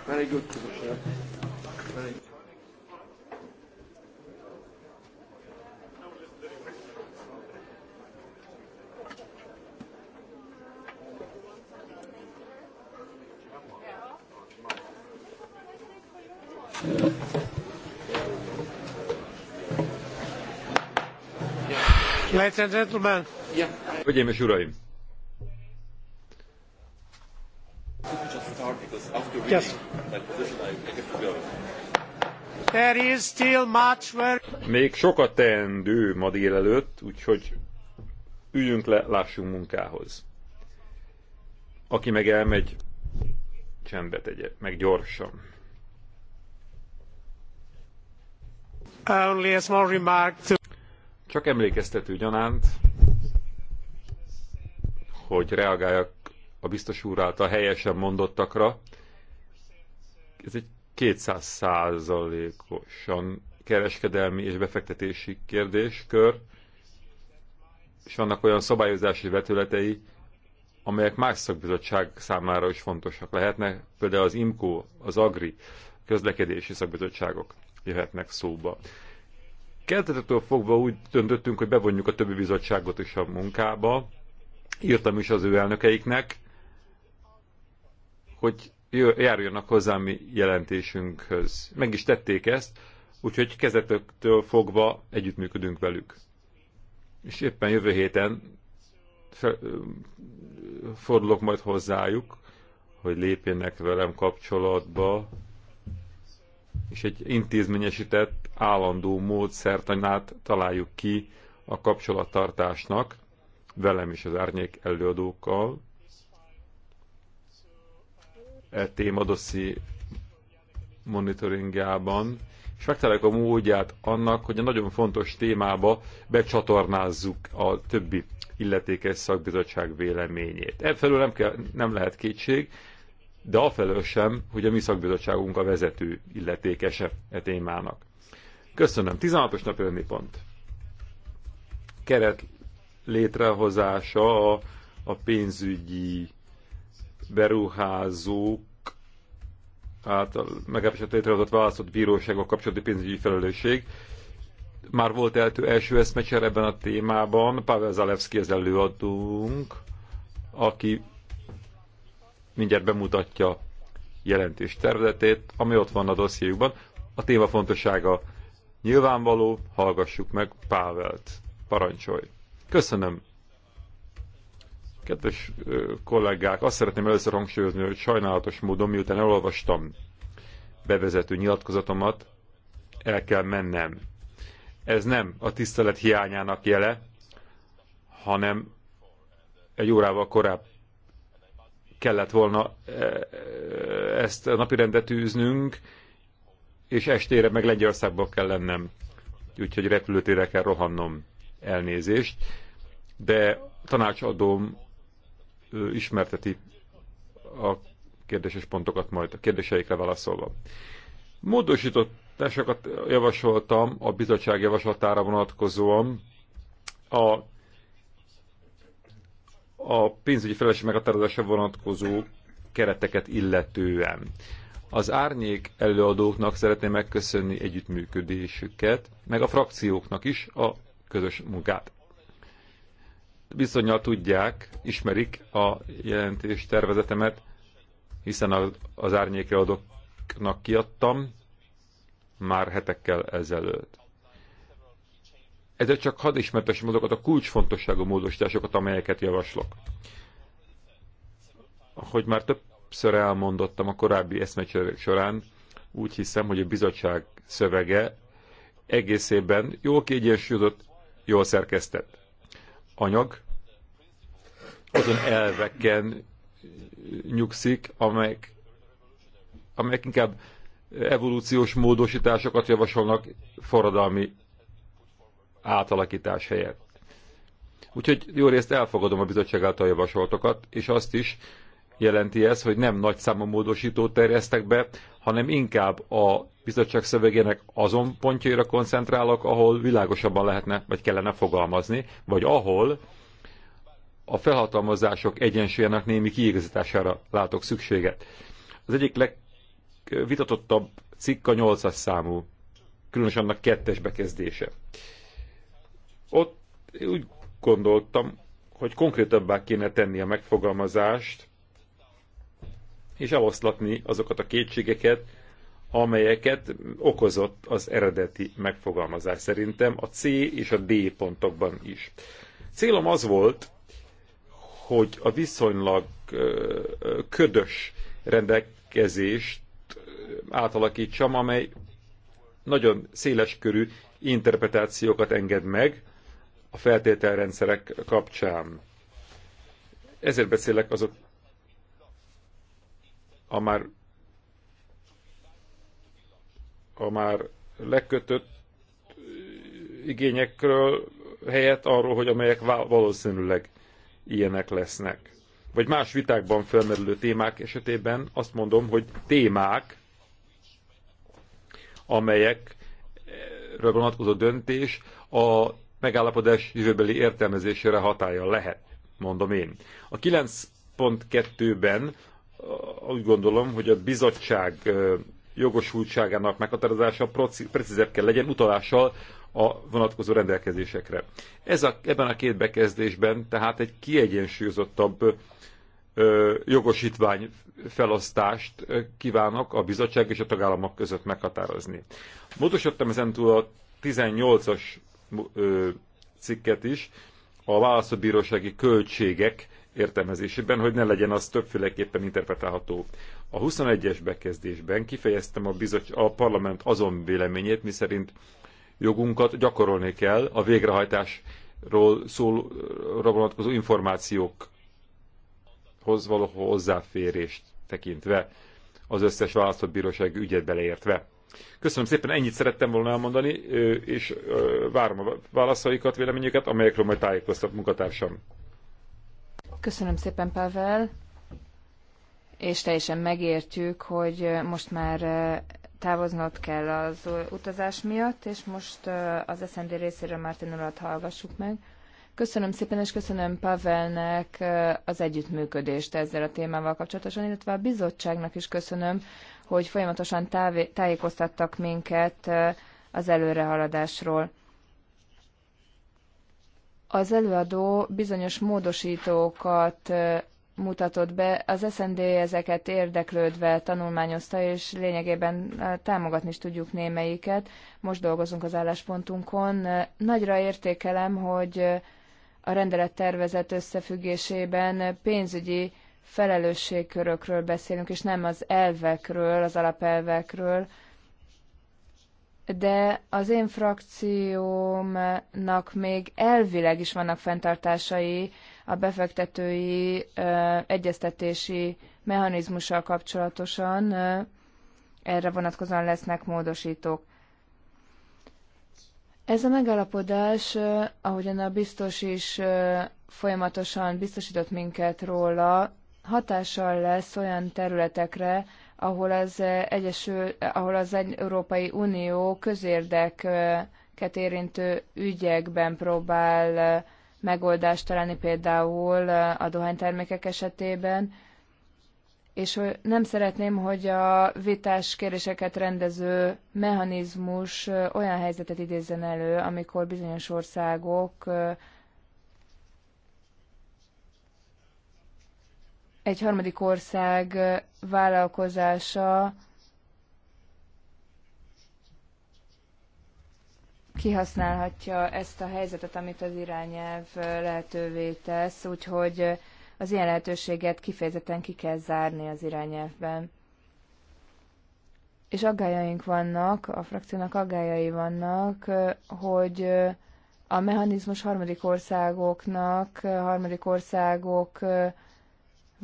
Very good, Very good. Ladies and gentlemen.
Hölgyeim és uraim! Yes. Még sok a teendő ma délelőtt, úgyhogy üljünk le, lássunk munkához. Aki meg elmegy, csendbe tegye, meg gyorsan. Only a small remark to... Csak emlékeztető gyanánt, hogy reagáljak a biztos úr által helyesen mondottakra, ez egy 200 százalékosan kereskedelmi és befektetési kérdéskör, és vannak olyan szabályozási vetületei, amelyek más szakbizottság számára is fontosak lehetnek, például az IMCO, az AGRI, közlekedési szakbizottságok jöhetnek szóba. Kezdetektől fogva úgy döntöttünk, hogy bevonjuk a többi bizottságot is a munkába. Írtam is az ő elnökeiknek, hogy járuljanak hozzá mi jelentésünkhöz. Meg is tették ezt, úgyhogy kezetektől fogva együttműködünk velük. És éppen jövő héten fordulok majd hozzájuk, hogy lépjenek velem kapcsolatba, és egy intézményesített, állandó módszertanát találjuk ki a kapcsolattartásnak, velem és az árnyék előadókkal, E témadoszi monitoringjában, és megtaláljuk a módját annak, hogy a nagyon fontos témába becsatornázzuk a többi illetékes szakbizottság véleményét. Ebből nem, kell, nem lehet kétség, de afelől sem, hogy a mi szakbizottságunk a vezető illetékese e témának. Köszönöm. 16-os napi pont. Keret létrehozása a, a pénzügyi beruházók által megállapított létrehozott választott bíróságok kapcsolati pénzügyi felelősség. Már volt eltő első eszmecser ebben a témában, Pavel Zalewski az előadónk, aki mindjárt bemutatja jelentés területét, ami ott van a dossziékban. A téma fontossága nyilvánvaló, hallgassuk meg Pávelt. Parancsolj! Köszönöm, Kedves kollégák, azt szeretném először hangsúlyozni, hogy sajnálatos módon, miután elolvastam bevezető nyilatkozatomat, el kell mennem. Ez nem a tisztelet hiányának jele, hanem egy órával korábban kellett volna e, e, ezt a napirendet űznünk, és estére meg Lengyelországba kell lennem. Úgyhogy repülőtére kell rohannom elnézést. De tanácsadóm ismerteti a kérdéses pontokat majd a kérdéseikre válaszolva. Módosítottásokat javasoltam a bizottság javaslatára vonatkozóan a, a pénzügyi felelősség meghatározása vonatkozó kereteket illetően. Az árnyék előadóknak szeretném megköszönni együttműködésüket, meg a frakcióknak is a közös munkát bizonyal tudják, ismerik a jelentés tervezetemet, hiszen az adoknak kiadtam már hetekkel ezelőtt. Ezért csak hadd ismertessem azokat a kulcsfontosságú módosításokat, amelyeket javaslok. Hogy már többször elmondottam a korábbi eszmecserek során, úgy hiszem, hogy a bizottság szövege egészében jól kiegyensúlyozott, jól szerkesztett anyag azon elveken nyugszik, amelyek, amelyek inkább evolúciós módosításokat javasolnak forradalmi átalakítás helyett. Úgyhogy jó részt elfogadom a bizottság által javasoltokat, és azt is, jelenti ez, hogy nem nagy számú módosítót terjesztek be, hanem inkább a bizottság szövegének azon pontjaira koncentrálok, ahol világosabban lehetne, vagy kellene fogalmazni, vagy ahol a felhatalmazások egyensúlyának némi kiigazítására látok szükséget. Az egyik legvitatottabb cikk a 8-as számú, különösen annak kettes bekezdése. Ott úgy gondoltam, hogy konkrétabbá kéne tenni a megfogalmazást, és eloszlatni azokat a kétségeket, amelyeket okozott az eredeti megfogalmazás szerintem a C és a D pontokban is. Célom az volt, hogy a viszonylag ködös rendelkezést átalakítsam, amely nagyon széleskörű interpretációkat enged meg a feltételrendszerek kapcsán. Ezért beszélek azok a már a már lekötött igényekről helyett arról, hogy amelyek valószínűleg ilyenek lesznek. Vagy más vitákban felmerülő témák esetében azt mondom, hogy témák, amelyekről vonatkozó döntés a megállapodás jövőbeli értelmezésére hatája lehet, mondom én. A 9.2-ben úgy gondolom, hogy a bizottság jogosultságának meghatározása precízebb kell legyen utalással a vonatkozó rendelkezésekre. Ez a, ebben a két bekezdésben tehát egy kiegyensúlyozottabb ö, jogosítvány felosztást kívánok a bizottság és a tagállamok között meghatározni. Módosítottam ezentúl a 18-as cikket is, a válaszobírósági költségek értelmezésében, hogy ne legyen az többféleképpen interpretálható. A 21-es bekezdésben kifejeztem a, bizot, a parlament azon véleményét, miszerint jogunkat gyakorolni kell a végrehajtásról szólra vonatkozó információkhoz való hozzáférést tekintve, az összes választott bíróság ügyet beleértve. Köszönöm szépen, ennyit szerettem volna elmondani, és várom a válaszaikat, véleményeket, amelyekről majd tájékoztat munkatársam.
Köszönöm szépen, Pavel, és teljesen megértjük, hogy most már eh, távoznod kell az utazás miatt, és most eh, az SND részéről Mártin urat hallgassuk meg. Köszönöm szépen, és köszönöm Pavelnek eh, az együttműködést ezzel a témával kapcsolatosan, illetve a bizottságnak is köszönöm, hogy folyamatosan tájékoztattak minket az előrehaladásról. Az előadó bizonyos módosítókat mutatott be, az SND ezeket érdeklődve tanulmányozta, és lényegében támogatni is tudjuk némelyiket. Most dolgozunk az álláspontunkon. Nagyra értékelem, hogy a rendelettervezet összefüggésében pénzügyi felelősségkörökről beszélünk, és nem az elvekről, az alapelvekről, de az én frakciómnak még elvileg is vannak fenntartásai a befektetői ö, egyeztetési mechanizmussal kapcsolatosan. Ö, erre vonatkozóan lesznek módosítók. Ez a megállapodás, ahogyan a biztos is folyamatosan biztosított minket róla, hatással lesz olyan területekre, ahol az, eh, Egyesül, eh, ahol az Európai Unió közérdeket érintő ügyekben próbál eh, megoldást találni, például a dohánytermékek esetében, és nem szeretném, hogy a vitás kéréseket rendező mechanizmus olyan helyzetet idézzen elő, amikor bizonyos országok egy harmadik ország vállalkozása kihasználhatja ezt a helyzetet, amit az irányelv lehetővé tesz, úgyhogy az ilyen lehetőséget kifejezetten ki kell zárni az irányelvben. És aggájaink vannak, a frakciónak aggájai vannak, hogy a mechanizmus harmadik országoknak, harmadik országok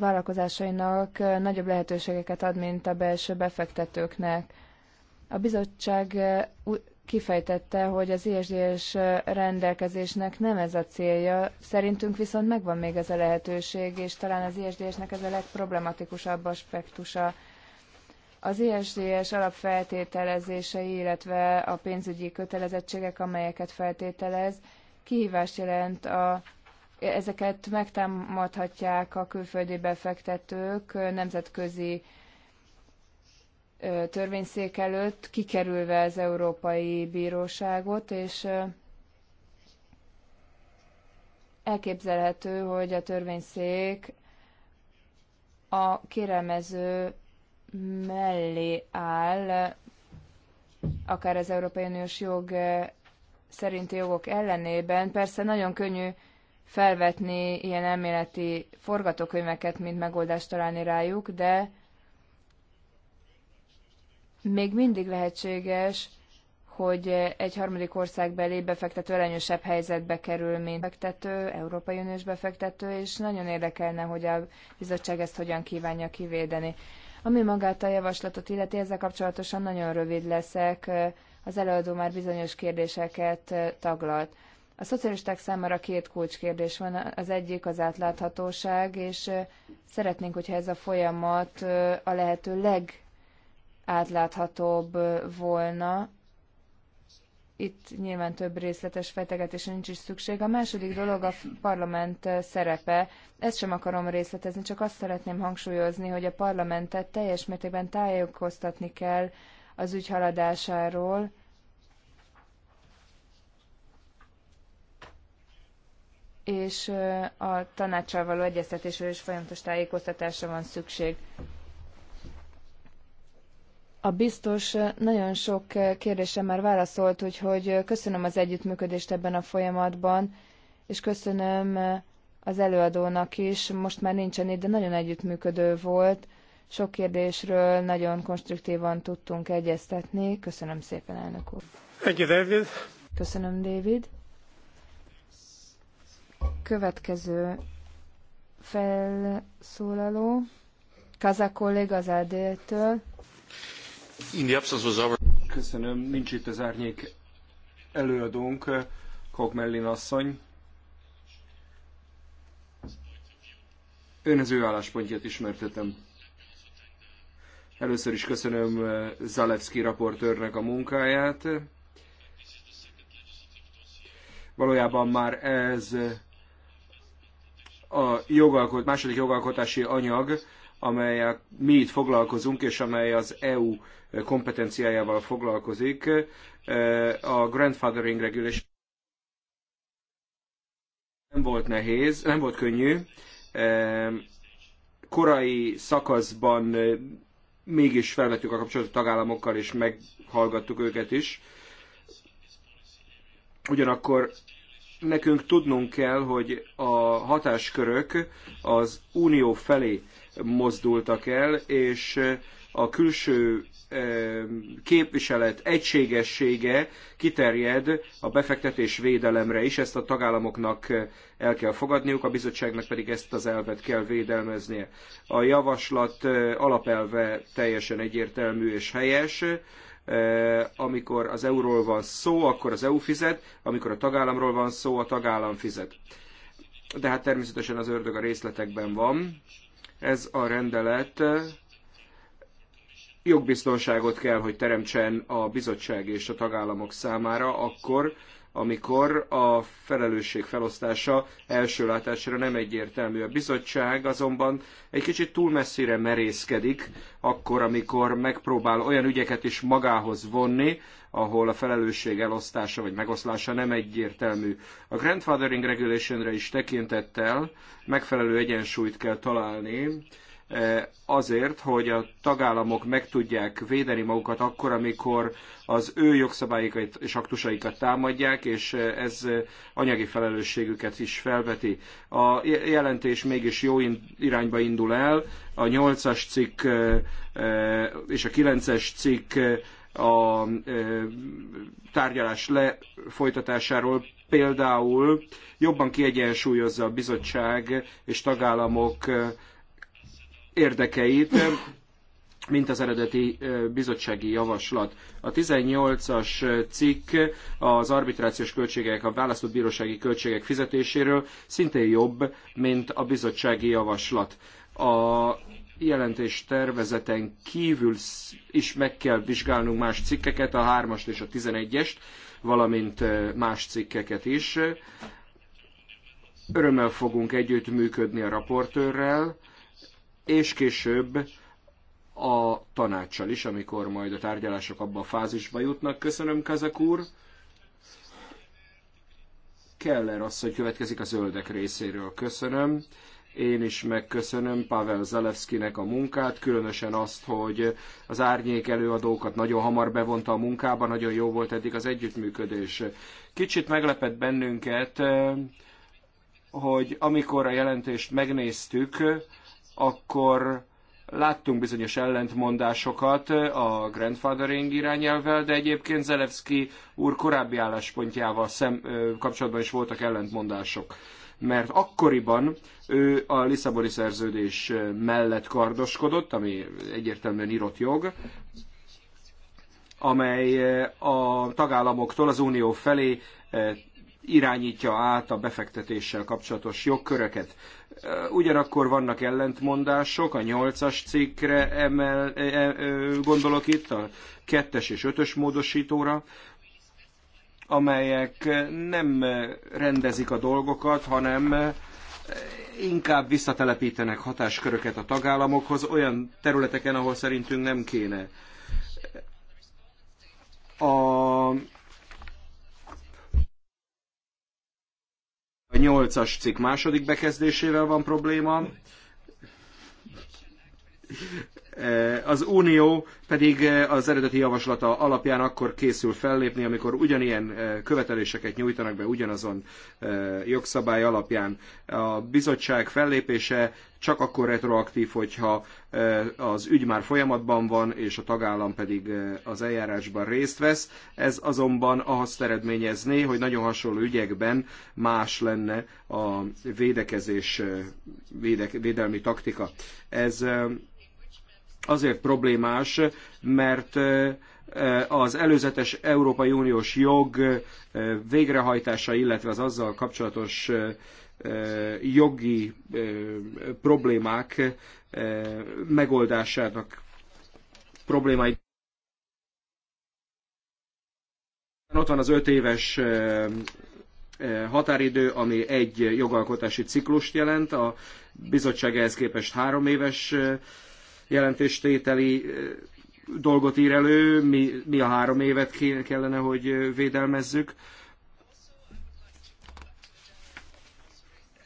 vállalkozásainak nagyobb lehetőségeket ad, mint a belső befektetőknek. A bizottság kifejtette, hogy az ISDS rendelkezésnek nem ez a célja, szerintünk viszont megvan még ez a lehetőség, és talán az ISDS-nek ez a legproblematikusabb aspektusa. Az ISDS alapfeltételezései, illetve a pénzügyi kötelezettségek, amelyeket feltételez, kihívást jelent a ezeket megtámadhatják a külföldi befektetők nemzetközi törvényszék előtt, kikerülve az Európai Bíróságot, és elképzelhető, hogy a törvényszék a kérelmező mellé áll, akár az Európai Uniós jog szerinti jogok ellenében. Persze nagyon könnyű felvetni ilyen elméleti forgatókönyveket, mint megoldást találni rájuk, de még mindig lehetséges, hogy egy harmadik országbeli befektető előnyösebb helyzetbe kerül, mint befektető, Európai Uniós befektető, és nagyon érdekelne, hogy a bizottság ezt hogyan kívánja kivédeni. Ami magát a javaslatot illeti, ezzel kapcsolatosan nagyon rövid leszek. Az előadó már bizonyos kérdéseket taglalt. A szocialisták számára két kulcskérdés van. Az egyik az átláthatóság, és szeretnénk, hogyha ez a folyamat a lehető legátláthatóbb volna. Itt nyilván több részletes fejtegetésre nincs is szükség. A második dolog a parlament szerepe. Ezt sem akarom részletezni, csak azt szeretném hangsúlyozni, hogy a parlamentet teljes mértékben tájékoztatni kell az ügy haladásáról, és a tanácssal való egyeztetésről is folyamatos tájékoztatásra van szükség. A biztos nagyon sok kérdésre már válaszolt, úgyhogy köszönöm az együttműködést ebben a folyamatban, és köszönöm az előadónak is, most már nincsen itt, de nagyon együttműködő volt. Sok kérdésről nagyon konstruktívan tudtunk egyeztetni. Köszönöm szépen, elnök úr.
Thank you, David.
Köszönöm, David. Következő felszólaló, Kaza kolléga az LD-től.
Köszönöm, nincs itt az árnyék előadónk, Kokmellin asszony. Ön az ő álláspontját ismertetem. Először is köszönöm eh, Zalewski raportőrnek a munkáját. Valójában már ez a jogalkot, második jogalkotási anyag, amely mi itt foglalkozunk, és amely az EU kompetenciájával foglalkozik, e, a grandfathering regulation nem volt nehéz, nem volt könnyű. E, korai szakaszban e, mégis felvettük a kapcsolatot tagállamokkal, és meghallgattuk őket is. Ugyanakkor nekünk tudnunk kell, hogy a hatáskörök az unió felé mozdultak el, és a külső eh, képviselet egységessége kiterjed a befektetés védelemre is, ezt a tagállamoknak eh, el kell fogadniuk, a bizottságnak pedig ezt az elvet kell védelmeznie. A javaslat eh, alapelve teljesen egyértelmű és helyes, amikor az euróról van szó, akkor az EU fizet, amikor a tagállamról van szó, a tagállam fizet. De hát természetesen az ördög a részletekben van. Ez a rendelet jogbiztonságot kell, hogy teremtsen a bizottság és a tagállamok számára, akkor, amikor a felelősség felosztása első látásra nem egyértelmű. A bizottság azonban egy kicsit túl messzire merészkedik, akkor, amikor megpróbál olyan ügyeket is magához vonni, ahol a felelősség elosztása vagy megoszlása nem egyértelmű. A grandfathering regulationre is tekintettel megfelelő egyensúlyt kell találni, Eh, azért, hogy a tagállamok meg tudják védeni magukat akkor, amikor az ő jogszabályaikat és aktusaikat támadják, és eh, ez anyagi felelősségüket is felveti. A jelentés mégis jó irányba indul el, a 8-as cikk eh, és a 9-es cikk a tárgyalás lefolytatásáról például jobban kiegyensúlyozza a bizottság és tagállamok érdekeit, eh, mint az eredeti eh, bizottsági javaslat. A 18-as eh, cikk az arbitrációs költségek, a választott bírósági költségek fizetéséről szintén jobb, mint a bizottsági javaslat. A jelentés tervezeten kívül is meg kell vizsgálnunk más cikkeket, a 3-ast és a 11-est, valamint más cikkeket is. Örömmel fogunk együttműködni a raportőrrel, és később a tanácssal is, amikor majd a tárgyalások abba a fázisba jutnak. Köszönöm, Kazak úr! Keller hogy következik a zöldek részéről. Köszönöm. Én is megköszönöm Pavel Zalewskinek a munkát, különösen azt, hogy az árnyék előadókat nagyon hamar bevonta a munkába, nagyon jó volt eddig az együttműködés. Kicsit meglepett bennünket, hogy amikor a jelentést megnéztük, akkor láttunk bizonyos ellentmondásokat a grandfathering irányelvvel, de egyébként Zelevski úr korábbi álláspontjával szem, kapcsolatban is voltak ellentmondások. Mert akkoriban ő a Lisszaboni szerződés mellett kardoskodott, ami egyértelműen írott jog, amely a tagállamoktól az unió felé irányítja át a befektetéssel kapcsolatos jogköröket. Ugyanakkor vannak ellentmondások, a nyolcas cikkre emel, e, e, gondolok itt, a kettes és ötös módosítóra, amelyek nem rendezik a dolgokat, hanem inkább visszatelepítenek hatásköröket a tagállamokhoz olyan területeken, ahol szerintünk nem kéne. A 8-as cikk második bekezdésével van probléma az Unió pedig eh, az eredeti javaslata alapján akkor készül fellépni, amikor ugyanilyen eh, követeléseket nyújtanak be ugyanazon eh, jogszabály alapján. A bizottság fellépése csak akkor retroaktív, hogyha az ügy már folyamatban van, és a tagállam pedig az eljárásban részt vesz. Ez azonban azt eredményezné, hogy nagyon hasonló ügyekben más lenne a védekezés, védelmi taktika. Ez azért problémás, mert az előzetes Európai Uniós jog végrehajtása, illetve az azzal kapcsolatos jogi problémák megoldásának problémáit. Ott van az öt éves határidő, ami egy jogalkotási ciklust jelent, a bizottság ehhez képest három éves jelentéstételi dolgot ír elő, mi, mi a három évet kellene, hogy védelmezzük.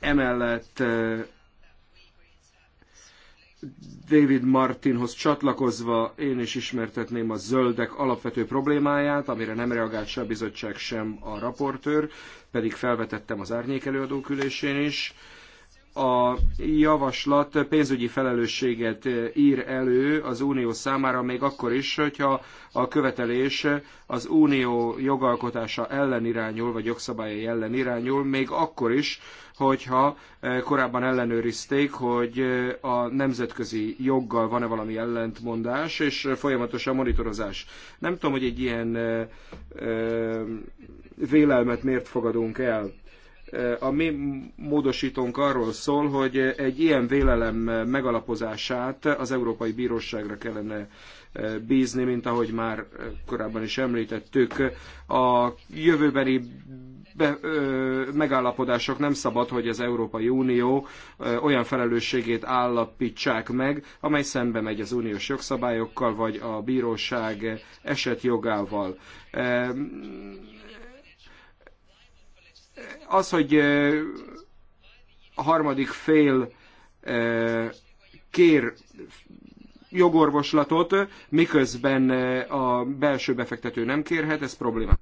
Emellett David Martinhoz csatlakozva én is ismertetném a zöldek alapvető problémáját, amire nem reagált se a bizottság, sem a raportőr, pedig felvetettem az árnyék előadó ülésén is a javaslat pénzügyi felelősséget ír elő az Unió számára, még akkor is, hogyha a követelés az Unió jogalkotása ellen irányul, vagy jogszabályai ellen irányul, még akkor is, hogyha eh, korábban ellenőrizték, hogy eh, a nemzetközi joggal van-e valami ellentmondás, és eh, folyamatos a monitorozás. Nem tudom, hogy egy ilyen vélelmet miért fogadunk el a mi módosítónk arról szól, hogy egy ilyen vélelem megalapozását az Európai Bíróságra kellene e, bízni, mint ahogy már korábban is említettük. A jövőbeni be, ö, megállapodások nem szabad, hogy az Európai Unió ö, e, olyan felelősségét állapítsák meg, amely szembe megy az uniós jogszabályokkal, vagy a bíróság esetjogával. jogával. E, az, hogy a harmadik fél kér jogorvoslatot, miközben a belső befektető nem kérhet, ez probléma.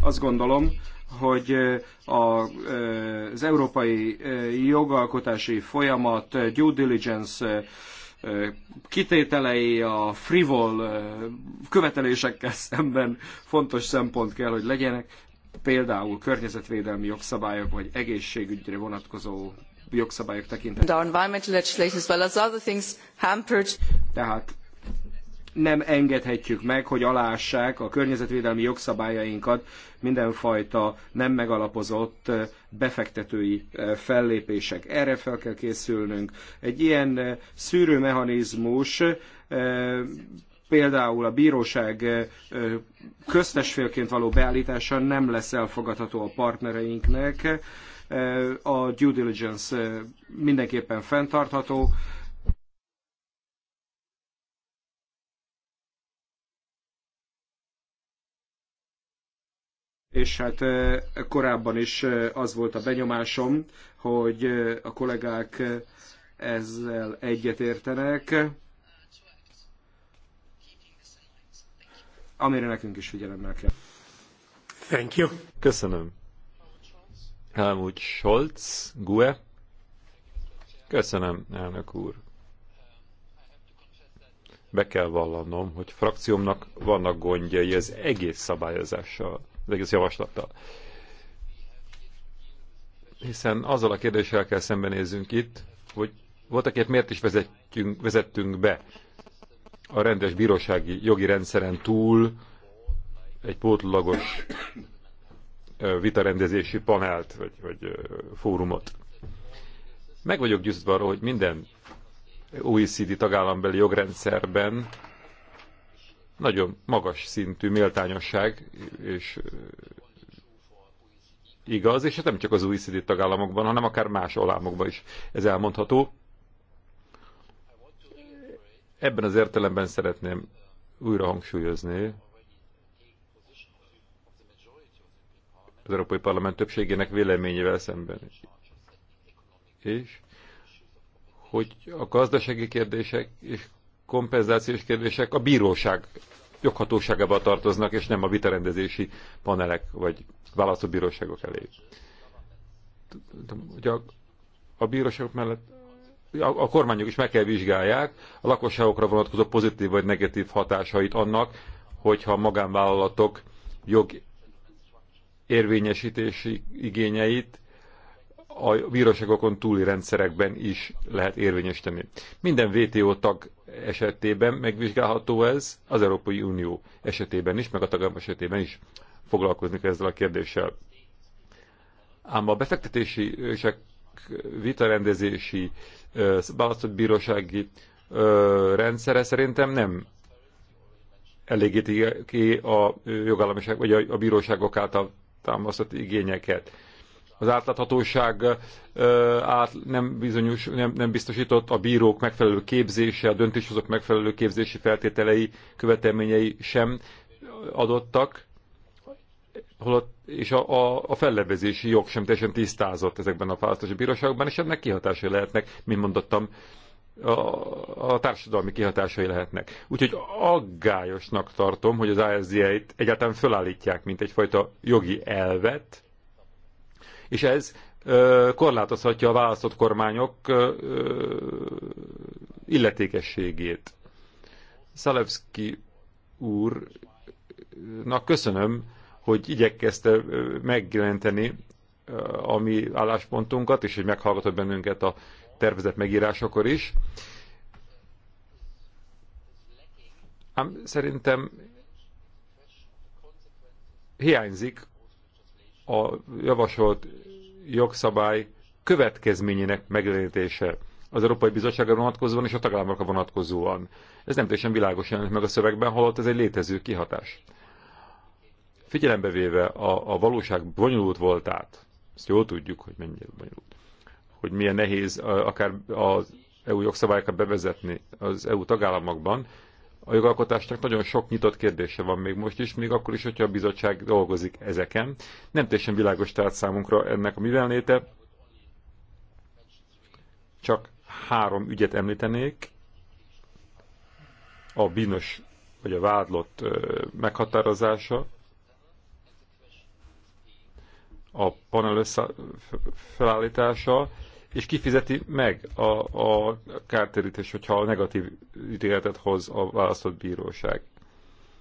Azt gondolom, hogy az európai jogalkotási folyamat, due diligence kitételei, a frivol követelésekkel szemben fontos szempont kell, hogy legyenek, például környezetvédelmi jogszabályok vagy egészségügyre vonatkozó jogszabályok tekintetében. Tehát nem engedhetjük meg, hogy alássák a környezetvédelmi jogszabályainkat mindenfajta nem megalapozott eh, befektetői eh, fellépések. Erre fel kell készülnünk. Egy ilyen eh, szűrőmechanizmus például a bíróság köztesfélként való beállítása nem lesz elfogadható a partnereinknek. A due diligence mindenképpen fenntartható és hát korábban is az volt a benyomásom, hogy a kollégák ezzel egyetértenek, amire nekünk is figyelemmel kell.
Thank you. Köszönöm. Helmut Scholz, GUE. Köszönöm, elnök úr. Be kell vallanom, hogy frakciómnak vannak gondjai az egész szabályozással az egész javaslattal. Hiszen azzal a kérdéssel kell szembenézzünk itt, hogy voltaképp miért is vezetjünk, vezettünk be a rendes bírósági jogi rendszeren túl egy pótlagos vitarendezési panelt, vagy, vagy fórumot. Meg vagyok győződve arról, hogy minden OECD tagállambeli jogrendszerben nagyon magas szintű méltányosság és igaz, és hát nem csak az szidit tagállamokban, hanem akár más olámokban is ez elmondható. Ebben az értelemben szeretném újra hangsúlyozni az Európai Parlament többségének véleményével szemben. És hogy a gazdasági kérdések és kompenzációs kérdések a bíróság joghatóságába tartoznak, és nem a vitarendezési panelek vagy választóbíróságok elé. Ugye a, a bíróságok mellett a, a kormányok is meg kell vizsgálják a lakosságokra vonatkozó pozitív vagy negatív hatásait annak, hogyha a magánvállalatok jog érvényesítési igényeit a bíróságokon túli rendszerekben is lehet érvényesíteni. Minden VTO tag esetében megvizsgálható ez, az Európai Unió esetében is, meg a tagállam esetében is foglalkozni kell ezzel a kérdéssel. Ám a befektetési és a vitarendezési választott bírósági rendszere szerintem nem elégíti ki a jogállamiság, vagy a, bíróságok által támasztott igényeket az átláthatóság át nem, bizonyos, nem, nem biztosított, a bírók megfelelő képzése, a döntéshozók megfelelő képzési feltételei, követelményei sem adottak, holott, és a, a, a fellebezési jog sem teljesen tisztázott ezekben a választási bíróságokban, és ennek kihatásai lehetnek, mint mondottam, a, a társadalmi kihatásai lehetnek. Úgyhogy aggályosnak tartom, hogy az asz t egyáltalán fölállítják, mint egyfajta jogi elvet, és ez korlátozhatja a választott kormányok illetékességét. Szalevszki úrnak köszönöm, hogy igyekezte megjelenteni a mi álláspontunkat, és hogy meghallgatott bennünket a tervezett megírásokor is. Ám szerintem hiányzik a javasolt jogszabály következményének megjelenítése az Európai Bizottságra vonatkozóan és a tagállamokra vonatkozóan. Ez nem teljesen világos jelent meg a szövegben, holott ez egy létező kihatás. Figyelembe véve a, a valóság bonyolult voltát, ezt jól tudjuk, hogy mennyire bonyolult, hogy milyen nehéz akár az EU jogszabályokat bevezetni az EU tagállamokban, a jogalkotásnak nagyon sok nyitott kérdése van még most is, még akkor is, hogyha a bizottság dolgozik ezeken. Nem teljesen világos tehát számunkra ennek a mivelnéte. Csak három ügyet említenék. A bűnös vagy a vádlott meghatározása, a panel össze felállítása, és kifizeti meg a, a kártérítés, hogyha a negatív ítéletet hoz a választott bíróság.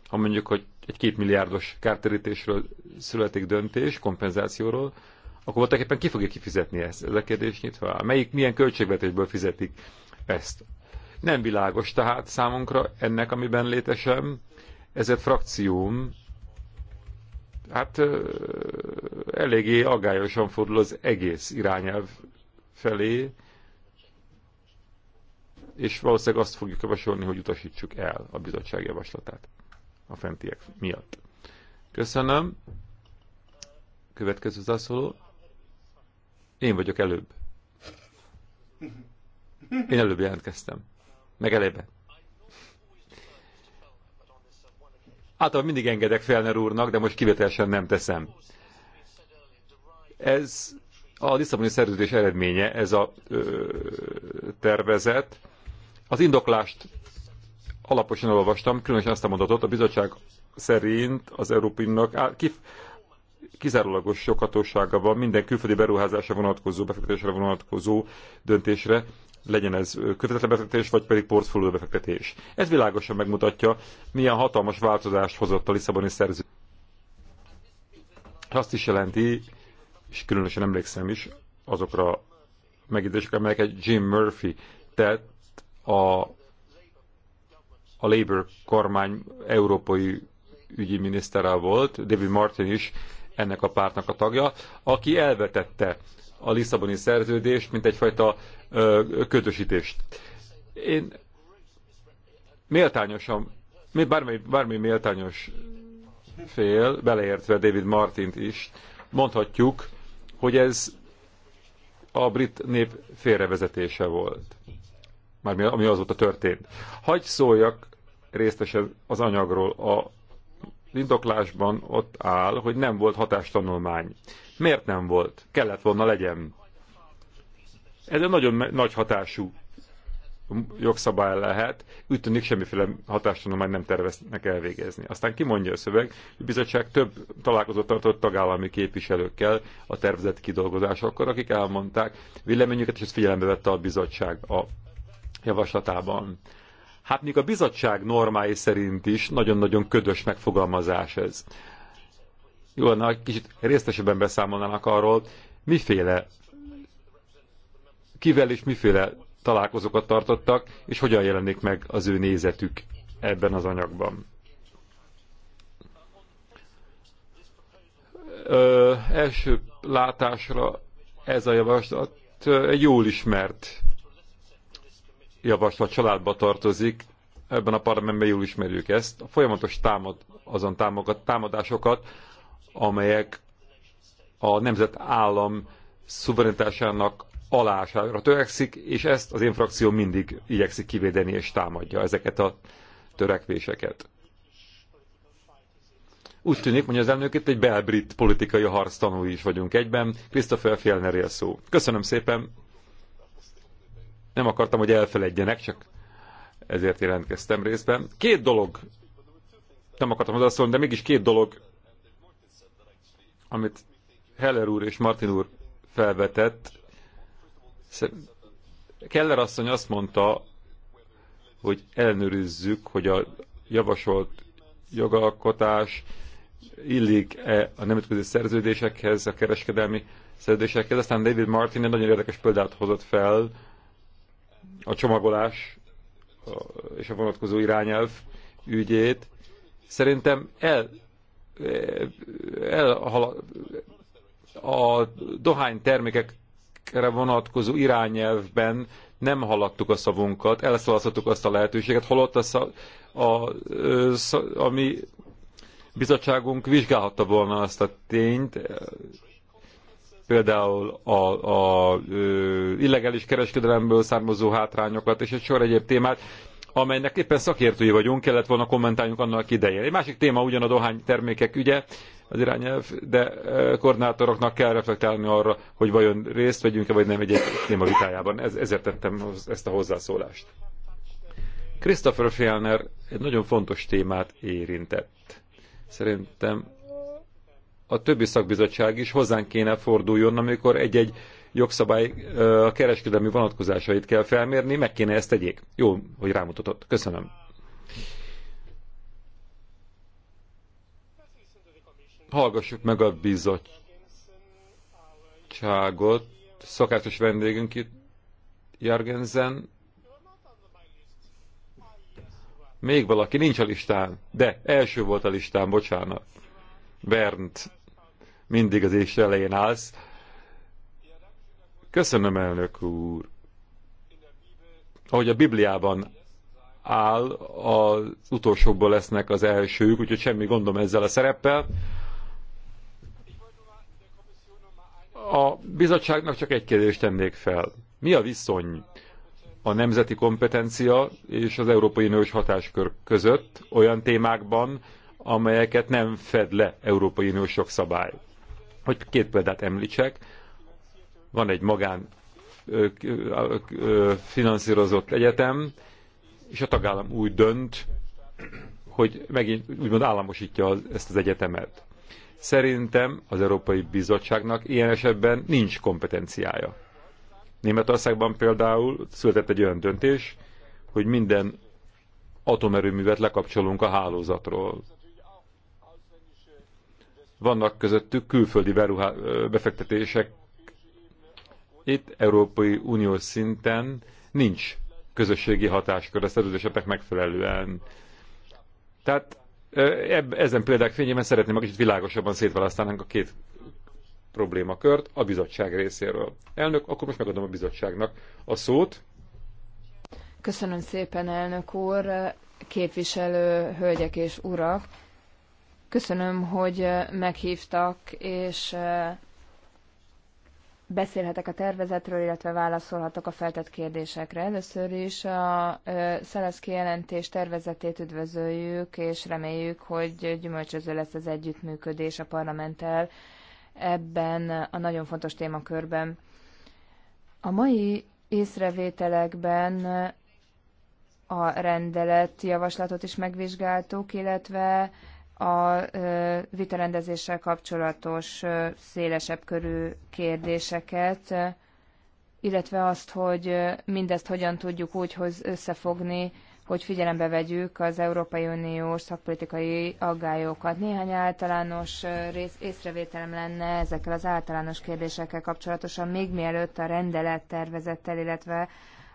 Ha mondjuk, hogy egy két milliárdos kártérítésről születik döntés, kompenzációról, akkor voltak éppen ki fogja kifizetni ezt? Ez a kérdés nyitva Melyik, milyen költségvetésből fizetik ezt? Nem világos tehát számunkra ennek, amiben létesem, ez egy frakcióm hát eléggé agályosan fordul az egész irányelv felé, és valószínűleg azt fogjuk javasolni, hogy utasítsuk el a bizottság javaslatát a fentiek miatt. Köszönöm. Következő zászoló. Én vagyok előbb. Én előbb jelentkeztem. Meg elébe. Általában mindig engedek Felner úrnak, de most kivételesen nem teszem. Ez a Lisszaboni szerződés eredménye ez a ö, tervezet. Az indoklást alaposan olvastam, különösen azt a mondatot, a bizottság szerint az Európai Uniónak kizárólagos sokatossága van minden külföldi beruházásra vonatkozó, befektetésre vonatkozó döntésre, legyen ez kötetlen befektetés, vagy pedig portfólió befektetés. Ez világosan megmutatja, milyen hatalmas változást hozott a Lisszaboni szerződés. Azt is jelenti, és különösen emlékszem is azokra megidézésekre, amelyeket Jim Murphy tett a, a Labour kormány európai ügyi minisztere volt, David Martin is ennek a pártnak a tagja, aki elvetette a Lisszaboni szerződést, mint egyfajta ö, ködösítést. Én méltányosan, bármi, bármi méltányos fél, beleértve David Martint is, mondhatjuk, hogy ez a brit nép félrevezetése volt. Már mi ami azóta történt. Hagy szóljak részesen az anyagról. A indoklásban ott áll, hogy nem volt hatástanulmány. Miért nem volt? Kellett volna legyen. Ez egy nagyon nagy hatású jogszabály lehet, úgy tűnik semmiféle hatástanulmányt nem terveznek elvégezni. Aztán kimondja a szöveg, hogy a bizottság több találkozót tartott tagállami képviselőkkel a tervezet kidolgozásokkor, akik elmondták véleményüket, és ezt figyelembe vette a bizottság a javaslatában. Hát még a bizottság normái szerint is nagyon-nagyon ködös megfogalmazás ez. Jó, na, egy kicsit részletesebben beszámolnának arról, miféle, kivel és miféle találkozókat tartottak, és hogyan jelenik meg az ő nézetük ebben az anyagban. Ö, első látásra ez a javaslat egy jól ismert javaslat családba tartozik, ebben a parlamentben jól ismerjük ezt. A folyamatos támad, azon támogat, támadásokat, amelyek a nemzetállam szuverenitásának alására törekszik, és ezt az frakció mindig igyekszik kivédeni és támadja ezeket a törekvéseket. Úgy tűnik, hogy az elnök itt egy belbrit politikai harc tanúi is vagyunk egyben. Christopher Fjellnerél szó. Köszönöm szépen. Nem akartam, hogy elfeledjenek, csak ezért jelentkeztem részben. Két dolog, nem akartam hozzászólni, de mégis két dolog, amit Heller úr és Martin úr felvetett, Keller asszony azt mondta, hogy ellenőrizzük, hogy a javasolt jogalkotás illik-e a nemzetközi szerződésekhez, a kereskedelmi szerződésekhez. Aztán David Martin egy nagyon érdekes példát hozott fel, a csomagolás és a vonatkozó irányelv ügyét. Szerintem el, eh, el, a dohány termékek termékekre vonatkozó irányelvben nem haladtuk a szavunkat, elszalasztottuk azt a lehetőséget, holott a, szav, a, a, a mi bizottságunk vizsgálhatta volna azt a tényt, például a, a, a illegális kereskedelemből származó hátrányokat és egy sor egyéb témát, amelynek éppen szakértői vagyunk, kellett volna kommentálnunk annak idején. Egy másik téma ugyan a dohány termékek ügye, az irányelv, de e, koordinátoroknak kell reflektálni arra, hogy vajon részt vegyünk-e, vagy nem egy téma vitájában. Ez, ezért tettem ezt a hozzászólást. Christopher Fjellner egy nagyon fontos témát érintett. Szerintem a többi szakbizottság is hozzánk kéne forduljon, amikor egy-egy jogszabály e, a kereskedelmi vonatkozásait kell felmérni, meg kéne ezt tegyék. Jó, hogy rámutatott. Köszönöm. hallgassuk meg a bizottságot. Szokásos vendégünk itt, Jargensen. Még valaki nincs a listán, de első volt a listán, bocsánat. Bernd, mindig az ésre elején állsz. Köszönöm, elnök úr. Ahogy a Bibliában áll, az utolsóból lesznek az elsők, úgyhogy semmi gondom ezzel a szereppel. A bizottságnak csak egy kérdést tennék fel. Mi a viszony a nemzeti kompetencia és az Európai Uniós hatáskör között olyan témákban, amelyeket nem fed le Európai Uniós jogszabály? Hogy két példát említsek, van egy magán ö, ö, ö, finanszírozott egyetem, és a tagállam úgy dönt, hogy megint úgymond államosítja az, ezt az egyetemet. Szerintem az Európai Bizottságnak ilyen esetben nincs kompetenciája. Németországban például született egy olyan döntés, hogy minden atomerőművet lekapcsolunk a hálózatról. Vannak közöttük külföldi befektetések. Itt Európai Unió szinten nincs közösségi hatáskör a szerződéseknek megfelelően. Tehát ezen példák fényében szeretném meg kicsit világosabban szétválasztanánk a két problémakört a bizottság részéről. Elnök, akkor most megadom a bizottságnak a szót.
Köszönöm szépen, elnök úr, képviselő hölgyek és urak. Köszönöm, hogy meghívtak, és beszélhetek a tervezetről, illetve válaszolhatok a feltett kérdésekre. Először is a Szelesz kijelentés tervezetét üdvözöljük, és reméljük, hogy gyümölcsöző lesz az együttműködés a parlamenttel ebben a nagyon fontos témakörben. A mai észrevételekben a rendelet javaslatot is megvizsgáltuk, illetve a vitarendezéssel kapcsolatos szélesebb körű kérdéseket, illetve azt, hogy mindezt hogyan tudjuk úgy összefogni, hogy figyelembe vegyük az Európai Uniós szakpolitikai aggályokat. Néhány általános rész, észrevételem lenne ezekkel az általános kérdésekkel kapcsolatosan, még mielőtt a rendelettervezettel, illetve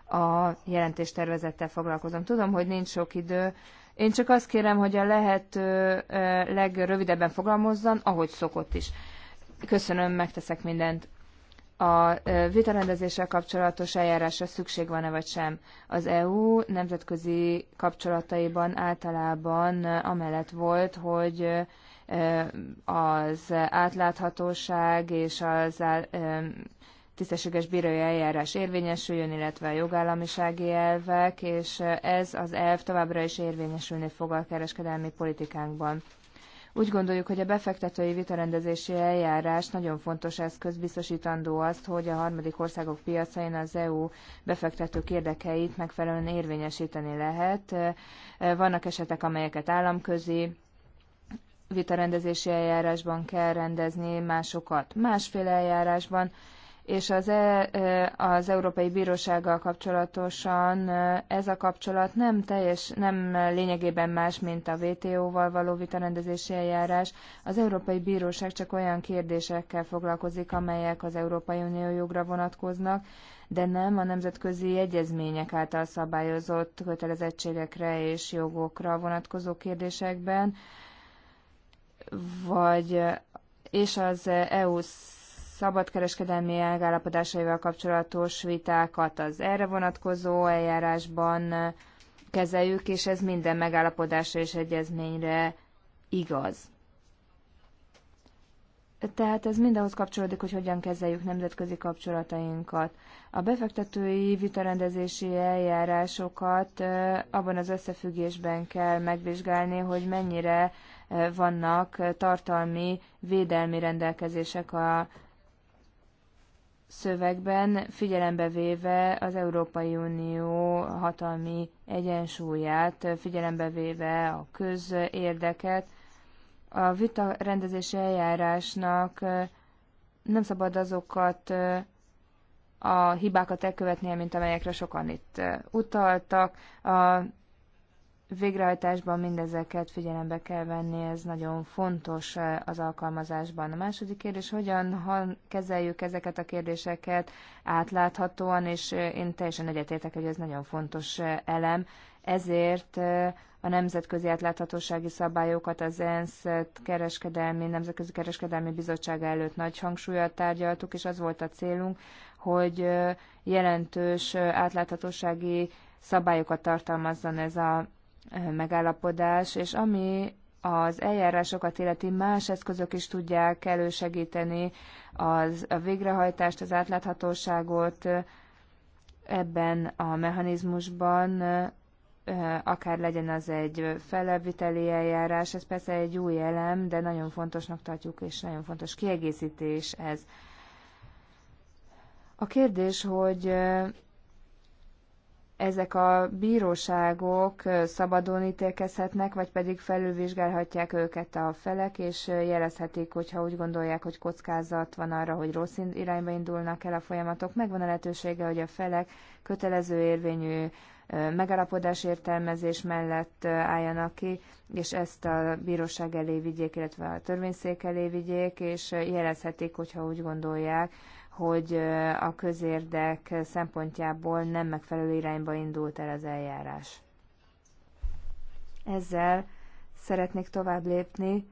a jelentéstervezettel foglalkozom. Tudom, hogy nincs sok idő, én csak azt kérem, hogy a lehető legrövidebben fogalmazzon, ahogy szokott is. Köszönöm, megteszek mindent. A vitarendezéssel kapcsolatos eljárásra szükség van-e vagy sem? Az EU nemzetközi kapcsolataiban általában amellett volt, hogy az átláthatóság és az tisztességes bírói eljárás érvényesüljön, illetve a jogállamisági elvek, és ez az elv továbbra is érvényesülni fog a kereskedelmi politikánkban. Úgy gondoljuk, hogy a befektetői vitarendezési eljárás nagyon fontos eszköz, biztosítandó azt, hogy a harmadik országok piacain az EU befektetők érdekeit megfelelően érvényesíteni lehet. Vannak esetek, amelyeket államközi vitarendezési eljárásban kell rendezni, másokat másféle eljárásban és az, e, az Európai Bírósággal kapcsolatosan ez a kapcsolat nem teljes, nem lényegében más, mint a WTO-val való vitarendezési eljárás. Az Európai Bíróság csak olyan kérdésekkel foglalkozik, amelyek az Európai Unió jogra vonatkoznak, de nem a nemzetközi egyezmények által szabályozott kötelezettségekre és jogokra vonatkozó kérdésekben, vagy és az EU szabadkereskedelmi elgállapodásaival kapcsolatos vitákat az erre vonatkozó eljárásban kezeljük, és ez minden megállapodásra és egyezményre igaz. Tehát ez mindenhoz kapcsolódik, hogy hogyan kezeljük nemzetközi kapcsolatainkat. A befektetői vitarendezési eljárásokat abban az összefüggésben kell megvizsgálni, hogy mennyire vannak tartalmi védelmi rendelkezések a szövegben, figyelembe véve az Európai Unió hatalmi egyensúlyát, figyelembe véve a közérdeket. A vita rendezési eljárásnak nem szabad azokat a hibákat elkövetnie, mint amelyekre sokan itt utaltak. A végrehajtásban mindezeket figyelembe kell venni, ez nagyon fontos eh, az alkalmazásban. A második kérdés, hogyan ha kezeljük ezeket a kérdéseket átláthatóan, és eh, én teljesen egyetértek, hogy ez nagyon fontos eh, elem, ezért a nemzetközi átláthatósági szabályokat az ENSZ kereskedelmi, Nemzetközi Kereskedelmi bizottság előtt nagy hangsúlyat tárgyaltuk, és az volt a célunk, hogy jelentős átláthatósági szabályokat tartalmazzon ez a megállapodás, és ami az eljárásokat illeti más eszközök is tudják elősegíteni az, a végrehajtást, az átláthatóságot ebben a mechanizmusban, akár legyen az egy felelviteli eljárás, ez persze egy új elem, de nagyon fontosnak tartjuk, és nagyon fontos kiegészítés ez. A kérdés, hogy ezek a bíróságok szabadon ítélkezhetnek, vagy pedig felülvizsgálhatják őket a felek, és jelezhetik, hogyha úgy gondolják, hogy kockázat van arra, hogy rossz irányba indulnak el a folyamatok. Megvan a lehetősége, hogy a felek kötelező érvényű megalapodás értelmezés mellett álljanak ki, és ezt a bíróság elé vigyék, illetve a törvényszék elé vigyék, és jelezhetik, hogyha úgy gondolják, hogy a közérdek szempontjából nem megfelelő irányba indult el az eljárás. Ezzel szeretnék tovább lépni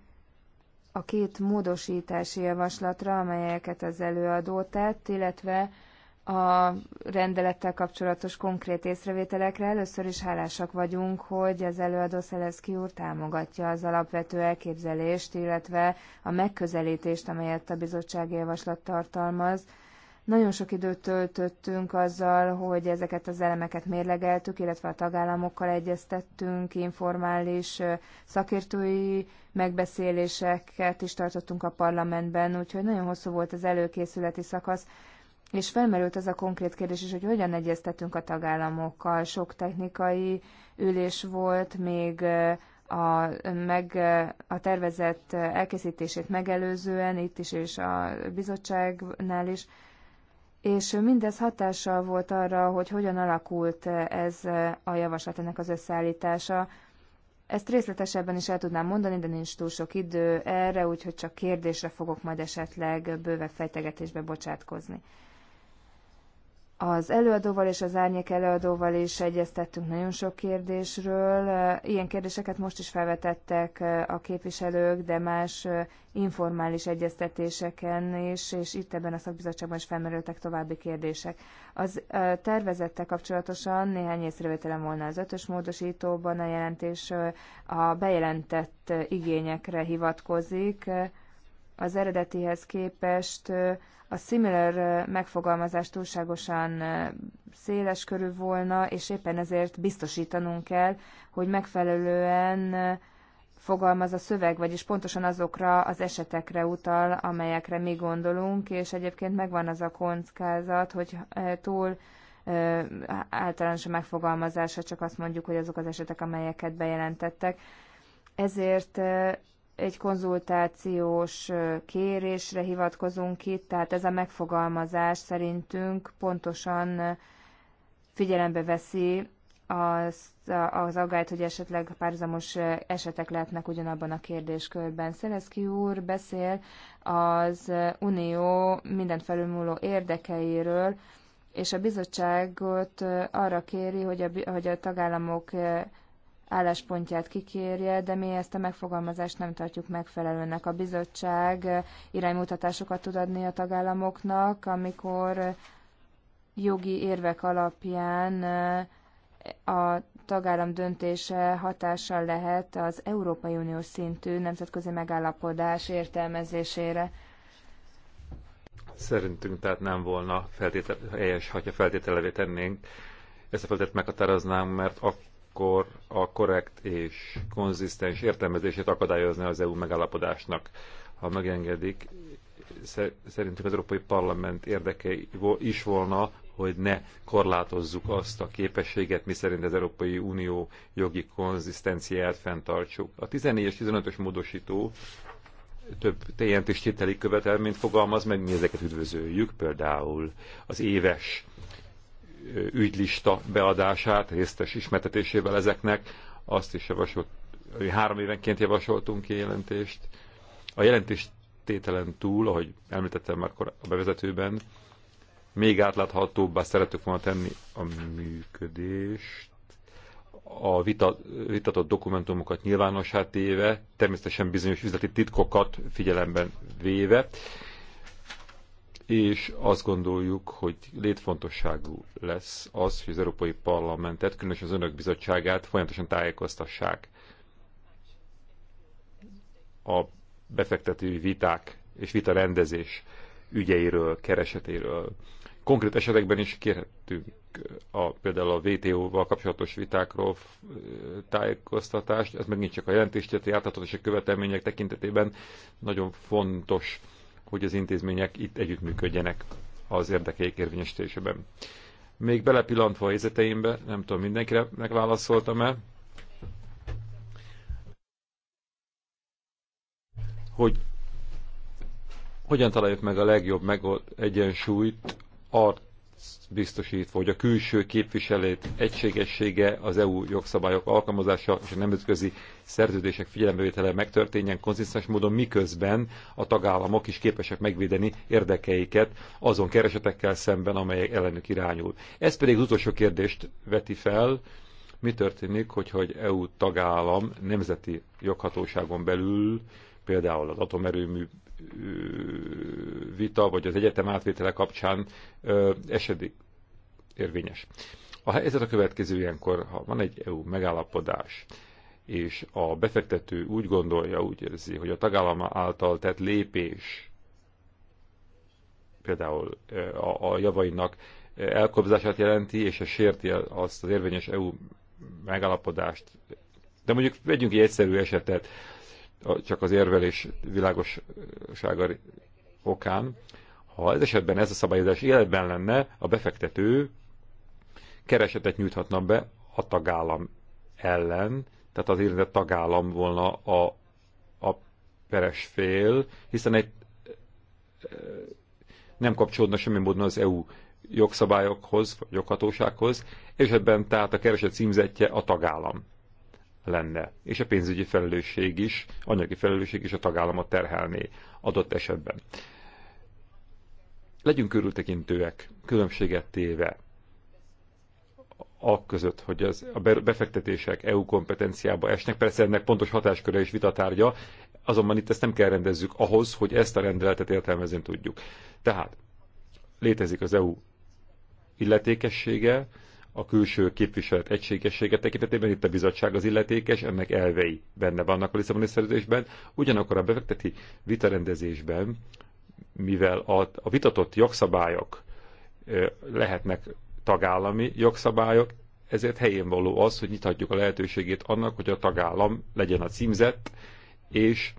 a két módosítási javaslatra, amelyeket az előadó tett, illetve a rendelettel kapcsolatos konkrét észrevételekre. Először is hálásak vagyunk, hogy az előadó Szeleszki úr támogatja az alapvető elképzelést, illetve a megközelítést, amelyet a bizottsági javaslat tartalmaz. Nagyon sok időt töltöttünk azzal, hogy ezeket az elemeket mérlegeltük, illetve a tagállamokkal egyeztettünk, informális szakértői megbeszéléseket is tartottunk a parlamentben, úgyhogy nagyon hosszú volt az előkészületi szakasz, és felmerült az a konkrét kérdés is, hogy hogyan egyeztetünk a tagállamokkal. Sok technikai ülés volt, még eh, a, meg, eh, a tervezett elkészítését megelőzően, itt is és a bizottságnál is, és mindez hatással volt arra, hogy hogyan alakult ez eh, a javaslat, ennek az összeállítása. Ezt részletesebben is el tudnám mondani, de nincs túl sok idő erre, úgyhogy csak kérdésre fogok majd esetleg bővebb fejtegetésbe bocsátkozni. Az előadóval és az árnyék előadóval is egyeztettünk nagyon sok kérdésről. Ilyen kérdéseket most is felvetettek a képviselők, de más informális egyeztetéseken is, és itt ebben a szakbizottságban is felmerültek további kérdések. Az tervezette kapcsolatosan néhány észrevételem volna az ötös módosítóban a jelentés a bejelentett igényekre hivatkozik, az eredetihez képest a similar megfogalmazás túlságosan széles körű volna, és éppen ezért biztosítanunk kell, hogy megfelelően fogalmaz a szöveg, vagyis pontosan azokra az esetekre utal, amelyekre mi gondolunk, és egyébként megvan az a kockázat, hogy túl általános a megfogalmazása, csak azt mondjuk, hogy azok az esetek, amelyeket bejelentettek. Ezért egy konzultációs kérésre hivatkozunk itt, tehát ez a megfogalmazás szerintünk pontosan figyelembe veszi az, az aggályt, hogy esetleg párzamos esetek lehetnek ugyanabban a kérdéskörben. Szereszki úr beszél az unió minden felülmúló érdekeiről, és a bizottságot arra kéri, hogy a, hogy a tagállamok álláspontját kikérje, de mi ezt a megfogalmazást nem tartjuk megfelelőnek. A bizottság iránymutatásokat tud adni a tagállamoknak, amikor jogi érvek alapján eh, a tagállam döntése hatással lehet az Európai Unió szintű nemzetközi megállapodás értelmezésére.
Szerintünk tehát nem volna feltétel, helyes, ha feltételevé tennénk, ezt a feltételt meghatároznánk, mert akkor akkor a korrekt és konzisztens értelmezését akadályozni az EU megállapodásnak, ha megengedik. Szerintünk az Európai Parlament érdeke is volna, hogy ne korlátozzuk azt a képességet, szerint az Európai Unió jogi konzisztenciáját fenntartsuk. A 14 és 15-ös módosító több jelentéstételi követelményt fogalmaz meg, mi ezeket üdvözöljük, például az éves ügylista beadását, résztes ismertetésével ezeknek, azt is javasolt, három évenként javasoltunk ki jelentést. A jelentés tételen túl, ahogy említettem már a bevezetőben, még átláthatóbbá szeretük volna tenni a működést, a vita, vitatott dokumentumokat nyilvánossá téve, természetesen bizonyos üzleti titkokat figyelemben véve, és azt gondoljuk, hogy létfontosságú lesz az, hogy az Európai Parlamentet, különösen az Önök Bizottságát folyamatosan tájékoztassák a befektetői viták és vita rendezés ügyeiről, keresetéről. Konkrét esetekben is kérhetünk a, például a VTO val kapcsolatos vitákról tájékoztatást, ez megint csak a és a követelmények tekintetében nagyon fontos hogy az intézmények itt együttműködjenek az érdekeik érvényesítésében. Még belepillantva a helyzeteimbe, nem tudom, mindenkire megválaszoltam e hogy hogyan találjuk meg a legjobb meg egyensúlyt art biztosítva, hogy a külső képviselet egységessége, az EU jogszabályok alkalmazása és a nemzetközi szerződések figyelembevétele megtörténjen konzisztens módon, miközben a tagállamok is képesek megvédeni érdekeiket azon keresetekkel szemben, amelyek ellenük irányul. Ez pedig az utolsó kérdést veti fel, mi történik, hogyha egy EU tagállam nemzeti joghatóságon belül például az atomerőmű vita, vagy az egyetem átvétele kapcsán esedik érvényes. A helyzet a következő ilyenkor, ha van egy EU megállapodás, és a befektető úgy gondolja, úgy érzi, hogy a tagállama által tett lépés, például a, a javainak elkobzását jelenti, és a sérti azt az érvényes EU megállapodást. De mondjuk vegyünk egy egyszerű esetet, csak az érvelés világossága okán. Ha ez esetben ez a szabályozás életben lenne, a befektető keresetet nyújthatna be a tagállam ellen, tehát az érintett tagállam volna a, a peres fél, hiszen egy nem kapcsolódna semmi módon az EU jogszabályokhoz, vagy joghatósághoz, és ebben tehát a kereset címzetje a tagállam lenne, és a pénzügyi felelősség is, anyagi felelősség is a tagállamot terhelné adott esetben. Legyünk körültekintőek, különbséget téve a között, hogy az, a befektetések EU kompetenciába esnek, persze ennek pontos hatásköre és vitatárgya, azonban itt ezt nem kell rendezzük ahhoz, hogy ezt a rendeletet értelmezni tudjuk. Tehát létezik az EU illetékessége, a külső képviselet egységessége tekintetében, itt a bizottság az illetékes, ennek elvei benne vannak a Lisszaboni szerződésben, ugyanakkor a befekteti vitarendezésben, mivel a, a vitatott jogszabályok lehetnek tagállami jogszabályok, ezért helyén való az, hogy nyithatjuk a lehetőségét annak, hogy a tagállam legyen a címzett, és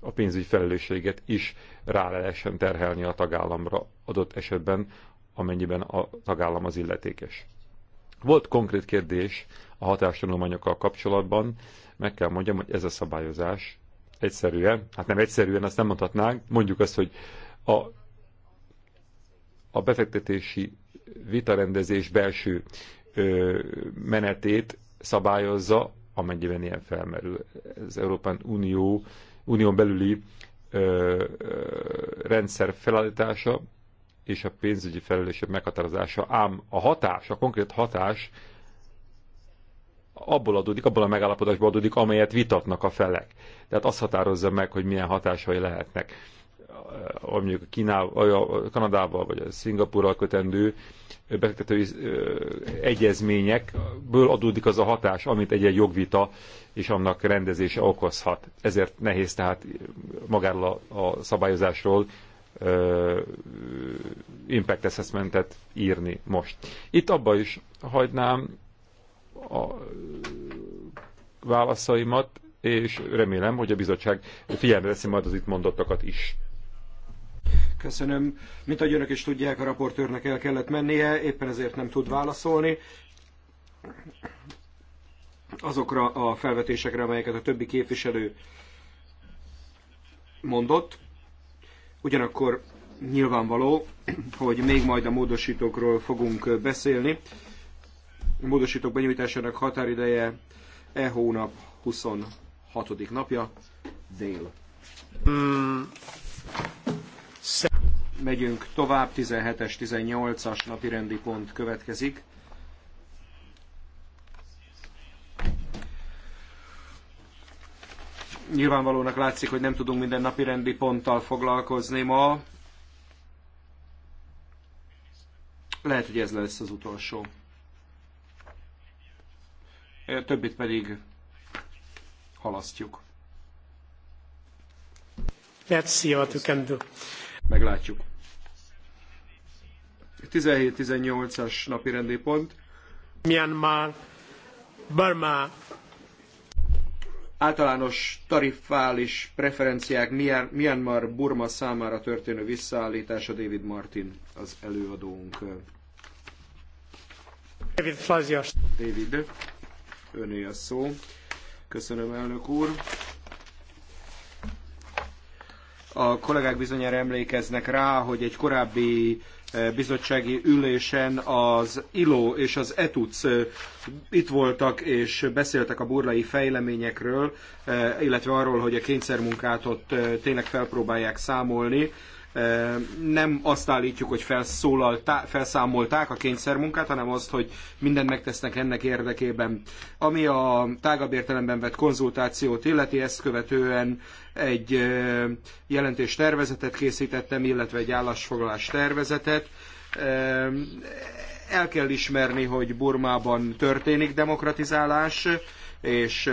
a pénzügyi felelősséget is rá lehessen terhelni a tagállamra adott esetben, amennyiben a tagállam az illetékes. Volt konkrét kérdés a hatástanulmányokkal kapcsolatban, meg kell mondjam, hogy ez a szabályozás egyszerűen, hát nem egyszerűen, azt nem mondhatnánk, mondjuk azt, hogy a, a befektetési vitarendezés belső ö, menetét szabályozza, amennyiben ilyen felmerül. Ez Európán Unió, Unión belüli ö, ö, rendszer felállítása és a pénzügyi felelősség meghatározása, ám a hatás, a konkrét hatás abból adódik, abból a megállapodásból adódik, amelyet vitatnak a felek. Tehát azt határozza meg, hogy milyen hatásai lehetnek mondjuk a Kanadával vagy a Szingapurral kötendő befektetői egyezményekből adódik az a hatás, amit egy, egy jogvita és annak rendezése okozhat. Ezért nehéz tehát magáról a szabályozásról impact assessmentet írni most. Itt abba is hagynám a válaszaimat, és remélem, hogy a bizottság figyelme veszi majd az itt mondottakat is.
Köszönöm. Mint ahogy önök is tudják, a raportőrnek el kellett mennie, éppen ezért nem tud válaszolni. Azokra a felvetésekre, amelyeket a többi képviselő mondott, Ugyanakkor nyilvánvaló, hogy még majd a módosítókról fogunk beszélni. A módosítók benyújtásának határideje e hónap 26. napja, dél. Megyünk tovább, 17-es, 18-as napirendi pont következik. Nyilvánvalónak látszik, hogy nem tudunk minden napi rendi ponttal foglalkozni ma. Lehet, hogy ez lesz az utolsó. Többit pedig halasztjuk. Let's see what we can do. Meglátjuk. 17-18-as napi rendi pont. Myanmar, Burma, általános tarifális preferenciák Myanmar Burma számára történő visszaállítása David Martin az előadónk. David Flazias. David, öné a szó. Köszönöm, elnök úr. A kollégák bizonyára emlékeznek rá, hogy egy korábbi eh, bizottsági ülésen az ILO és az ETUC eh, itt voltak és beszéltek a burlai fejleményekről, eh, illetve arról, hogy a kényszermunkát ott tényleg felpróbálják számolni nem azt állítjuk, hogy felszámolták a kényszermunkát, hanem azt, hogy mindent megtesznek ennek érdekében. Ami a tágabb értelemben vett konzultációt illeti, ezt követően egy jelentés tervezetet készítettem, illetve egy állásfoglalás tervezetet el kell ismerni, hogy Burmában történik demokratizálás, és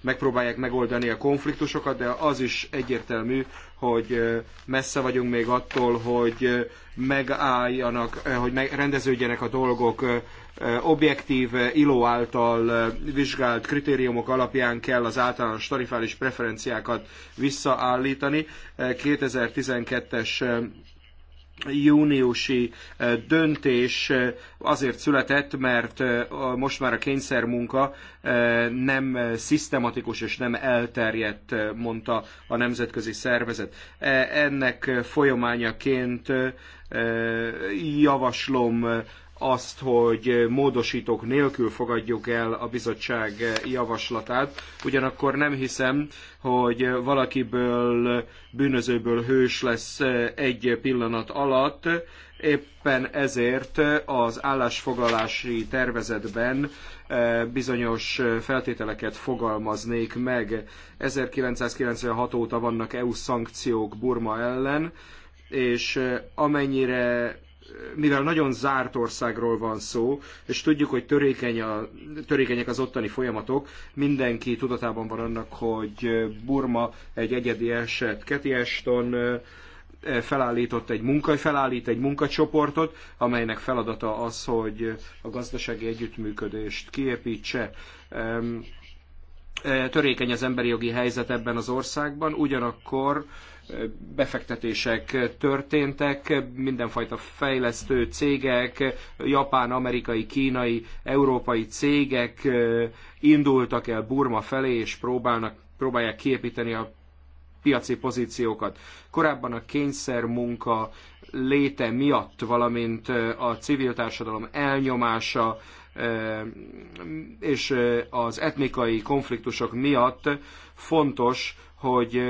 megpróbálják megoldani a konfliktusokat, de az is egyértelmű, hogy messze vagyunk még attól, hogy megálljanak, hogy rendeződjenek a dolgok objektív, ILO által vizsgált kritériumok alapján kell az általános tarifális preferenciákat visszaállítani. 2012-es júniusi eh, döntés eh, azért született, mert eh, most már a kényszermunka nem szisztematikus és nem elterjedt, mondta a nemzetközi szervezet. Ennek folyamányaként javaslom azt, hogy módosítók nélkül fogadjuk el a bizottság javaslatát. Ugyanakkor nem hiszem, hogy valakiből, bűnözőből hős lesz egy pillanat alatt. Éppen ezért az állásfoglalási tervezetben eh, bizonyos feltételeket fogalmaznék meg. 1996 óta vannak EU szankciók Burma ellen, és eh, amennyire mivel nagyon zárt országról van szó, és tudjuk, hogy törékeny a, törékenyek az ottani folyamatok, mindenki tudatában van annak, hogy Burma egy egyedi eset. Keti Ashton felállított egy munka, felállít egy munkacsoportot, amelynek feladata az, hogy a gazdasági együttműködést kiépítse törékeny az emberi jogi helyzet ebben az országban, ugyanakkor befektetések történtek, mindenfajta fejlesztő cégek, japán, amerikai, kínai, európai cégek indultak el Burma felé, és próbálnak, próbálják kiépíteni a piaci pozíciókat. Korábban a munka léte miatt, valamint a civil társadalom elnyomása és az etnikai konfliktusok miatt fontos, hogy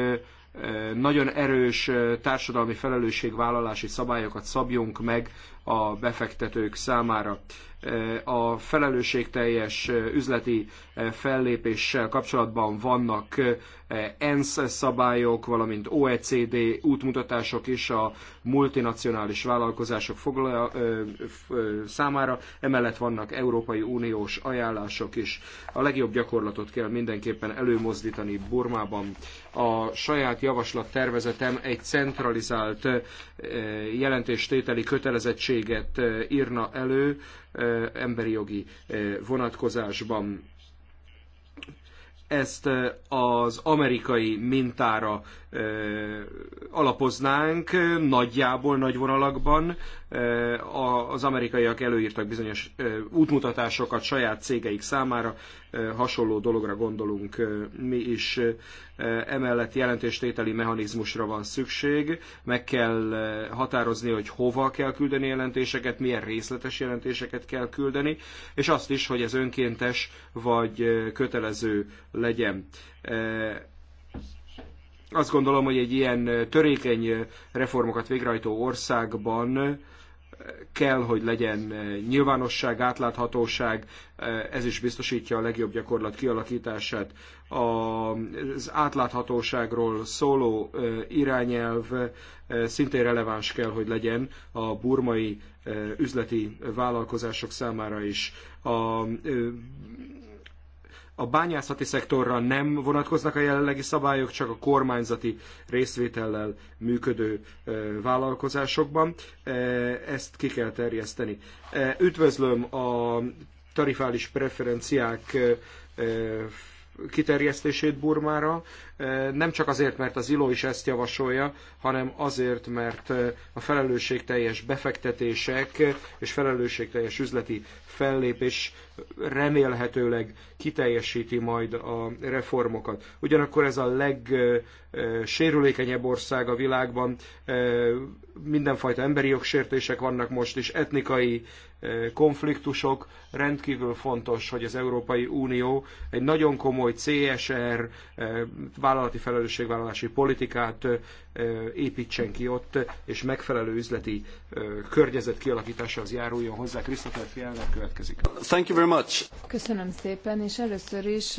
nagyon erős társadalmi felelősségvállalási szabályokat szabjunk meg a befektetők számára. E, a felelősségteljes e, üzleti e, fellépéssel kapcsolatban vannak ENSZ szabályok, valamint OECD útmutatások is a multinacionális vállalkozások számára, emellett vannak Európai Uniós ajánlások is. A legjobb gyakorlatot kell mindenképpen előmozdítani Burmában. A saját javaslattervezetem egy centralizált jelentéstételi kötelezettség ügynökséget írna elő emberi jogi vonatkozásban. Ezt az amerikai mintára alapoznánk nagyjából nagy vonalakban, Eh, az amerikaiak előírtak bizonyos eh, útmutatásokat saját cégeik számára, eh, hasonló dologra gondolunk mi is, emellett jelentéstételi mechanizmusra van szükség, meg kell határozni, hogy hova kell küldeni jelentéseket, milyen részletes jelentéseket kell küldeni, és azt is, hogy ez önkéntes vagy kötelező legyen azt gondolom, hogy egy ilyen törékeny reformokat végrehajtó országban kell, hogy legyen eh, nyilvánosság, átláthatóság, eh, ez is biztosítja a legjobb gyakorlat kialakítását. Az átláthatóságról szóló eh, irányelv szintén releváns kell, hogy legyen a burmai üzleti vállalkozások számára is. A a bányászati szektorra nem vonatkoznak a jelenlegi szabályok, csak a kormányzati részvétellel működő vállalkozásokban. Ezt ki kell terjeszteni. Üdvözlöm a tarifális preferenciák kiterjesztését Burmára nem csak azért, mert az ILO is ezt javasolja, hanem azért, mert a felelősségteljes befektetések és felelősségteljes üzleti fellépés remélhetőleg kiteljesíti majd a reformokat. Ugyanakkor ez a legsérülékenyebb ország a világban, mindenfajta emberi jogsértések vannak most, és etnikai konfliktusok. Rendkívül fontos, hogy az Európai Unió egy nagyon komoly CSR vállalati felelősségvállalási politikát építsen ki ott, és megfelelő üzleti környezet kialakításához járuljon hozzá. Krisztófer Fjellner következik. Thank you very much.
Köszönöm szépen, és először is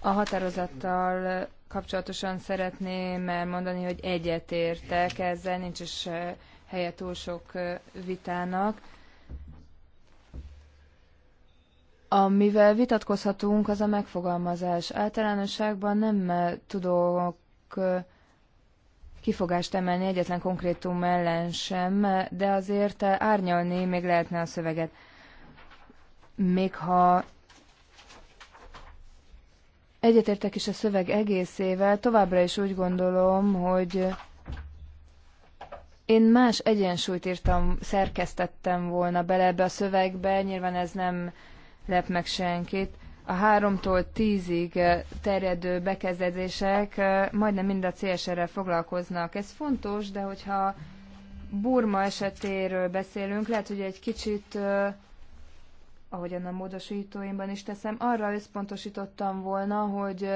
a határozattal kapcsolatosan szeretném elmondani, hogy egyetértek ezzel, nincs is helye túl sok vitának Amivel vitatkozhatunk, az a megfogalmazás. Általánosságban nem eh, tudok eh, kifogást emelni egyetlen konkrétum ellen sem, eh, de azért árnyalni még lehetne a szöveget. Még ha egyetértek is a szöveg egészével, továbbra is úgy gondolom, hogy én más egyensúlyt írtam, szerkesztettem volna bele ebbe a szövegbe, nyilván ez nem lep meg senkit. A háromtól tízig eh, terjedő bekezdezések eh, majdnem mind a CSR-rel foglalkoznak. Ez fontos, de hogyha Burma esetéről beszélünk, lehet, hogy egy kicsit, eh, ahogyan a módosítóimban is teszem, arra összpontosítottam volna, hogy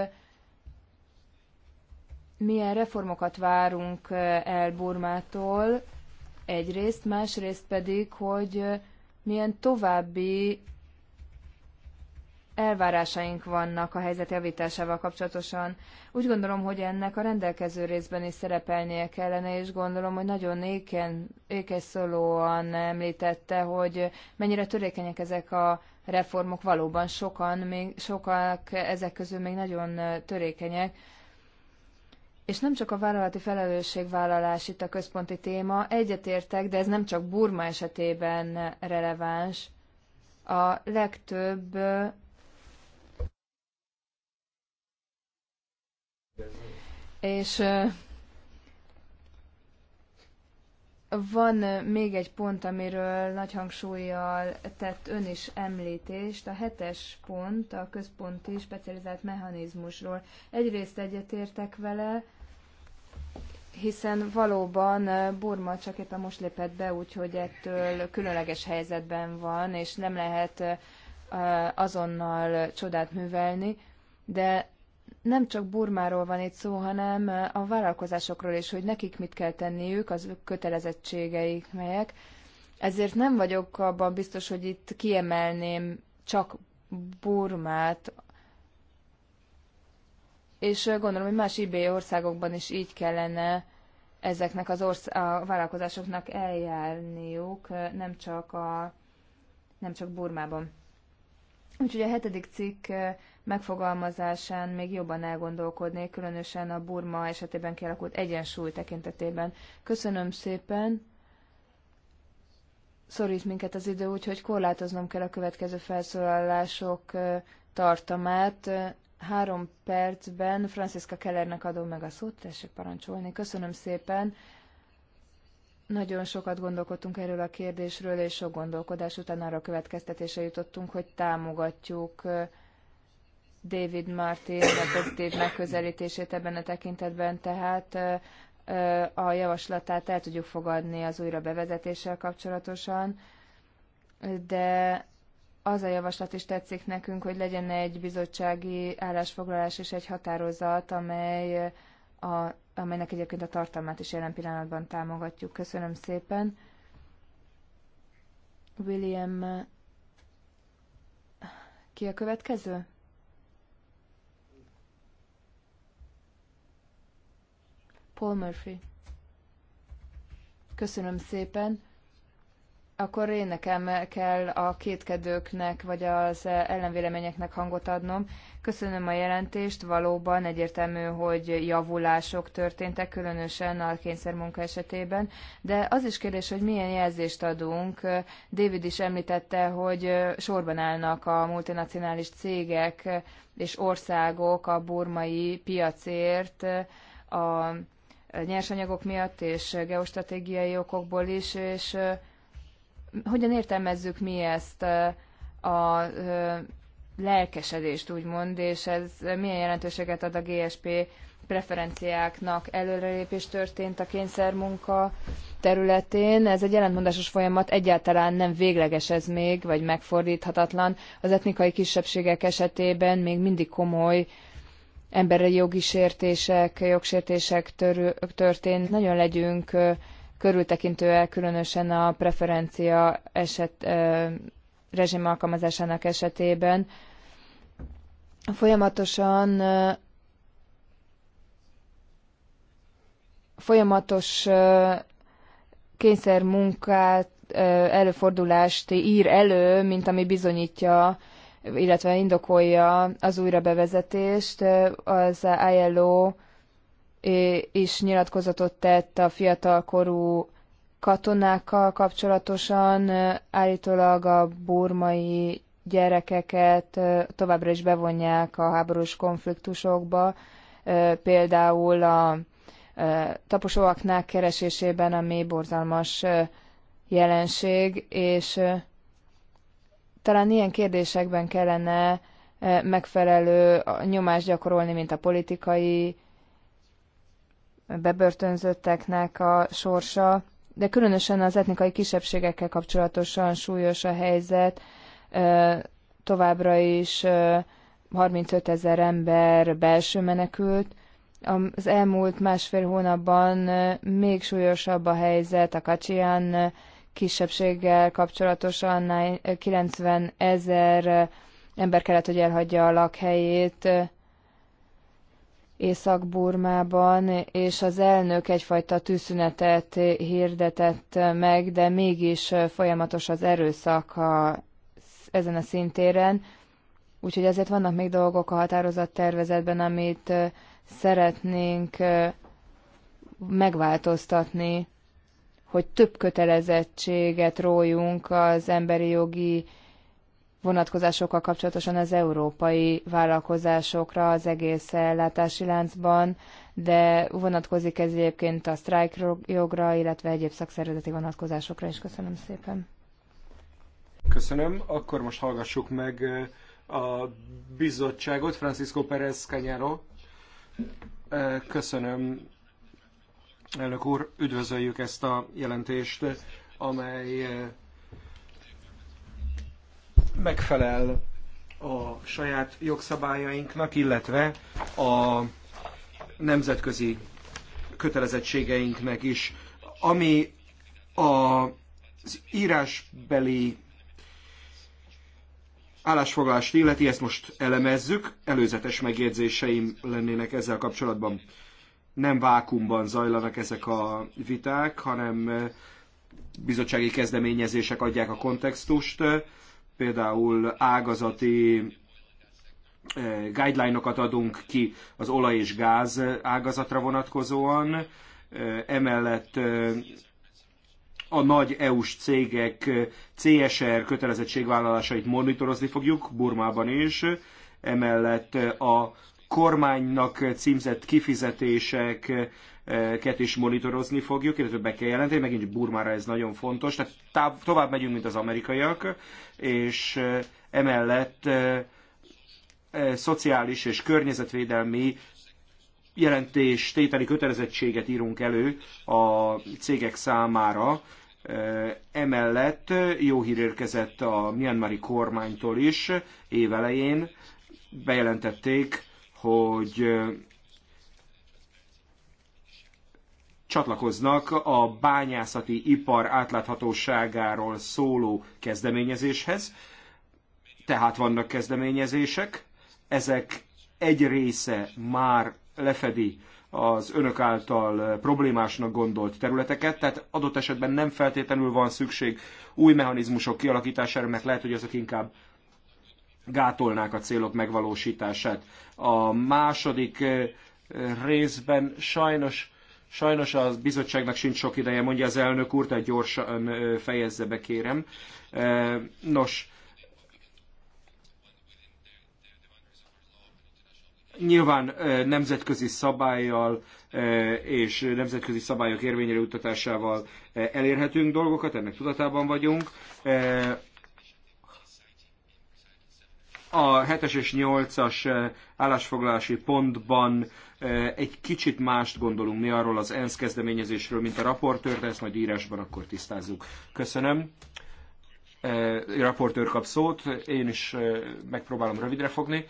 milyen reformokat várunk el Burmától egyrészt, másrészt pedig, hogy milyen további elvárásaink vannak a helyzet javításával kapcsolatosan. Úgy gondolom, hogy ennek a rendelkező részben is szerepelnie kellene, és gondolom, hogy nagyon éken, szólóan említette, hogy mennyire törékenyek ezek a reformok valóban sokan, még, sokak ezek közül még nagyon törékenyek. És nem csak a vállalati felelősségvállalás itt a központi téma, egyetértek, de ez nem csak Burma esetében releváns. A legtöbb És van még egy pont, amiről nagy hangsúlyjal tett ön is említést, a hetes pont a központi specializált mechanizmusról. Egyrészt egyetértek vele, hiszen valóban Burma csak éppen most lépett be, úgyhogy ettől különleges helyzetben van, és nem lehet azonnal csodát művelni, de nem csak Burmáról van itt szó, hanem a vállalkozásokról is, hogy nekik mit kell tenniük, az kötelezettségeik melyek. Ezért nem vagyok abban biztos, hogy itt kiemelném csak Burmát, és gondolom, hogy más IB országokban is így kellene ezeknek az orsz- a vállalkozásoknak eljárniuk, nem csak, a, nem csak Burmában. Úgyhogy a hetedik cikk megfogalmazásán még jobban elgondolkodnék, különösen a Burma esetében kialakult egyensúly tekintetében. Köszönöm szépen! Szorít minket az idő, úgyhogy korlátoznom kell a következő felszólalások tartamát. Három percben Franciszka Kellernek adom meg a szót, tessék parancsolni. Köszönöm szépen! nagyon sokat gondolkodtunk erről a kérdésről, és sok gondolkodás után arra következtetése jutottunk, hogy támogatjuk David Martin a pozitív megközelítését ebben a tekintetben, tehát a javaslatát el tudjuk fogadni az újra bevezetéssel kapcsolatosan, de az a javaslat is tetszik nekünk, hogy legyen egy bizottsági állásfoglalás és egy határozat, amely a, amelynek egyébként a tartalmát is jelen pillanatban támogatjuk. Köszönöm szépen. William, ki a következő? Paul Murphy. Köszönöm szépen. Akkor én nekem kell a kétkedőknek vagy az ellenvéleményeknek hangot adnom. Köszönöm a jelentést, valóban egyértelmű, hogy javulások történtek, különösen a kényszermunka esetében, de az is kérdés, hogy milyen jelzést adunk. David is említette, hogy sorban állnak a multinacionális cégek és országok a burmai piacért, a nyersanyagok miatt és geostratégiai okokból is, és hogyan értelmezzük mi ezt a lelkesedést, úgymond, és ez milyen jelentőséget ad a GSP preferenciáknak előrelépés történt a kényszermunka területén. Ez egy jelentmondásos folyamat, egyáltalán nem végleges ez még, vagy megfordíthatatlan. Az etnikai kisebbségek esetében még mindig komoly emberi jogi sértések, jogsértések tör, történt. Nagyon legyünk körültekintőek, különösen a preferencia eset, rezsim alkalmazásának esetében. Folyamatosan folyamatos kényszermunkát, előfordulást ír elő, mint ami bizonyítja illetve indokolja az újrabevezetést. Az ILO is nyilatkozatot tett a fiatalkorú katonákkal kapcsolatosan, állítólag a burmai gyerekeket továbbra is bevonják a háborús konfliktusokba, például a taposóaknák keresésében, ami borzalmas jelenség, és talán ilyen kérdésekben kellene e, megfelelő nyomást gyakorolni, mint a politikai bebörtönzötteknek a sorsa, de különösen az etnikai kisebbségekkel kapcsolatosan súlyos a helyzet. E, továbbra is 35 e, ezer ember belső menekült. Az elmúlt másfél hónapban még súlyosabb a helyzet a Kacsián kisebbséggel kapcsolatosan 90 ezer eh, ember kellett, hogy elhagyja a lakhelyét eh, Észak-Burmában, és az elnök egyfajta tűzszünetet hirdetett meg, de mégis eh, folyamatos az erőszak a, ezen a szintéren. Úgyhogy azért vannak még dolgok a határozat tervezetben, amit szeretnénk megváltoztatni hogy több kötelezettséget rójunk az emberi jogi vonatkozásokkal kapcsolatosan az európai vállalkozásokra az egész ellátási láncban, de vonatkozik ez egyébként a sztrájk jogra, illetve egyéb szakszervezeti vonatkozásokra is. Köszönöm szépen.
Köszönöm. Akkor most hallgassuk meg eh, a bizottságot, Francisco Perez Canyaro. Eh, köszönöm Elnök úr, üdvözöljük ezt a jelentést, amely eh, megfelel a saját jogszabályainknak, illetve a nemzetközi kötelezettségeinknek is, ami az írásbeli állásfoglalást illeti, ezt most elemezzük, előzetes megjegyzéseim lennének ezzel kapcsolatban nem vákumban zajlanak ezek a viták, hanem bizottsági kezdeményezések adják a kontextust, például ágazati guideline-okat adunk ki az olaj és gáz ágazatra vonatkozóan, emellett a nagy EU-s cégek CSR kötelezettségvállalásait monitorozni fogjuk, Burmában is, emellett a kormánynak címzett kifizetések ket is monitorozni fogjuk, illetve be kell jelenteni, megint Burmára ez nagyon fontos, tehát táv, tovább megyünk, mint az amerikaiak, és eh, emellett eh, eh, szociális és környezetvédelmi jelentés tételi kötelezettséget írunk elő a cégek számára. Emellett jó hír érkezett a Myanmari kormánytól is évelején. Bejelentették, hogy csatlakoznak a bányászati ipar átláthatóságáról szóló kezdeményezéshez. Tehát vannak kezdeményezések, ezek egy része már lefedi az önök által problémásnak gondolt területeket, tehát adott esetben nem feltétlenül van szükség új mechanizmusok kialakítására, mert lehet, hogy azok inkább gátolnák a célok megvalósítását. A második részben sajnos Sajnos a bizottságnak sincs sok ideje, mondja az elnök úr, tehát gyorsan fejezze be, kérem. Nos, nyilván nemzetközi szabályjal és nemzetközi szabályok érvényre utatásával elérhetünk dolgokat, ennek tudatában vagyunk a 7-es és 8-as eh, állásfoglalási pontban eh, egy kicsit mást gondolunk mi arról az ENSZ kezdeményezésről, mint a raportőr, de ezt majd írásban akkor tisztázzuk. Köszönöm. Eh, a Raportőr kap szót, én is megpróbálom rövidre fogni.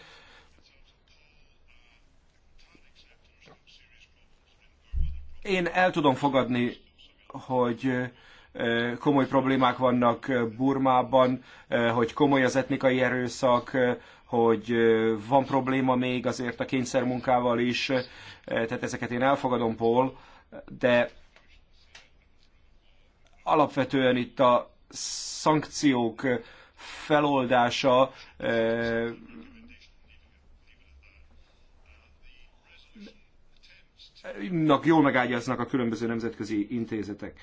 Én el tudom fogadni, hogy komoly problémák vannak Burmában, hogy komoly az etnikai erőszak, hogy van probléma még azért a kényszermunkával is, tehát ezeket én elfogadom, Paul, de alapvetően itt a szankciók feloldása nak jól megágyaznak a különböző nemzetközi intézetek.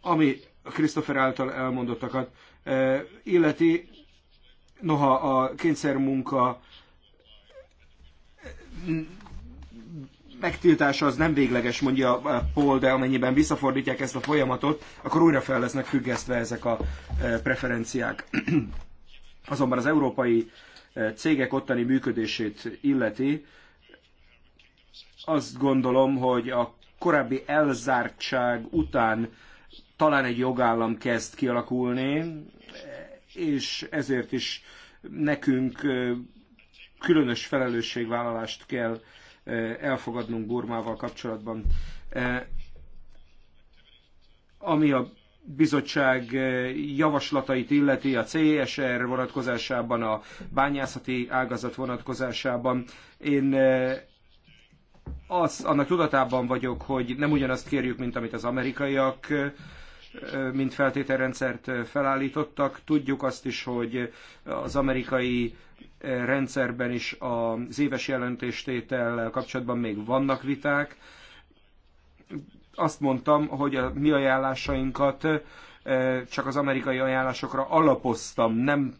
ami a Christopher által elmondottakat eh, illeti, noha a kényszermunka eh, megtiltása az nem végleges, mondja Paul, de amennyiben visszafordítják ezt a folyamatot, akkor újra fel lesznek függesztve ezek a eh, preferenciák. Azonban az európai cégek ottani működését illeti, azt gondolom, hogy a korábbi elzártság után talán egy jogállam kezd kialakulni, és ezért is nekünk különös felelősségvállalást kell elfogadnunk Burmával kapcsolatban. Ami a bizottság javaslatait illeti a CSR vonatkozásában, a bányászati ágazat vonatkozásában, én az, annak tudatában vagyok, hogy nem ugyanazt kérjük, mint amit az amerikaiak mint feltételrendszert felállítottak. Tudjuk azt is, hogy az amerikai rendszerben is az éves jelentéstétel kapcsolatban még vannak viták. Azt mondtam, hogy a mi ajánlásainkat csak az amerikai ajánlásokra alapoztam, nem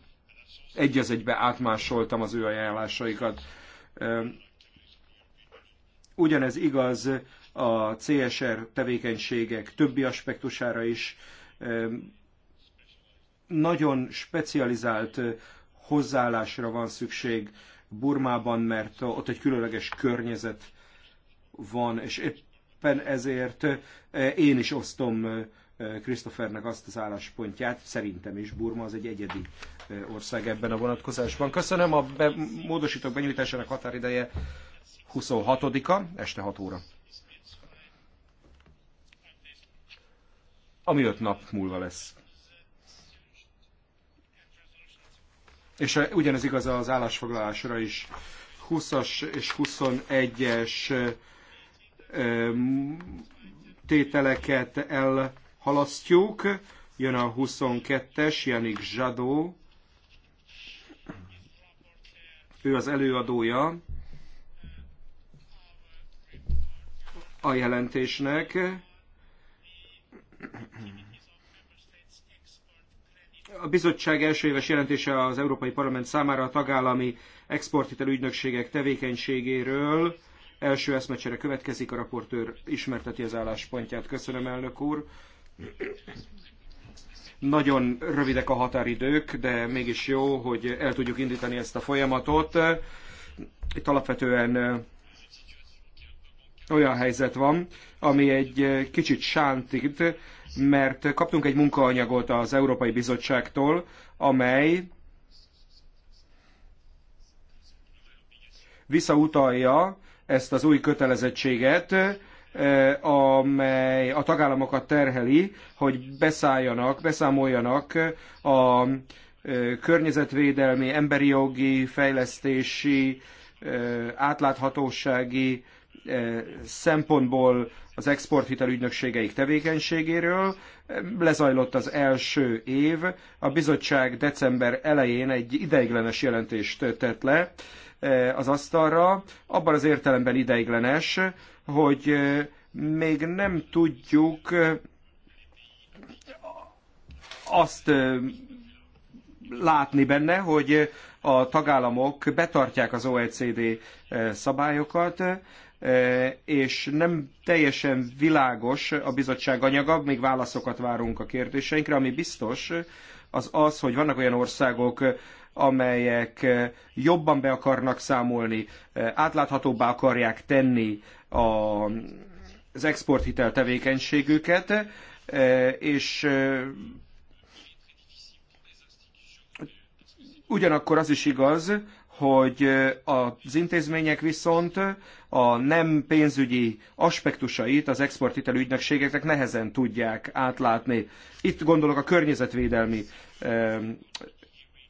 egy az egybe átmásoltam az ő ajánlásaikat. Ugyanez igaz a CSR tevékenységek többi aspektusára is. Nagyon specializált hozzáállásra van szükség Burmában, mert ott egy különleges környezet van, és éppen ezért én is osztom Christophernek azt az álláspontját, szerintem is Burma az egy egyedi ország ebben a vonatkozásban. Köszönöm, a be, módosítók benyújtásának határideje 26-a, este 6 óra. Ami 5 nap múlva lesz. És eh, ugyanez igaz az állásfoglalásra is. 20-as és 21-es eh, tételeket elhalasztjuk. Jön a 22-es, Janik Zsadó. Ő az előadója a jelentésnek. A bizottság első éves jelentése az Európai Parlament számára a tagállami exporthitel ügynökségek tevékenységéről. Első eszmecsere következik, a raportőr ismerteti az álláspontját. Köszönöm, elnök úr. Nagyon rövidek a határidők, de mégis jó, hogy el tudjuk indítani ezt a folyamatot. Itt alapvetően olyan helyzet van, ami egy eh, kicsit sántít, mert kaptunk egy munkaanyagot az Európai Bizottságtól, amely visszautalja ezt az új kötelezettséget, eh, amely a tagállamokat terheli, hogy beszálljanak, beszámoljanak a eh, környezetvédelmi, emberi jogi, fejlesztési, átláthatósági szempontból az exporthitel ügynökségeik tevékenységéről. Lezajlott az első év, a bizottság december elején egy ideiglenes jelentést tett le az asztalra, abban az értelemben ideiglenes, hogy még nem tudjuk azt látni benne, hogy a tagállamok betartják az OECD szabályokat, és nem teljesen világos a bizottság anyaga, még válaszokat várunk a kérdéseinkre, ami biztos, az az, hogy vannak olyan országok, amelyek jobban be akarnak számolni, átláthatóbbá akarják tenni a, az exporthitel tevékenységüket, és ugyanakkor az is igaz, hogy az intézmények viszont a nem pénzügyi aspektusait az exporthitel ügynökségeknek nehezen tudják átlátni. Itt gondolok a környezetvédelmi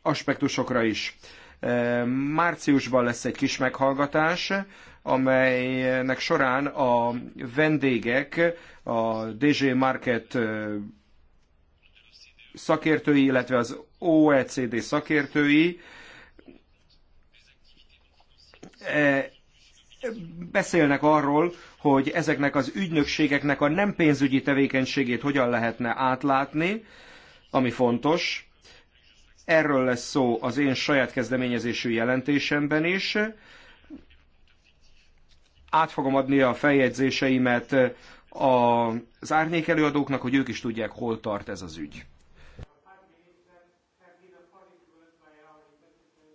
aspektusokra is. Márciusban lesz egy kis meghallgatás, amelynek során a vendégek a DG Market szakértői, illetve az OECD szakértői Eh, beszélnek arról, hogy ezeknek az ügynökségeknek a nem pénzügyi tevékenységét hogyan lehetne átlátni, ami fontos. Erről lesz szó az én saját kezdeményezésű jelentésemben is. Át fogom adni a feljegyzéseimet az árnyékelőadóknak, hogy ők is tudják, hol tart ez az ügy.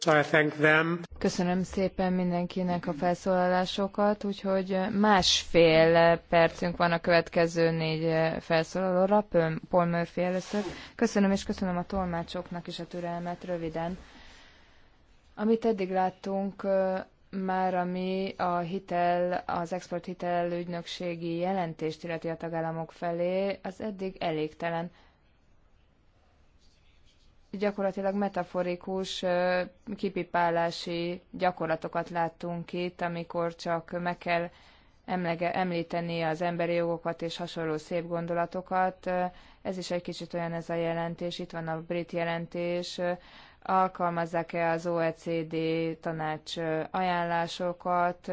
So I thank them.
Köszönöm szépen mindenkinek a felszólalásokat, úgyhogy másfél percünk van a következő négy felszólalóra. Paul Murphy először. Köszönöm, és köszönöm a tolmácsoknak is a türelmet röviden. Amit eddig láttunk, már ami a hitel, az hitel ügynökségi jelentést illeti a tagállamok felé, az eddig elégtelen gyakorlatilag metaforikus kipipálási gyakorlatokat láttunk itt, amikor csak meg kell emlege, említeni az emberi jogokat és hasonló szép gondolatokat. Ez is egy kicsit olyan ez a jelentés, itt van a brit jelentés, alkalmazzák-e az OECD tanács ajánlásokat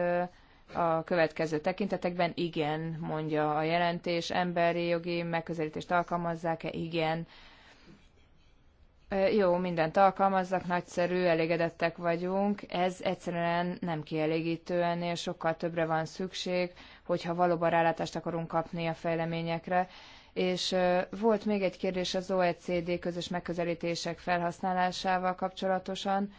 a következő tekintetekben? Igen, mondja a jelentés. Emberi jogi megközelítést alkalmazzák-e? Igen jó, mindent alkalmazzak, nagyszerű, elégedettek vagyunk. Ez egyszerűen nem kielégítő, ennél sokkal többre van szükség, hogyha valóban rálátást akarunk kapni a fejleményekre. És volt még egy kérdés az OECD közös megközelítések felhasználásával kapcsolatosan.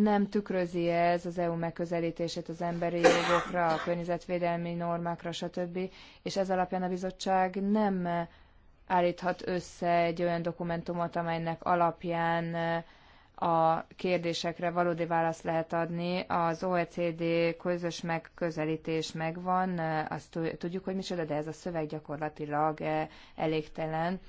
Nem tükrözi -e ez az EU megközelítését az emberi jogokra, a környezetvédelmi normákra, stb. És ez alapján a bizottság nem állíthat össze egy olyan dokumentumot, amelynek alapján eh, a kérdésekre valódi választ lehet adni. Az OECD közös megközelítés megvan, eh, azt tudjuk, hogy micsoda, de ez a szöveg gyakorlatilag eh, elégtelen.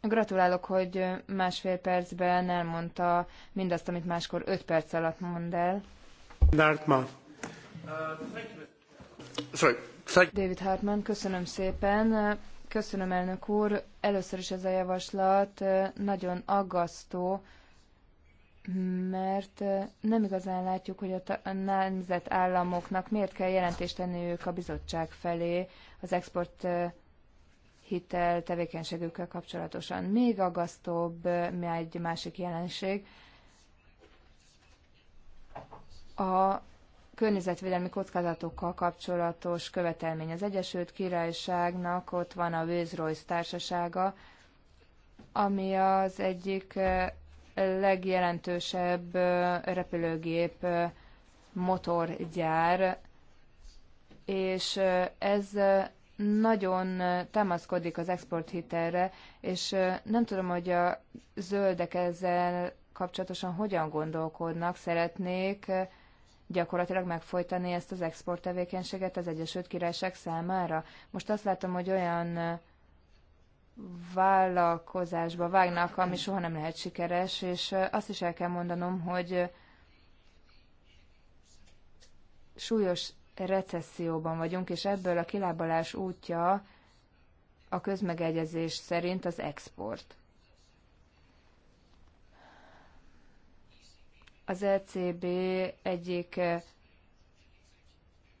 Gratulálok, hogy másfél percben elmondta mindazt, amit máskor öt perc alatt mond el.
Dartmouth. Uh, Sorry.
David Hartman, köszönöm szépen. Köszönöm, elnök úr. Először is ez a javaslat nagyon aggasztó, mert nem igazán látjuk, hogy a nemzetállamoknak miért kell jelentést ők a bizottság felé az export hitel tevékenységükkel kapcsolatosan. Még aggasztóbb mi egy másik jelenség. A környezetvédelmi kockázatokkal kapcsolatos követelmény. Az Egyesült Királyságnak ott van a Rolls társasága, ami az egyik eh, legjelentősebb eh, repülőgép eh, motorgyár, és ez nagyon támaszkodik az exporthitelre, és nem tudom, hogy a zöldek ezzel kapcsolatosan hogyan gondolkodnak, szeretnék gyakorlatilag megfojtani ezt az export tevékenységet az Egyesült Királyság számára. Most azt látom, hogy olyan vállalkozásba vágnak, ami soha nem lehet sikeres, és azt is el kell mondanom, hogy súlyos recesszióban vagyunk, és ebből a kilábalás útja a közmegegyezés szerint az export. Az ECB egyik eh,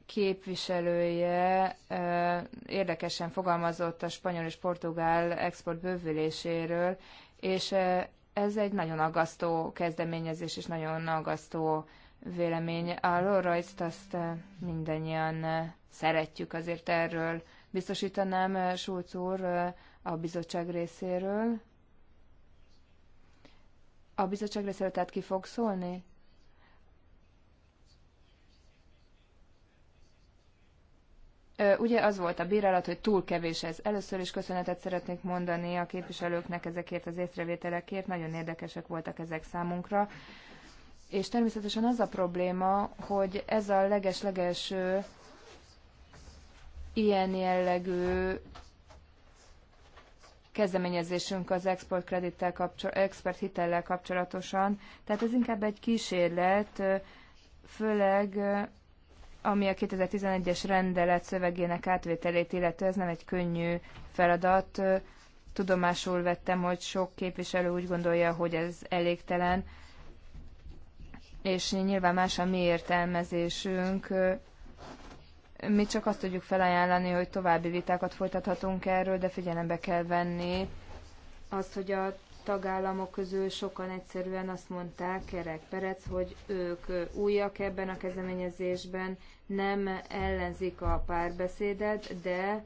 képviselője eh, érdekesen fogalmazott a spanyol és portugál export bővüléséről, és eh, ez egy nagyon aggasztó kezdeményezés, és nagyon aggasztó vélemény. A Lorrajt azt mindannyian szeretjük, azért erről biztosítanám Schulz úr a bizottság részéről. A bizottság részéről tehát ki fog szólni? Ugye az volt a bírálat, hogy túl kevés ez. Először is köszönetet szeretnék mondani a képviselőknek ezekért az észrevételekért, nagyon érdekesek voltak ezek számunkra. És természetesen az a probléma, hogy ez a leges-legelső ilyen jellegű kezdeményezésünk az export kredittel hitellel kapcsolatosan. Tehát ez inkább egy kísérlet, főleg ami a 2011-es rendelet szövegének átvételét illető, ez nem egy könnyű feladat. Tudomásul vettem, hogy sok képviselő úgy gondolja, hogy ez elégtelen, és nyilván más a mi értelmezésünk, mi csak azt tudjuk felajánlani, hogy további vitákat folytathatunk erről, de figyelembe kell venni azt, hogy a tagállamok közül sokan egyszerűen azt mondták, Kerek Perec, hogy ők újak ebben a kezdeményezésben, nem ellenzik a párbeszédet, de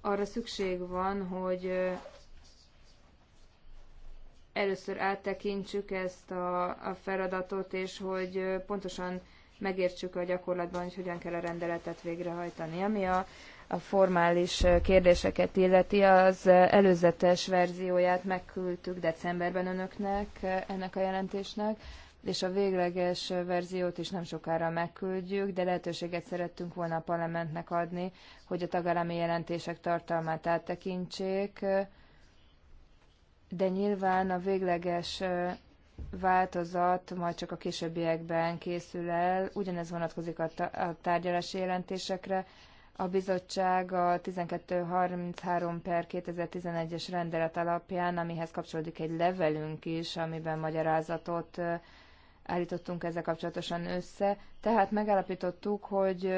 arra szükség van, hogy először áttekintsük ezt a, a feladatot, és hogy pontosan megértsük a gyakorlatban, hogy hogyan kell a rendeletet végrehajtani. Ami a, a formális kérdéseket illeti, az előzetes verzióját megküldtük decemberben önöknek ennek a jelentésnek, és a végleges verziót is nem sokára megküldjük, de lehetőséget szerettünk volna a parlamentnek adni, hogy a tagállami jelentések tartalmát áttekintsék, de nyilván a végleges változat majd csak a későbbiekben készül el. Ugyanez vonatkozik a, a tárgyalási jelentésekre. A bizottság a 1233 per 2011-es rendelet alapján, amihez kapcsolódik egy levelünk is, amiben magyarázatot állítottunk ezzel kapcsolatosan össze. Tehát megállapítottuk, hogy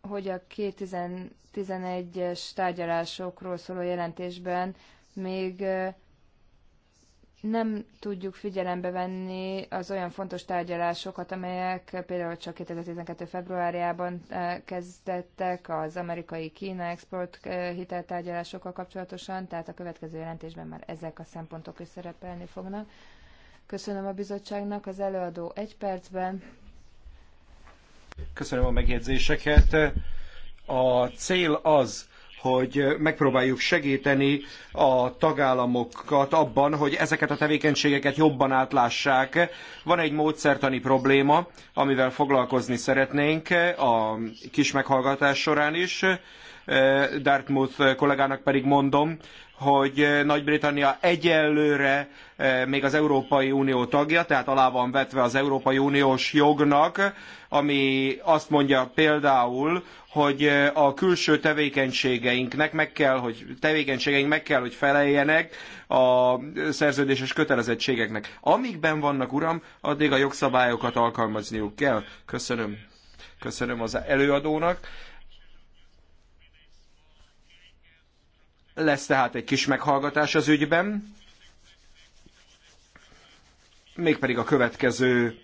hogy a 2011-es tárgyalásokról szóló jelentésben még nem tudjuk figyelembe venni az olyan fontos tárgyalásokat, amelyek például csak 2012. februárjában kezdettek az amerikai-Kína export hiteltárgyalásokkal kapcsolatosan, tehát a következő jelentésben már ezek a szempontok is szerepelni fognak. Köszönöm a bizottságnak, az előadó egy percben.
Köszönöm a megjegyzéseket. A cél az, hogy megpróbáljuk segíteni a tagállamokat abban, hogy ezeket a tevékenységeket jobban átlássák. Van egy módszertani probléma, amivel foglalkozni szeretnénk a kis meghallgatás során is. Dartmouth kollégának pedig mondom, hogy eh, Nagy-Britannia egyelőre eh, még az Európai Unió tagja, tehát alá van vetve az Európai Uniós jognak, ami azt mondja például, hogy eh, a külső tevékenységeinknek meg kell, hogy tevékenységeink meg kell, hogy feleljenek a szerződéses kötelezettségeknek. Amíg ben vannak, uram, addig a jogszabályokat alkalmazniuk kell. Köszönöm. Köszönöm az előadónak. Lesz tehát egy kis meghallgatás az ügyben, mégpedig a következő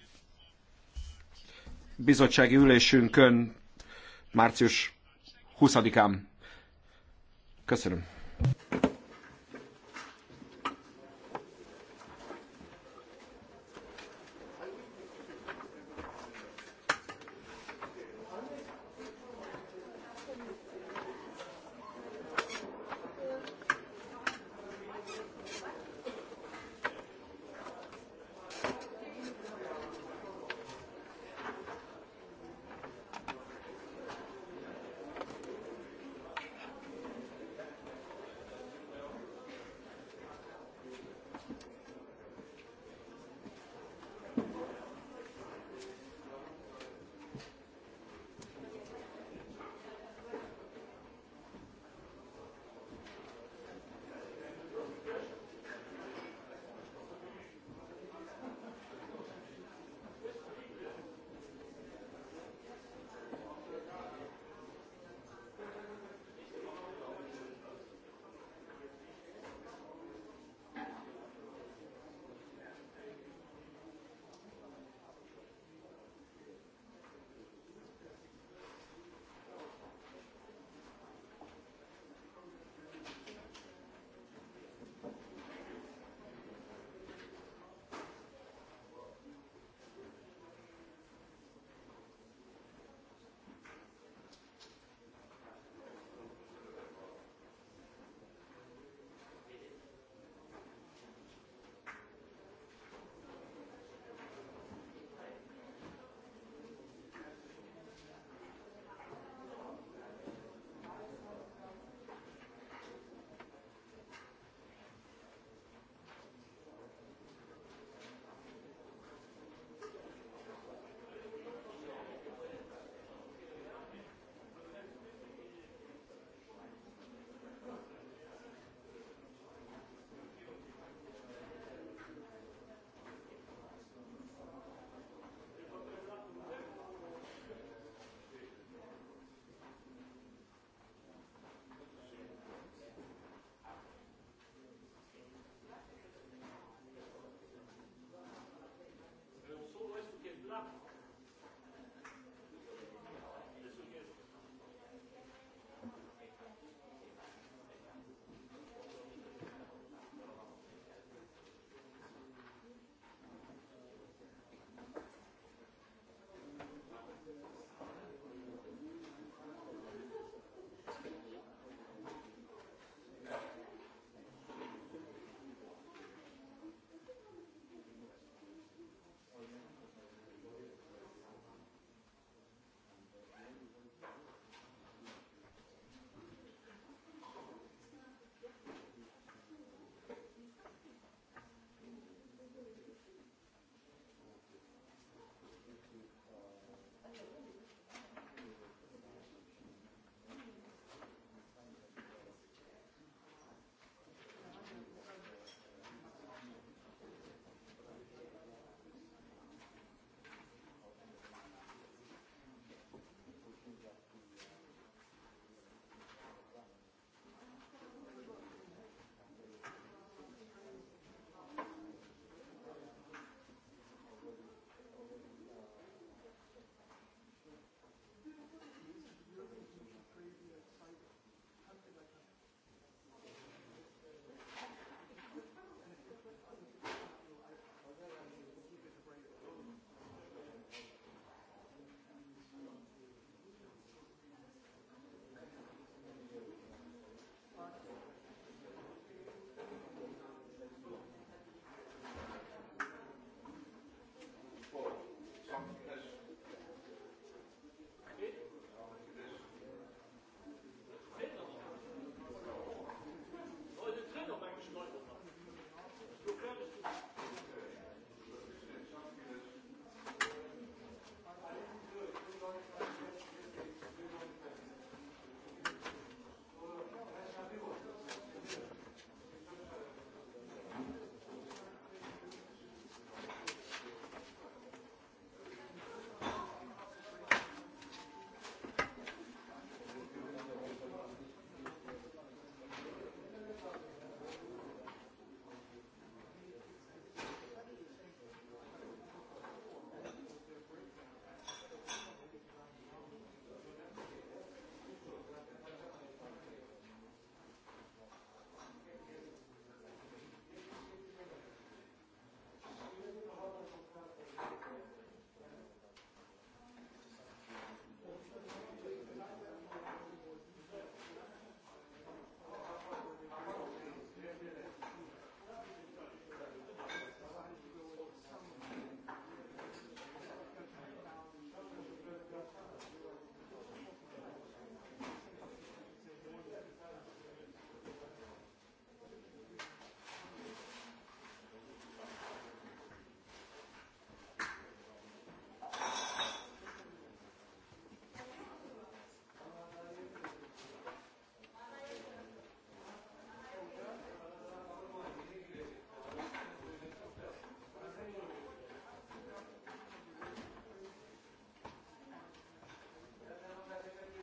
bizottsági ülésünkön március 20-án. Köszönöm.